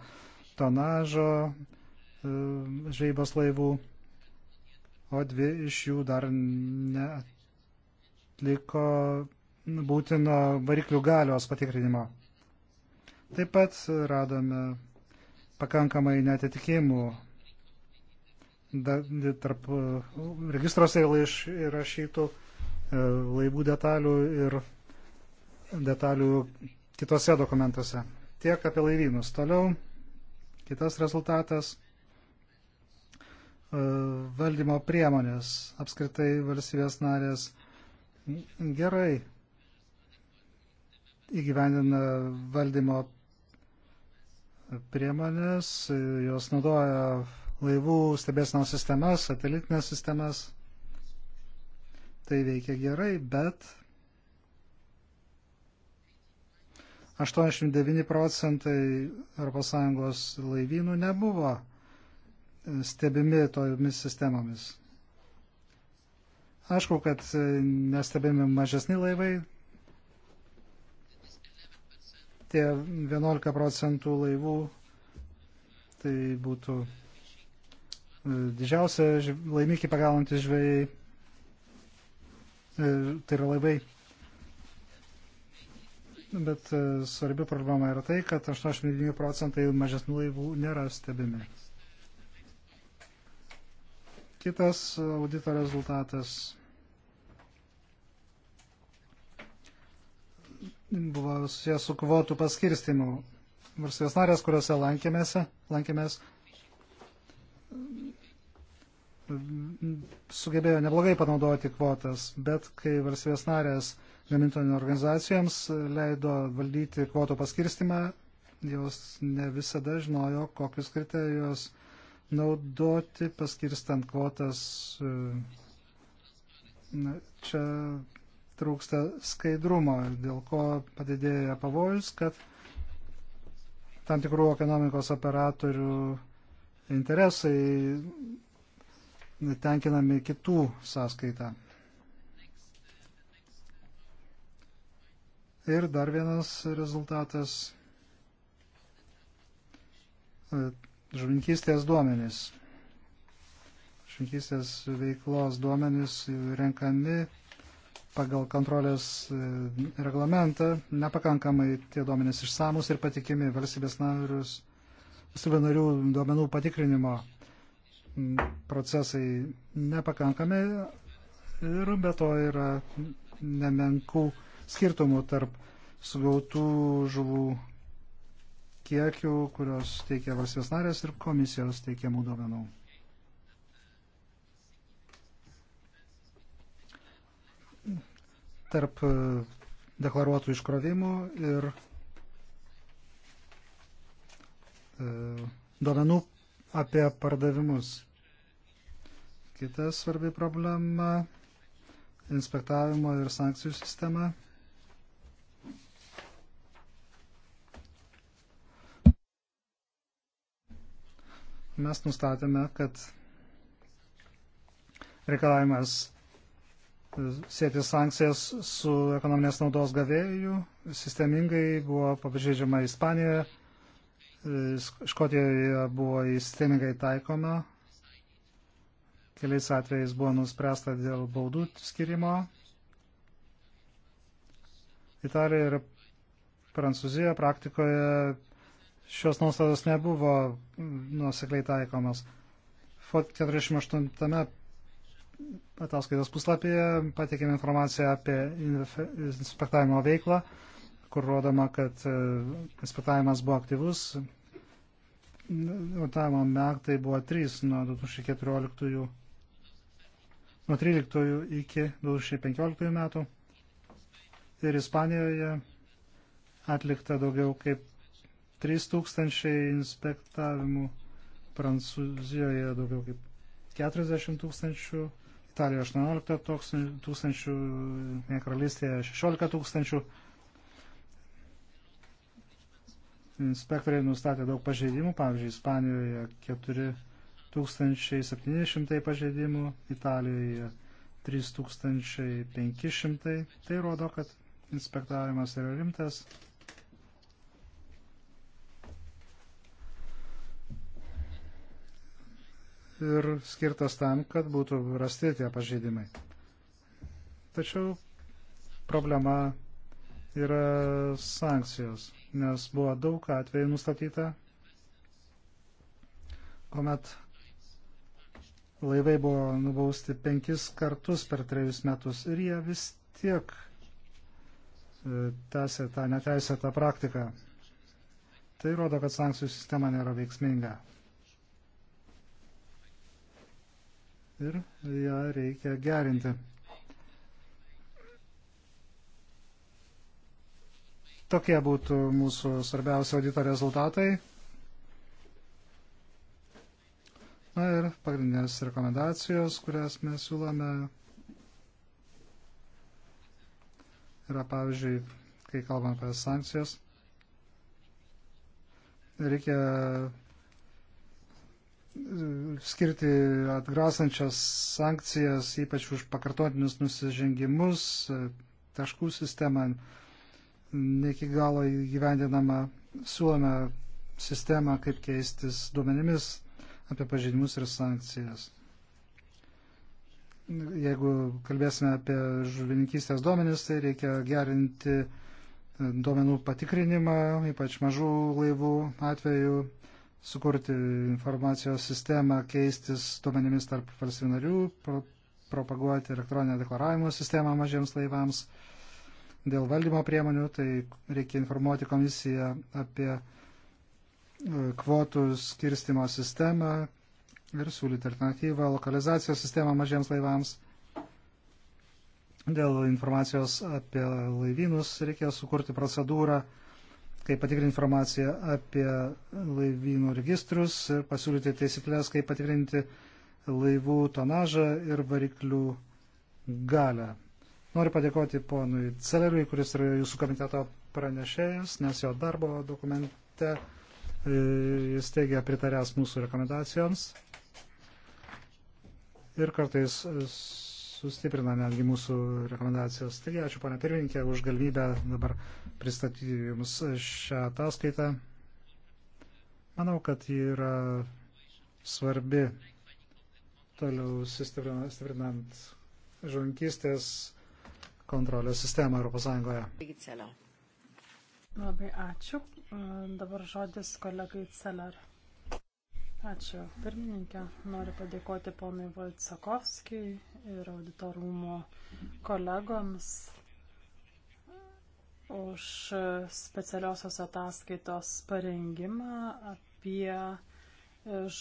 tonažo e, žvejybos laivų o dvi iš jų dar netliko būtino variklių galios patikrinimo. Taip pat radome pakankamai netitikimų tarp uh, registrose įrašytų uh, laivų detalių ir detalių kitose dokumentuose. Tiek apie laivynus. Toliau kitas rezultatas E, valdymo priemonės. Apskritai valstybės narės gerai įgyvendina valdymo priemonės, jos naudoja laivų stebėsino sistemas, satelitinės sistemas. Tai veikia gerai, bet 89 procentai ES laivynų nebuvo stebimi tomis sistemomis. Aišku, kad nestebimi mažesni laivai, tie 11 procentų laivų, tai būtų e, didžiausia laimikį pagalantis žvėjai, e, tai yra laivai. Bet e, svarbi problema yra tai, kad 89 procentai mažesnių laivų nėra stebimi. Kitas audito rezultatas buvo susijęs su kvotų paskirstimu. Varsijos narės, kuriuose lankėmės, lankėmės, sugebėjo neblogai panaudoti kvotas, bet kai valstybės narės gamintojų organizacijoms leido valdyti kvotų paskirstimą, jos ne visada žinojo, kokius kriterijus naudoti, paskirstant kvotas. E, na, čia trūksta skaidrumo, dėl ko padidėja pavojus, kad tam tikrų ekonomikos operatorių interesai tenkinami kitų sąskaitą. Ir dar vienas rezultatas e, žuvinkystės duomenys. Žuvinkystės veiklos duomenys renkami pagal kontrolės e, reglamentą. Nepakankamai tie duomenys išsamus ir patikimi valstybės narius, valstybės narių duomenų patikrinimo procesai nepakankami ir be to yra nemenkų skirtumų tarp sugautų žuvų kiekių, kurios teikia valstybės narės ir komisijos teikiamų duomenų. Tarp e, deklaruotų iškrovimų ir e, duomenų apie pardavimus. Kita svarbi problema - inspektavimo ir sankcijų sistema. mes nustatėme, kad reikalavimas sėti sankcijas su ekonominės naudos gavėjų sistemingai buvo pabrėžiama Ispanijoje, Škotijoje buvo sistemingai taikoma, keliais atvejais buvo nuspręsta dėl baudų skirimo. Italija ir Prancūzija praktikoje šios nuostatos nebuvo nuosekliai taikomos. FOT 48 ataskaitos puslapyje pateikėme informaciją apie inspektavimo veiklą, kur rodoma, kad e, inspektavimas buvo aktyvus. Notavimo metai buvo 3 nuo 2014, nuo 13 iki 2015 metų. Ir Ispanijoje atlikta daugiau kaip 3000 inspektavimų, Prancūzijoje daugiau kaip 40 tūkstančių, Italijoje 18 tūkstančių, Nekralystėje 16 tūkstančių. Inspektoriai nustatė daug pažeidimų, pavyzdžiui, Ispanijoje 4700 pažeidimų, Italijoje 3500. Tai rodo, kad inspektavimas yra rimtas ir skirtas tam, kad būtų rasti tie pažeidimai. Tačiau problema yra sankcijos, nes buvo daug atvejų nustatyta, kuomet laivai buvo nubausti penkis kartus per trejus metus ir jie vis tiek e, tęsė tą neteisėtą praktiką. Tai rodo, kad sankcijų sistema nėra veiksminga. ir ją reikia gerinti. Tokie būtų mūsų svarbiausi audito rezultatai. Na ir pagrindinės rekomendacijos, kurias mes siūlome, yra pavyzdžiui, kai kalbam apie sankcijas, reikia skirti atgrasančias sankcijas, ypač už pakartotinius nusižengimus, e, taškų sistemą ne iki galo įgyvendinama, siūlome sistemą, kaip keistis duomenimis apie pažeidimus ir sankcijas. Jeigu kalbėsime apie žuvininkystės duomenis, tai reikia gerinti duomenų patikrinimą, ypač mažų laivų atveju sukurti informacijos sistemą, keistis duomenimis tarp valstybių narių, pro, propaguoti elektroninę deklaravimo sistemą mažiems laivams. Dėl valdymo priemonių, tai reikia informuoti komisiją apie e, kvotų skirstimo sistemą ir siūlyti alternatyvą lokalizacijos sistemą mažiems laivams. Dėl informacijos apie laivynus reikia sukurti procedūrą, kaip patikrinti informaciją apie laivynų registrus ir pasiūlyti taisyklės, kaip patikrinti laivų tonažą ir variklių galę. Noriu padėkoti ponui Celeriui, kuris yra jūsų komiteto pranešėjas, nes jo darbo dokumente e, jis teigia pritaręs mūsų rekomendacijoms ir kartais sustiprina netgi mūsų rekomendacijos. Taigi ačiū, ponė pirmininkė, už galimybę dabar pristatyti Jums šią ataskaitą. Manau, kad ji yra svarbi toliau stiprinant žuvinkystės kontrolės sistemą Europos Sąjungoje. Labai ačiū. Dabar žodis kolegai Celer. Ačiū. Pirmininkė, noriu padėkoti ponui Valtsakovskijui ir auditorumo kolegoms už specialiosios ataskaitos parengimą apie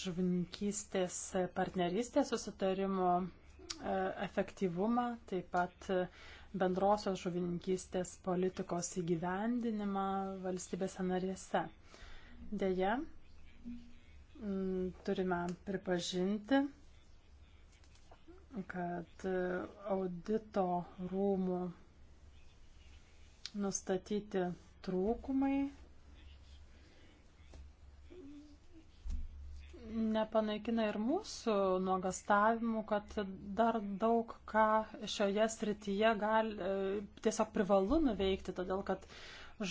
žuvininkystės partnerystės susitarimo e, efektyvumą, taip pat bendrosios žuvininkystės politikos įgyvendinimą valstybėse narėse. Deja, Mm, turime pripažinti, kad audito rūmų nustatyti trūkumai nepanaikina ir mūsų nuogastavimų, kad dar daug ką šioje srityje gali, e, tiesiog privalu nuveikti, todėl kad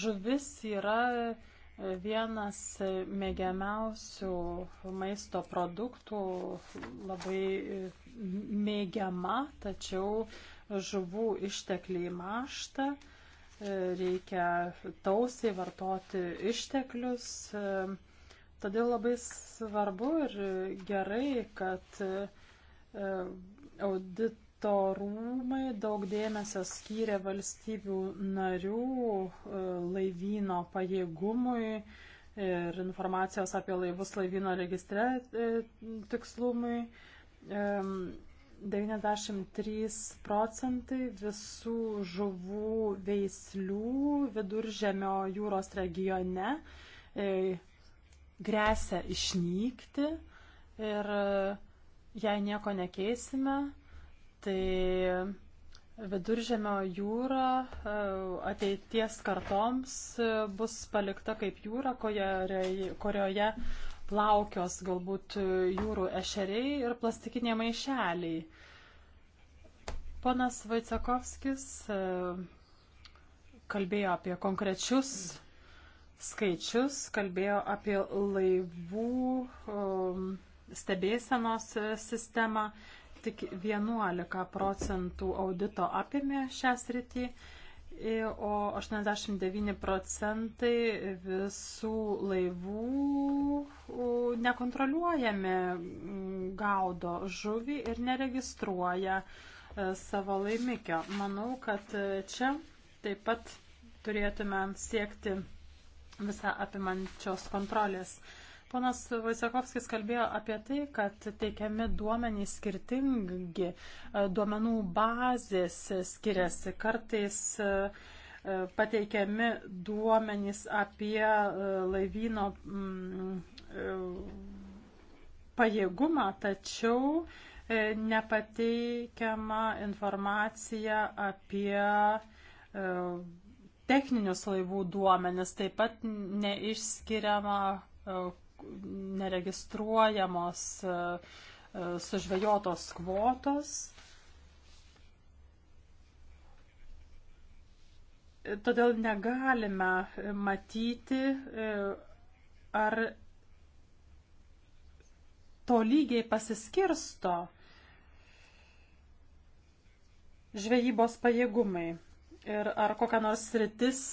žuvis yra Vienas mėgiamiausių maisto produktų labai mėgiama, tačiau žuvų ištekliai mašta, reikia tausiai vartoti išteklius. Todėl labai svarbu ir gerai, kad e, audit rūmai daug dėmesio skyrė valstybių narių e, laivyno pajėgumui ir informacijos apie laivus laivyno registre e, tikslumui. 93 procentai visų žuvų veislių viduržemio jūros regione e, grėsia išnykti ir jei nieko nekeisime, tai viduržemio jūra e, ateities kartoms e, bus palikta kaip jūra, kurioje plaukios galbūt jūrų ešeriai ir plastikiniai maišeliai. Ponas Vaicekovskis e, kalbėjo apie konkrečius skaičius, kalbėjo apie laivų stebėsenos sistemą tik 11 procentų audito apėmė šią sritį, o 89 procentai visų laivų nekontroliuojami gaudo žuvį ir neregistruoja e, savo laimikio. Manau, kad e, čia taip pat turėtume siekti visą apimančios kontrolės. Ponas Vaisekovskis kalbėjo apie tai, kad teikiami duomenys skirtingi, e, duomenų bazės skiriasi. Kartais e, e, pateikiami duomenys apie laivyno mm, pajėgumą, tačiau nepateikiama informacija apie techninius laivų duomenis, taip pat neišskiriama neregistruojamos e, e, sužvejotos kvotos. Todėl negalime matyti, e, ar to lygiai pasiskirsto žvejybos pajėgumai ir ar kokia nors sritis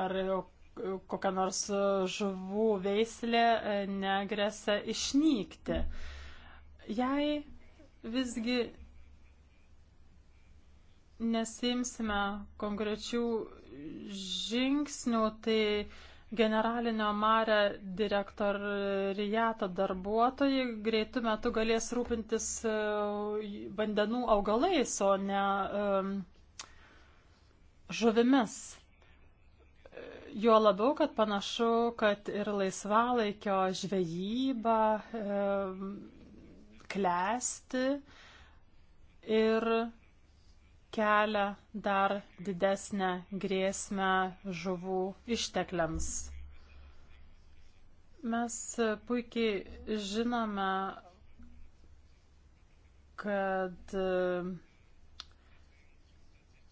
ar kokia nors žuvų veislė e, negresia išnykti. Jei visgi nesimsime konkrečių žingsnių, tai generalinio marę direktoriato darbuotojai greitų metų galės rūpintis e, vandenų augalais, o ne um, žuvimis. Jo labiau, kad panašu, kad ir laisvalaikio žvejyba e, klesti ir kelia dar didesnę grėsmę žuvų ištekliams. Mes puikiai žinome, kad e,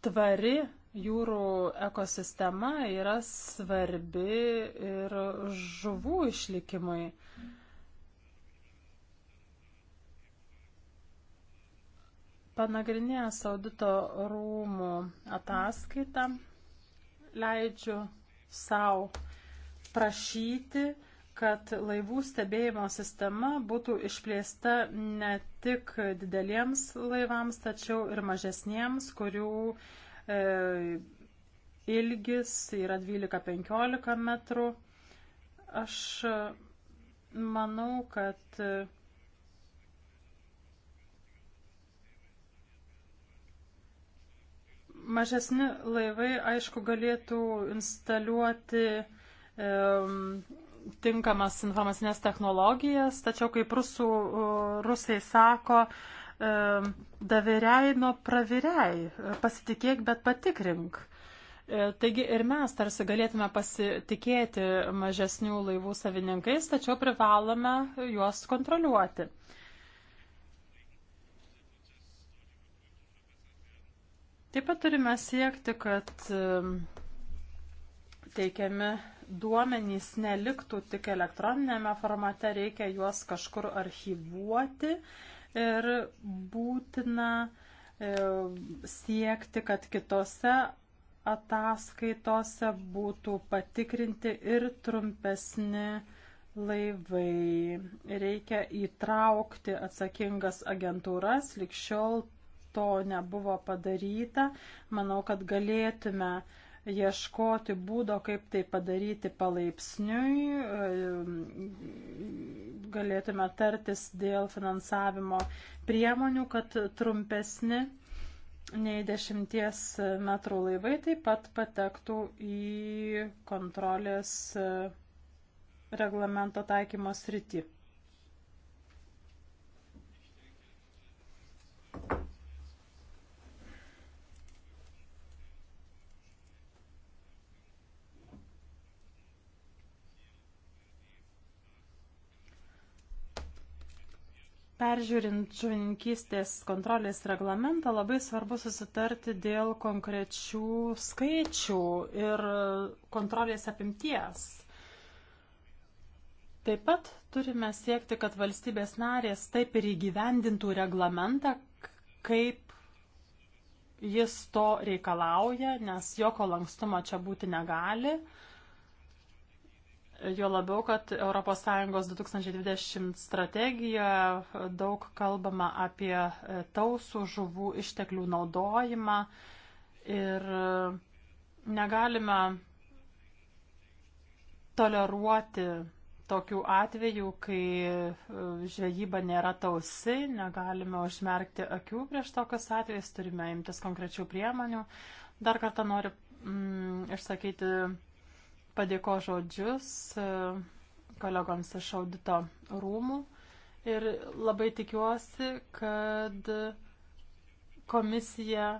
tvari jūrų ekosistema yra svarbi ir žuvų išlikimui. Panagrinėjęs audito rūmų ataskaitą, leidžiu savo prašyti, kad laivų stebėjimo sistema būtų išplėsta ne tik dideliems laivams, tačiau ir mažesniems, kurių uh, E, ilgis yra 12-15 metrų. Aš e, manau, kad e, mažesni laivai, aišku, galėtų instaliuoti e, tinkamas informacinės technologijas, tačiau kaip rusų, rusai sako, e, daviriai nuo praviriai, pasitikėk, bet patikrink. E, taigi ir mes tarsi galėtume pasitikėti mažesnių laivų savininkais, tačiau privalome juos kontroliuoti. Taip pat turime siekti, kad teikiami duomenys neliktų tik elektroninėme formate, reikia juos kažkur archivuoti ir būtina e, siekti, kad kitose ataskaitose būtų patikrinti ir trumpesni laivai. Reikia įtraukti atsakingas agentūras, likščiol to nebuvo padaryta. Manau, kad galėtume uh, ieškoti būdo, kaip tai padaryti palaipsniui. Galėtume tartis dėl finansavimo priemonių, kad trumpesni nei dešimties metrų laivai taip pat patektų į kontrolės reglamento taikymo sritį. Peržiūrint žuvininkystės kontrolės reglamentą, labai svarbu susitarti dėl konkrečių skaičių ir kontrolės apimties. Taip pat turime siekti, kad valstybės narės taip ir įgyvendintų reglamentą, kaip jis to reikalauja, nes jokio lankstumo čia būti negali. Jo labiau, kad ES 2020 strategija daug kalbama apie e, tausų žuvų išteklių naudojimą ir e, negalime toleruoti tokių atvejų, kai e, žvejyba nėra tausi, negalime užmerkti akių prieš tokius atvejus, turime imtis konkrečių priemonių. Dar kartą noriu mm, išsakyti padėko žodžius e, kolegoms iš audito rūmų ir labai tikiuosi, kad komisija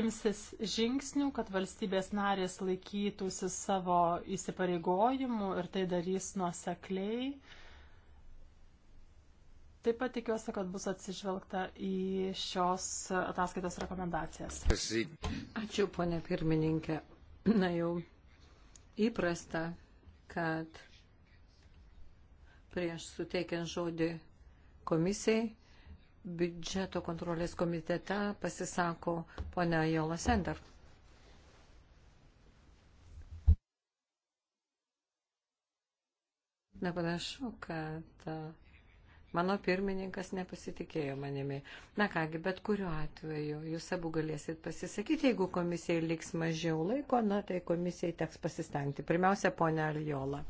imsis žingsnių, kad valstybės narės laikytųsi savo įsipareigojimų ir tai darys nuosekliai. Taip pat tikiuosi, kad bus atsižvelgta į šios ataskaitos rekomendacijas. Ačiū, ponė pirmininkė. Na jau įprasta, kad prieš suteikiant žodį komisijai biudžeto kontrolės komitete pasisako ponia Jola Sender. Nepanašu, kad Mano pirmininkas nepasitikėjo manimi. Na kągi, bet kuriuo atveju jūs abu galėsit pasisakyti, jeigu komisijai liks mažiau laiko, na tai komisijai teks pasistengti. Pirmiausia, ponia Aljola.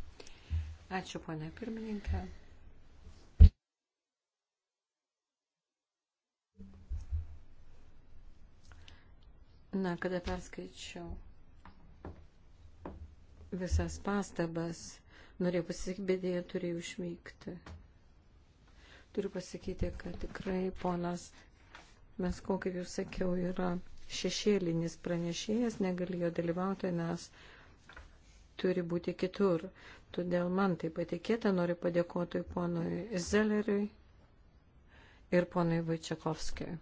Ačiū, ponia pirmininkė. Na, kada perskaičiau visas pastabas, norėjau pasisakyti, bet jie turėjo išvykti. Turiu pasakyti, kad tikrai ponas Mesko, kaip jau sakiau, yra šešėlinis pranešėjas, negalėjo dalyvauti, nes turi būti kitur. Todėl man tai patikėta, noriu padėkoti ponui Zelleriui ir ponui Vaičiakovskijui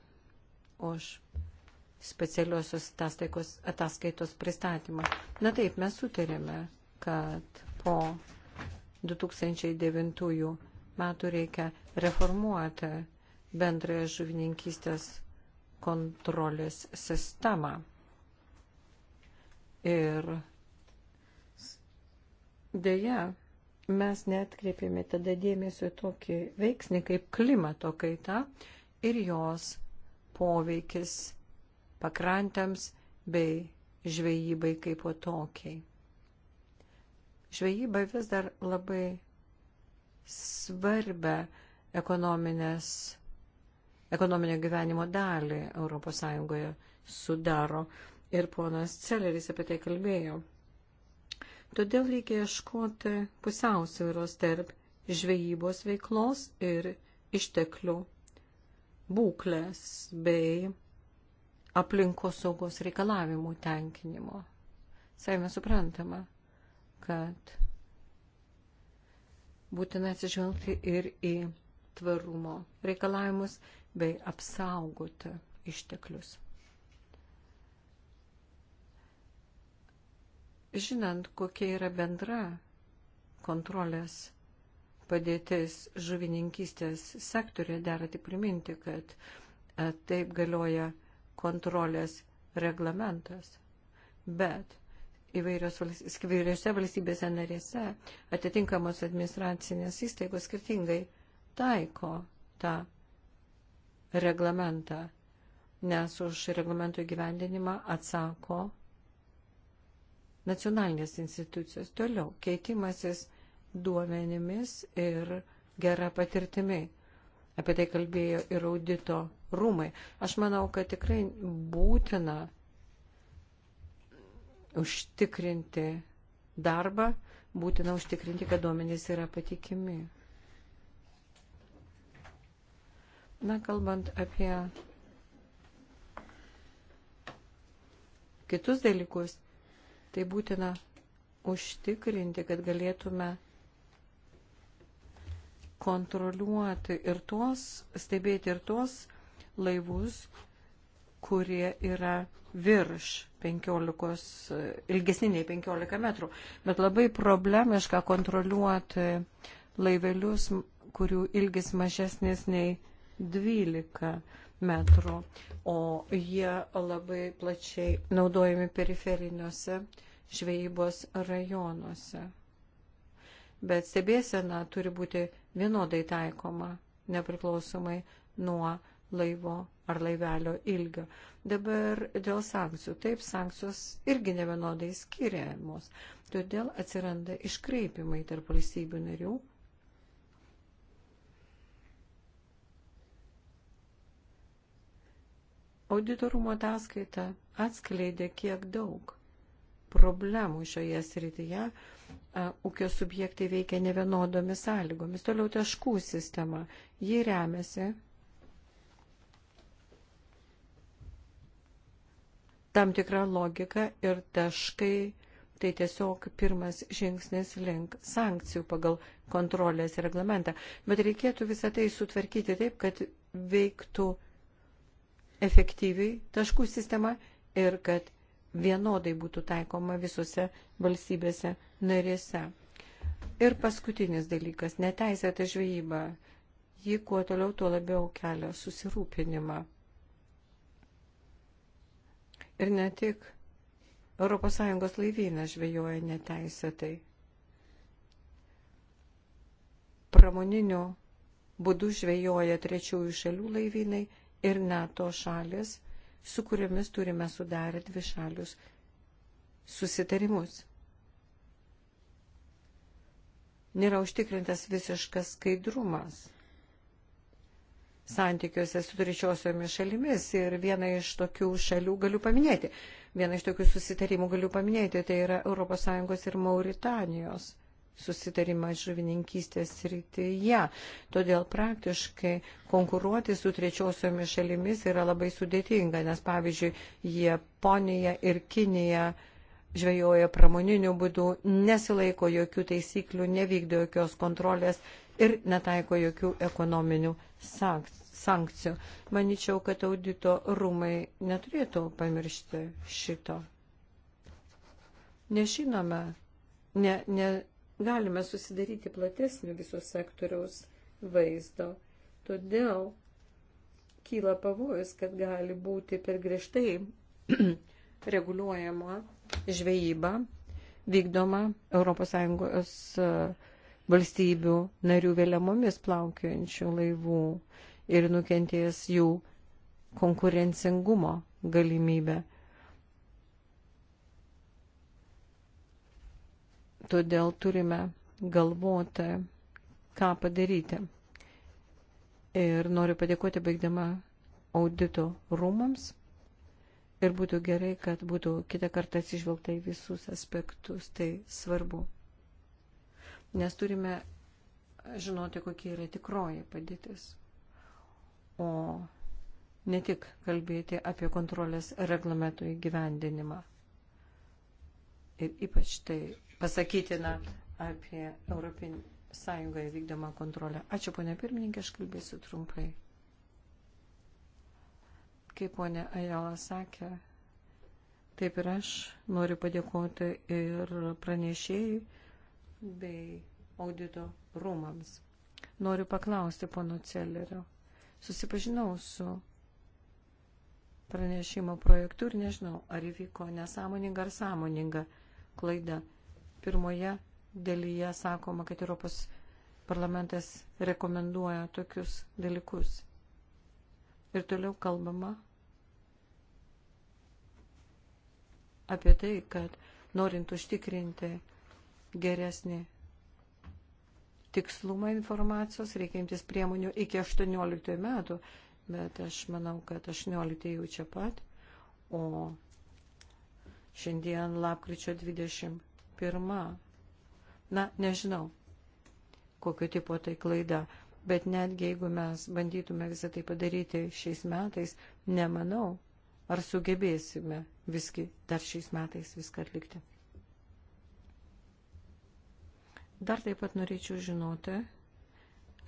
už specialiosios ataskaitos pristatymą. Na taip, mes sutarėme, kad po 2009 metų reikia reformuoti bendrąją žuvininkystės kontrolės sistemą. Ir dėja, mes netkreipėme tada dėmesio į tokį veiksnį kaip klimato kaita ir jos poveikis pakrantams bei žvejybai kaip o tokiai. Žvejyba vis dar labai svarbę ekonominės, ekonominio gyvenimo dalį ES sudaro. Ir ponas Celeris apie tai kalbėjo. Todėl reikia ieškoti pusiausvyros tarp žvejybos veiklos ir išteklių būklės bei aplinkosaugos reikalavimų tenkinimo. Savime suprantama, kad būtina atsižvelgti ir į tvarumo reikalavimus bei apsaugoti išteklius. Žinant, kokia yra bendra kontrolės padėtis žuvininkystės sektorė, dera tik priminti, kad e, taip galioja kontrolės reglamentas. Bet įvairiose valstybėse narėse atitinkamos administracinės įstaigos skirtingai taiko tą reglamentą, nes už reglamento įgyvendinimą atsako nacionalinės institucijos. Toliau keitimasis duomenimis ir gera patirtimi. Apie tai kalbėjo ir audito rūmai. Aš manau, kad tikrai būtina užtikrinti darbą, būtina užtikrinti, kad duomenys yra patikimi. Na, kalbant apie kitus dalykus, tai būtina užtikrinti, kad galėtume kontroliuoti ir tuos, stebėti ir tuos laivus, kurie yra virš 15, ilgesni nei 15 metrų. Bet labai problemiška kontroliuoti laivelius, kurių ilgis mažesnis nei 12 metrų, o jie labai plačiai naudojami periferiniuose žvejybos rajonuose. Bet stebėsena turi būti vienodai taikoma, nepriklausomai nuo laivo ar laivelio ilgio. Dabar dėl sankcijų. Taip, sankcijos irgi nevienodai skiriamos. Todėl atsiranda iškreipimai tarp valstybių narių. Auditorumo ataskaita atskleidė, kiek daug problemų šioje srityje ūkio subjektai veikia nevienodomis sąlygomis. Toliau taškų sistema. Ji remiasi tam tikra logika ir taškai. Tai tiesiog pirmas žingsnis link sankcijų pagal kontrolės reglamentą. Bet reikėtų visą tai sutvarkyti taip, kad veiktų efektyviai taškų sistema ir kad vienodai būtų taikoma visose valstybėse narėse. Ir paskutinis dalykas - neteisėta žvejyba. Ji kuo toliau, tuo labiau kelia susirūpinimą. Ir ne tik ES laivynas žvejoja neteisėtai. Pramoniniu būdu žvejoja trečiųjų šalių laivynai ir NATO šalis, su kuriamis turime sudarę dvi šalius susitarimus. Nėra užtikrintas visiškas skaidrumas santykiuose su trečiosiomis šalimis. Ir vieną iš tokių šalių galiu paminėti. Vieną iš tokių susitarimų galiu paminėti. Tai yra ES ir Mauritanijos susitarimas žuvininkystės srityje. Todėl praktiškai konkuruoti su trečiosiomis šalimis yra labai sudėtinga, nes pavyzdžiui, Japonija ir Kinija žvejoja pramoniniu būdu, nesilaiko jokių taisyklių, nevykdo jokios kontrolės ir netaiko jokių ekonominių sankcijų. Maničiau, kad audito rūmai neturėtų pamiršti šito. Nežinome, ne, negalime susidaryti platesnių viso sektoriaus vaizdo. Todėl kyla pavojus, kad gali būti per griežtai reguliuojama žvejyba vykdoma ES valstybių narių vėliamomis plaukiojančių laivų ir nukentės jų konkurencingumo galimybė. Todėl turime galvoti, ką padaryti. Ir noriu padėkoti baigdama audito rūmams. Ir būtų gerai, kad būtų kitą kartą atsižvelgta į visus aspektus. Tai svarbu nes turime žinoti, kokia yra tikroji padėtis. O ne tik kalbėti apie kontrolės reglamentų įgyvendinimą. Ir ypač tai pasakytina apie Europinį sąjungą įvykdomą kontrolę. Ačiū, ponė pirmininkė, aš kalbėsiu trumpai. Kaip ponė Ajala sakė, taip ir aš noriu padėkoti ir pranešėjai bei audito rūmams. Noriu paklausti pono Celerio. Susipažinau su pranešimo projektu ir nežinau, ar įvyko nesąmoninga ar sąmoninga klaida. Pirmoje dalyje sakoma, kad Europos parlamentas rekomenduoja tokius dalykus. Ir toliau kalbama apie tai, kad norint užtikrinti geresnį tikslumą informacijos, reikia imtis priemonių iki 18 metų, bet aš manau, kad 18 jau čia pat, o šiandien lapkričio 21. Na, nežinau, kokio tipo tai klaida, bet netgi jeigu mes bandytume visą tai padaryti šiais metais, nemanau, ar sugebėsime visgi dar šiais metais viską atlikti. Dar taip pat norėčiau žinoti,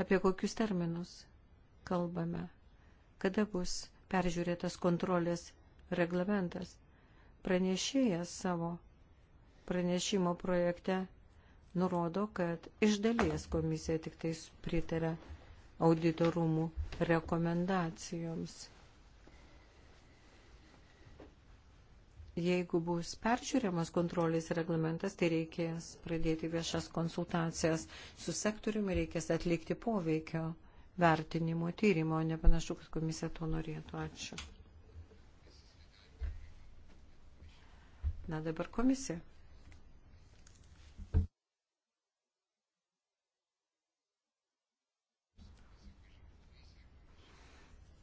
apie kokius terminus kalbame, kada bus peržiūrėtas kontrolės reglamentas. Pranešėjas savo pranešimo projekte nurodo, kad iš dalies komisija tik tais pritarė auditorumų rekomendacijoms. jeigu bus peržiūriamas kontrolės reglamentas, tai reikės pradėti viešas konsultacijas su sektoriumi, reikės atlikti poveikio vertinimo tyrimo, nepanašu, kad komisija to norėtų. Ačiū. Na dabar komisija.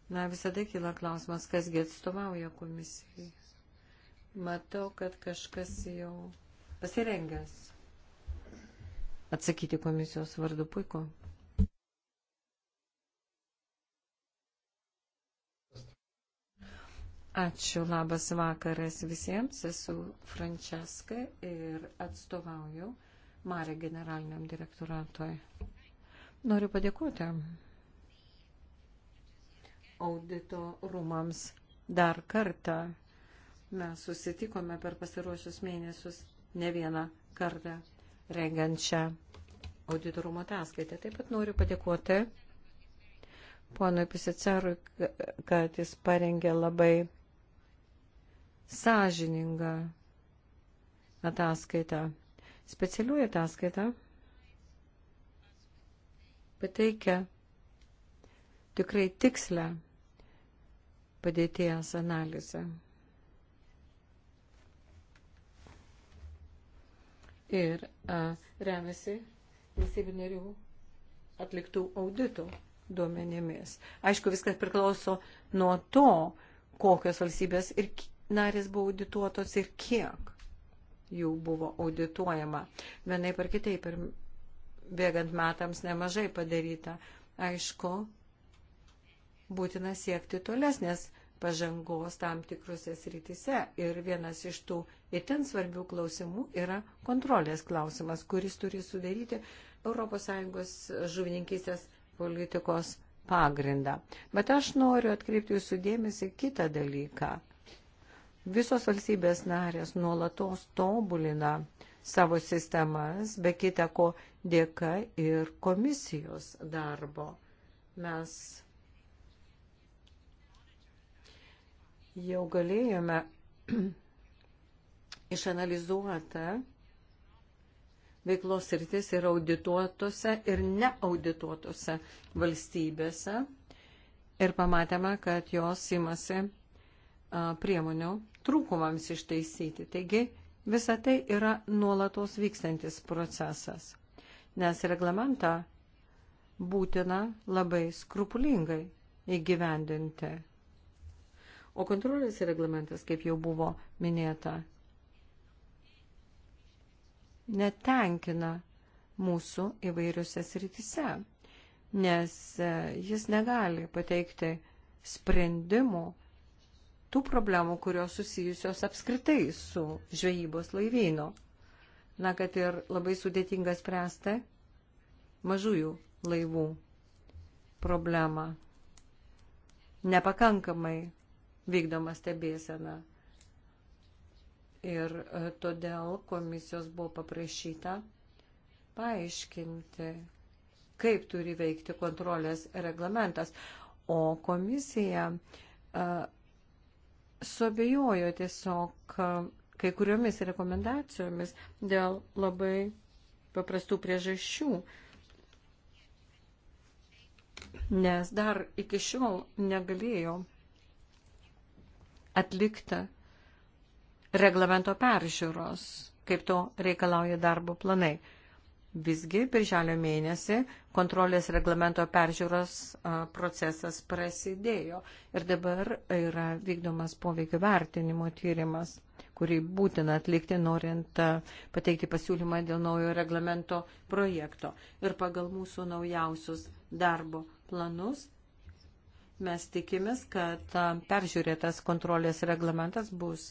Na visada kyla klausimas, kasgi atstovauja komisijai. Matau, kad kažkas jau pasirengęs atsakyti komisijos vardu. Puiku. Ačiū, labas vakaras visiems. Esu Frančeska ir atstovauju Marė generaliniam direktoratoj. Noriu padėkoti audito rūmams dar kartą Mes susitikome per pasiruošius mėnesius ne vieną kartą rengiant šią auditorumo ataskaitę. Taip pat noriu padėkoti ponui Pisicarui, kad jis parengė labai sąžiningą ataskaitą. Specialiųjų ataskaitą pateikia tikrai tikslę padėties analizę. ir a, remiasi valstybių narių atliktų auditų duomenėmis. Aišku, viskas priklauso nuo to, kokios valstybės ir narės buvo audituotos ir kiek jų buvo audituojama. Vienai par kitaip ir bėgant metams nemažai padaryta. Aišku, būtina siekti tolesnės pažangos tam tikrose srityse. Ir vienas iš tų Ir ten svarbių klausimų yra kontrolės klausimas, kuris turi sudaryti ES žuvininkystės politikos pagrindą. Bet aš noriu atkreipti jūsų dėmesį kitą dalyką. Visos valstybės narės nuolatos tobulina savo sistemas, be kita ko dėka ir komisijos darbo. Mes jau galėjome išanalizuota veiklos rytis ir audituotose ir neaudituotose valstybėse ir pamatėme, kad jos imasi priemonių trūkumams ištaisyti. Taigi visa tai yra nuolatos vykstantis procesas, nes reglamentą būtina labai skrupulingai įgyvendinti. O kontrolės reglamentas, kaip jau buvo minėta, netenkina mūsų įvairiuose srityse, nes e, jis negali pateikti sprendimų tų problemų, kurios susijusios apskritai su žvejybos laivyno. Na, kad ir labai sudėtinga spręsti mažųjų laivų problemą. Nepakankamai vykdoma stebėsena Ir e, todėl komisijos buvo paprašyta paaiškinti, kaip turi veikti kontrolės reglamentas. O komisija e, sobejojo tiesiog e, kai kuriomis rekomendacijomis dėl labai paprastų priežasčių. Nes dar iki šiol negalėjo atlikti reglamento peržiūros, kaip to reikalauja darbo planai. Visgi, birželio mėnesį kontrolės reglamento peržiūros procesas prasidėjo ir dabar yra vykdomas poveikio vertinimo tyrimas, kurį būtina atlikti, norint pateikti pasiūlymą dėl naujo reglamento projekto. Ir pagal mūsų naujausius darbo planus mes tikimės, kad peržiūrėtas kontrolės reglamentas bus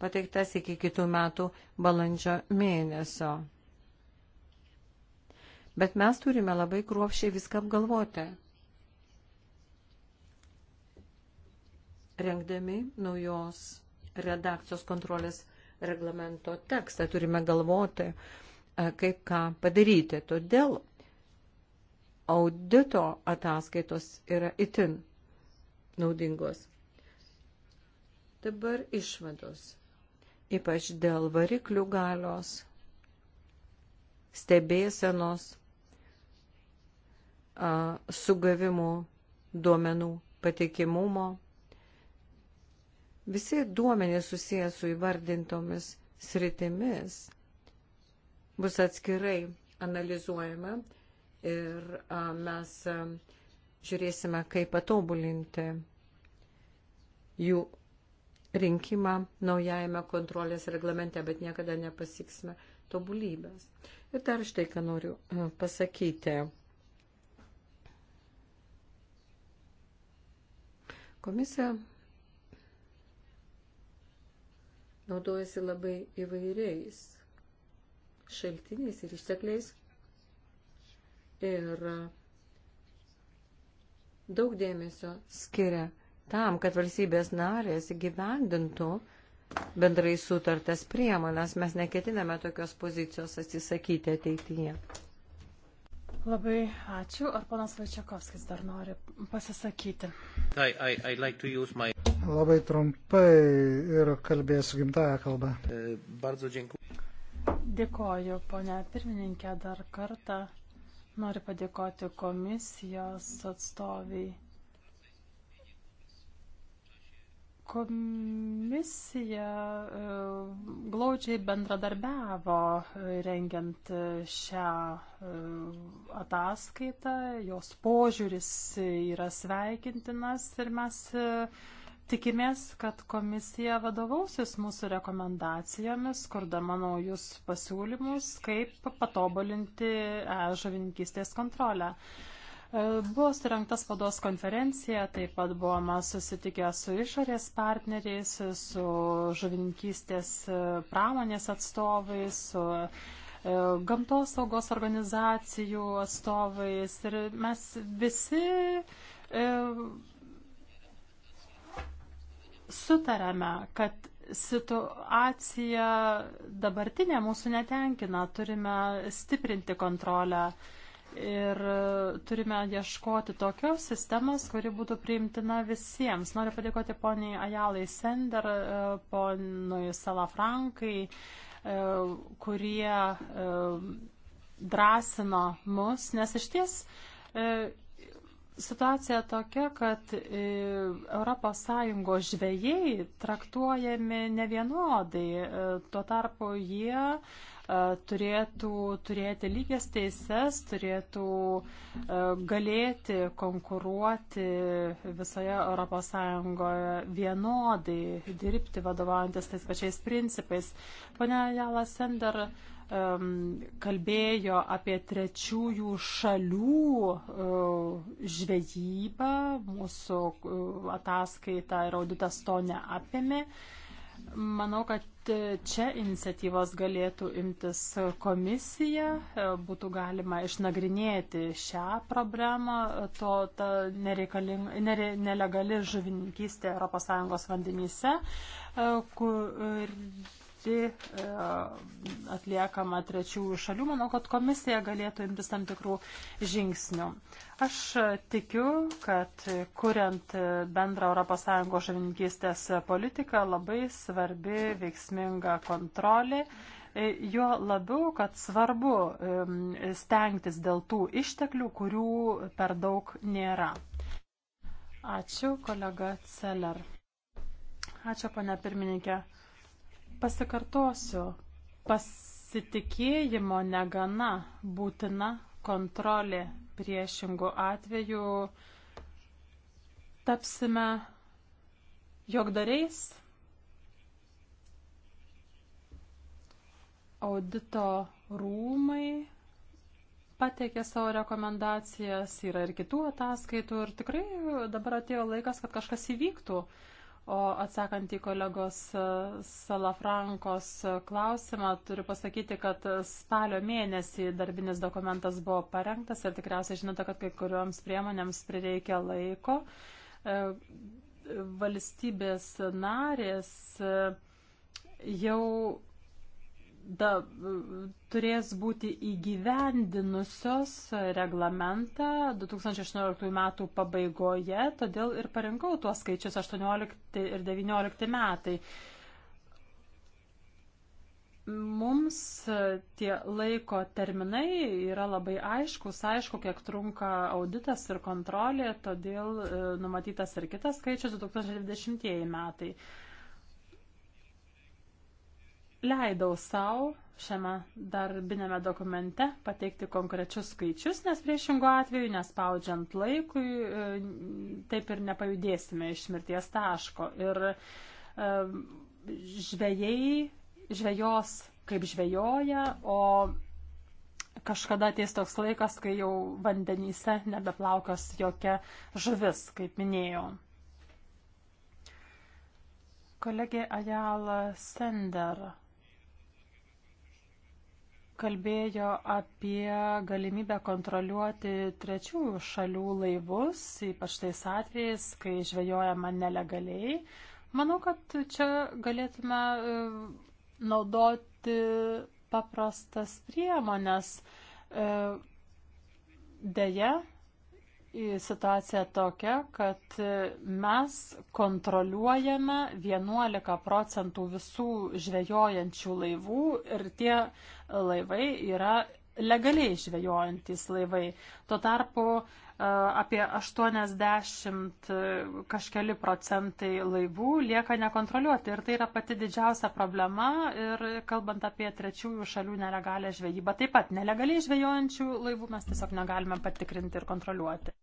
pateiktas iki kitų metų balandžio mėnesio. Bet mes turime labai kruopšiai viską apgalvoti. Rengdami naujos redakcijos kontrolės reglamento tekstą turime galvoti, e, kaip ką padaryti. Todėl audito ataskaitos yra itin naudingos. Dabar išvados ypač dėl variklių galios, stebėsenos, sugavimų duomenų patikimumo. Visi duomenys susijęs su įvardintomis sritimis bus atskirai analizuojama ir mes žiūrėsime, kaip patobulinti jų rinkimą naujajame kontrolės reglamente, bet niekada nepasiksime tobulybės. Ir dar štai, ką noriu e, pasakyti. Komisija naudojasi labai įvairiais šaltiniais ir ištekliais ir daug dėmesio skiria tam, kad valstybės narės įgyvendintų bendrai sutartas priemonės. Mes neketiname tokios pozicijos atsisakyti ateityje. Labai ačiū. Ar ponas Vaičiakovskis dar nori pasisakyti? I, I, I like my... Labai trumpai ir kalbėsiu gimtają kalbą. E, Dėkoju, ponia pirmininkė, dar kartą. Noriu padėkoti komisijos atstoviai Komisija e, glaučiai bendradarbiavo e, rengiant e, šią ataskaitą, jos požiūris yra sveikintinas ir mes Tikimės, kad komisija vadovausis mūsų rekomendacijomis, kurdama naujus pasiūlymus, kaip patobulinti žuvininkystės kontrolę. Buvo surinkta spados konferencija, taip pat buvome susitikę su išorės partneriais, su žuvininkystės e, pramonės atstovais, su e, gamtos saugos organizacijų atstovais ir mes visi e, sutarėme, kad situacija dabartinė mūsų netenkina, turime stiprinti kontrolę Ir e, turime ieškoti tokios sistemos, kuri būtų priimtina visiems. Noriu padėkoti poniai Ajalai Sender, e, ponui Salafrankai, e, kurie drąsino mus, nes iš ties situacija tokia, kad ES žvėjai traktuojami nevienodai. Tuo tarpu jie E, turėtų turėti lygias teises, turėtų e, galėti konkuruoti visoje ES vienodai, dirbti vadovaujantis tais pačiais principais. Pane Jala Sender kalbėjo apie trečiųjų šalių e, žvejybą, mūsų ataskaita ir auditas to neapėmė. Manau, kad čia iniciatyvos galėtų imtis komisija, būtų galima išnagrinėti šią problemą, to ta nere, nelegali žuvininkystė ES vandenyse, kur visi e, atliekama trečiųjų šalių, manau, kad komisija galėtų imtis tam tikrų žingsnių. Aš tikiu, kad kuriant bendrą ES žavininkystės politiką labai svarbi veiksminga kontrolė. E, jo labiau, kad svarbu stengtis dėl tų išteklių, kurių per daug nėra. Ačiū, kolega Celer. Ačiū, ponia pirmininkė. Pasikartosiu, pasitikėjimo negana būtina kontrolė priešingų atvejų tapsime jogdariais. Audito rūmai pateikė savo rekomendacijas, yra ir kitų ataskaitų ir tikrai dabar atėjo laikas, kad kažkas įvyktų. Uh, O atsakant į kolegos e, Salafrankos klausimą, turiu pasakyti, kad spalio mėnesį darbinis dokumentas buvo parengtas ir tikriausiai žinote, kad kai kuriuoms priemonėms prireikia laiko. E, valstybės narės e, jau da, turės būti įgyvendinusios reglamentą 2018 metų pabaigoje, todėl ir parinkau tuos skaičius 18 ir 19 metai. Mums tie laiko terminai yra labai aiškus, aišku, kiek trunka auditas ir kontrolė, todėl e, numatytas ir kitas skaičius 2020 metai leidau savo šiame darbinėme dokumente pateikti konkrečius skaičius, nes priešingo atveju, nespaudžiant laikui, e, taip ir nepajudėsime iš mirties taško. Ir e, žvėjai, žvėjos kaip žvejoja, o kažkada ateis toks laikas, kai jau vandenyse nebeplaukios jokia žuvis, kaip minėjau. Kolegė Ajala Sender kalbėjo apie galimybę kontroliuoti trečiųjų šalių laivus, ypač tais atvejais, kai žvejojama nelegaliai. Manau, kad čia galėtume e, naudoti paprastas priemonės. E, deja, situacija tokia, kad mes kontroliuojame 11 procentų visų žvejojančių laivų ir tie laivai yra legaliai žvejojantis laivai. Tuo tarpu e, apie 80 e, kažkeli procentai laivų lieka nekontroliuoti. Ir tai yra pati didžiausia problema. Ir kalbant apie trečiųjų šalių nelegalę žvejybą, taip pat nelegaliai žvejojančių laivų mes tiesiog negalime patikrinti ir kontroliuoti.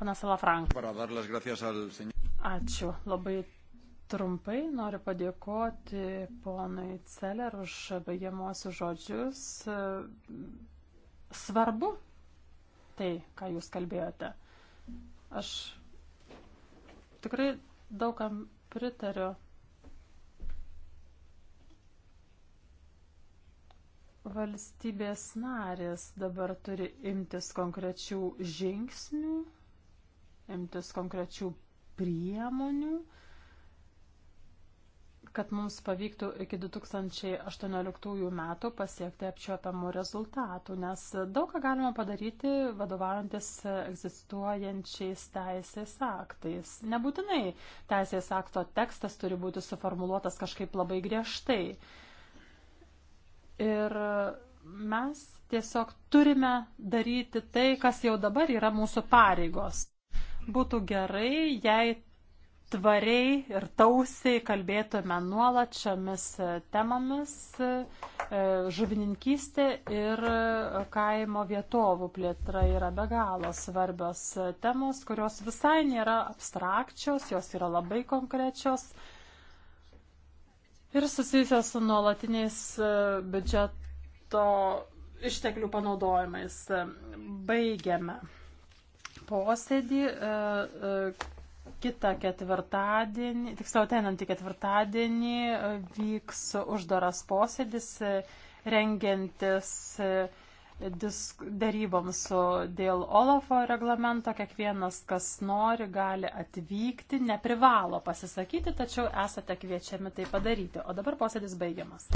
Pana Salafrank. Ačiū. Labai Trumpai noriu padėkoti ponui Celer už baigiamuosius žodžius. Svarbu tai, ką jūs kalbėjote. Aš tikrai daugam pritariu. Valstybės narės dabar turi imtis konkrečių žingsnių, imtis konkrečių priemonių kad mums pavyktų iki 2018 metų pasiekti apčiuopiamų rezultatų, nes daug ką galima padaryti vadovaujantis egzistuojančiais teisės aktais. Nebūtinai teisės akto tekstas turi būti suformuoluotas kažkaip labai griežtai. Ir mes tiesiog turime daryti tai, kas jau dabar yra mūsų pareigos būtų gerai, jei tvariai ir tausiai kalbėtume nuolat šiomis temomis e, žuvininkystė ir kaimo vietovų plėtra yra be galo svarbios temos, kurios visai nėra abstrakčios, jos yra labai konkrečios ir susijusios su nuolatiniais e, biudžeto išteklių panaudojimais. Baigiame posėdį. E, kitą ketvirtadienį, tiksliau tenantį ketvirtadienį e, vyks uždaras posėdis e, rengiantis e, daryboms dėl Olafo reglamento. Kiekvienas, kas nori, gali atvykti, neprivalo pasisakyti, tačiau esate kviečiami tai padaryti. O dabar posėdis baigiamas.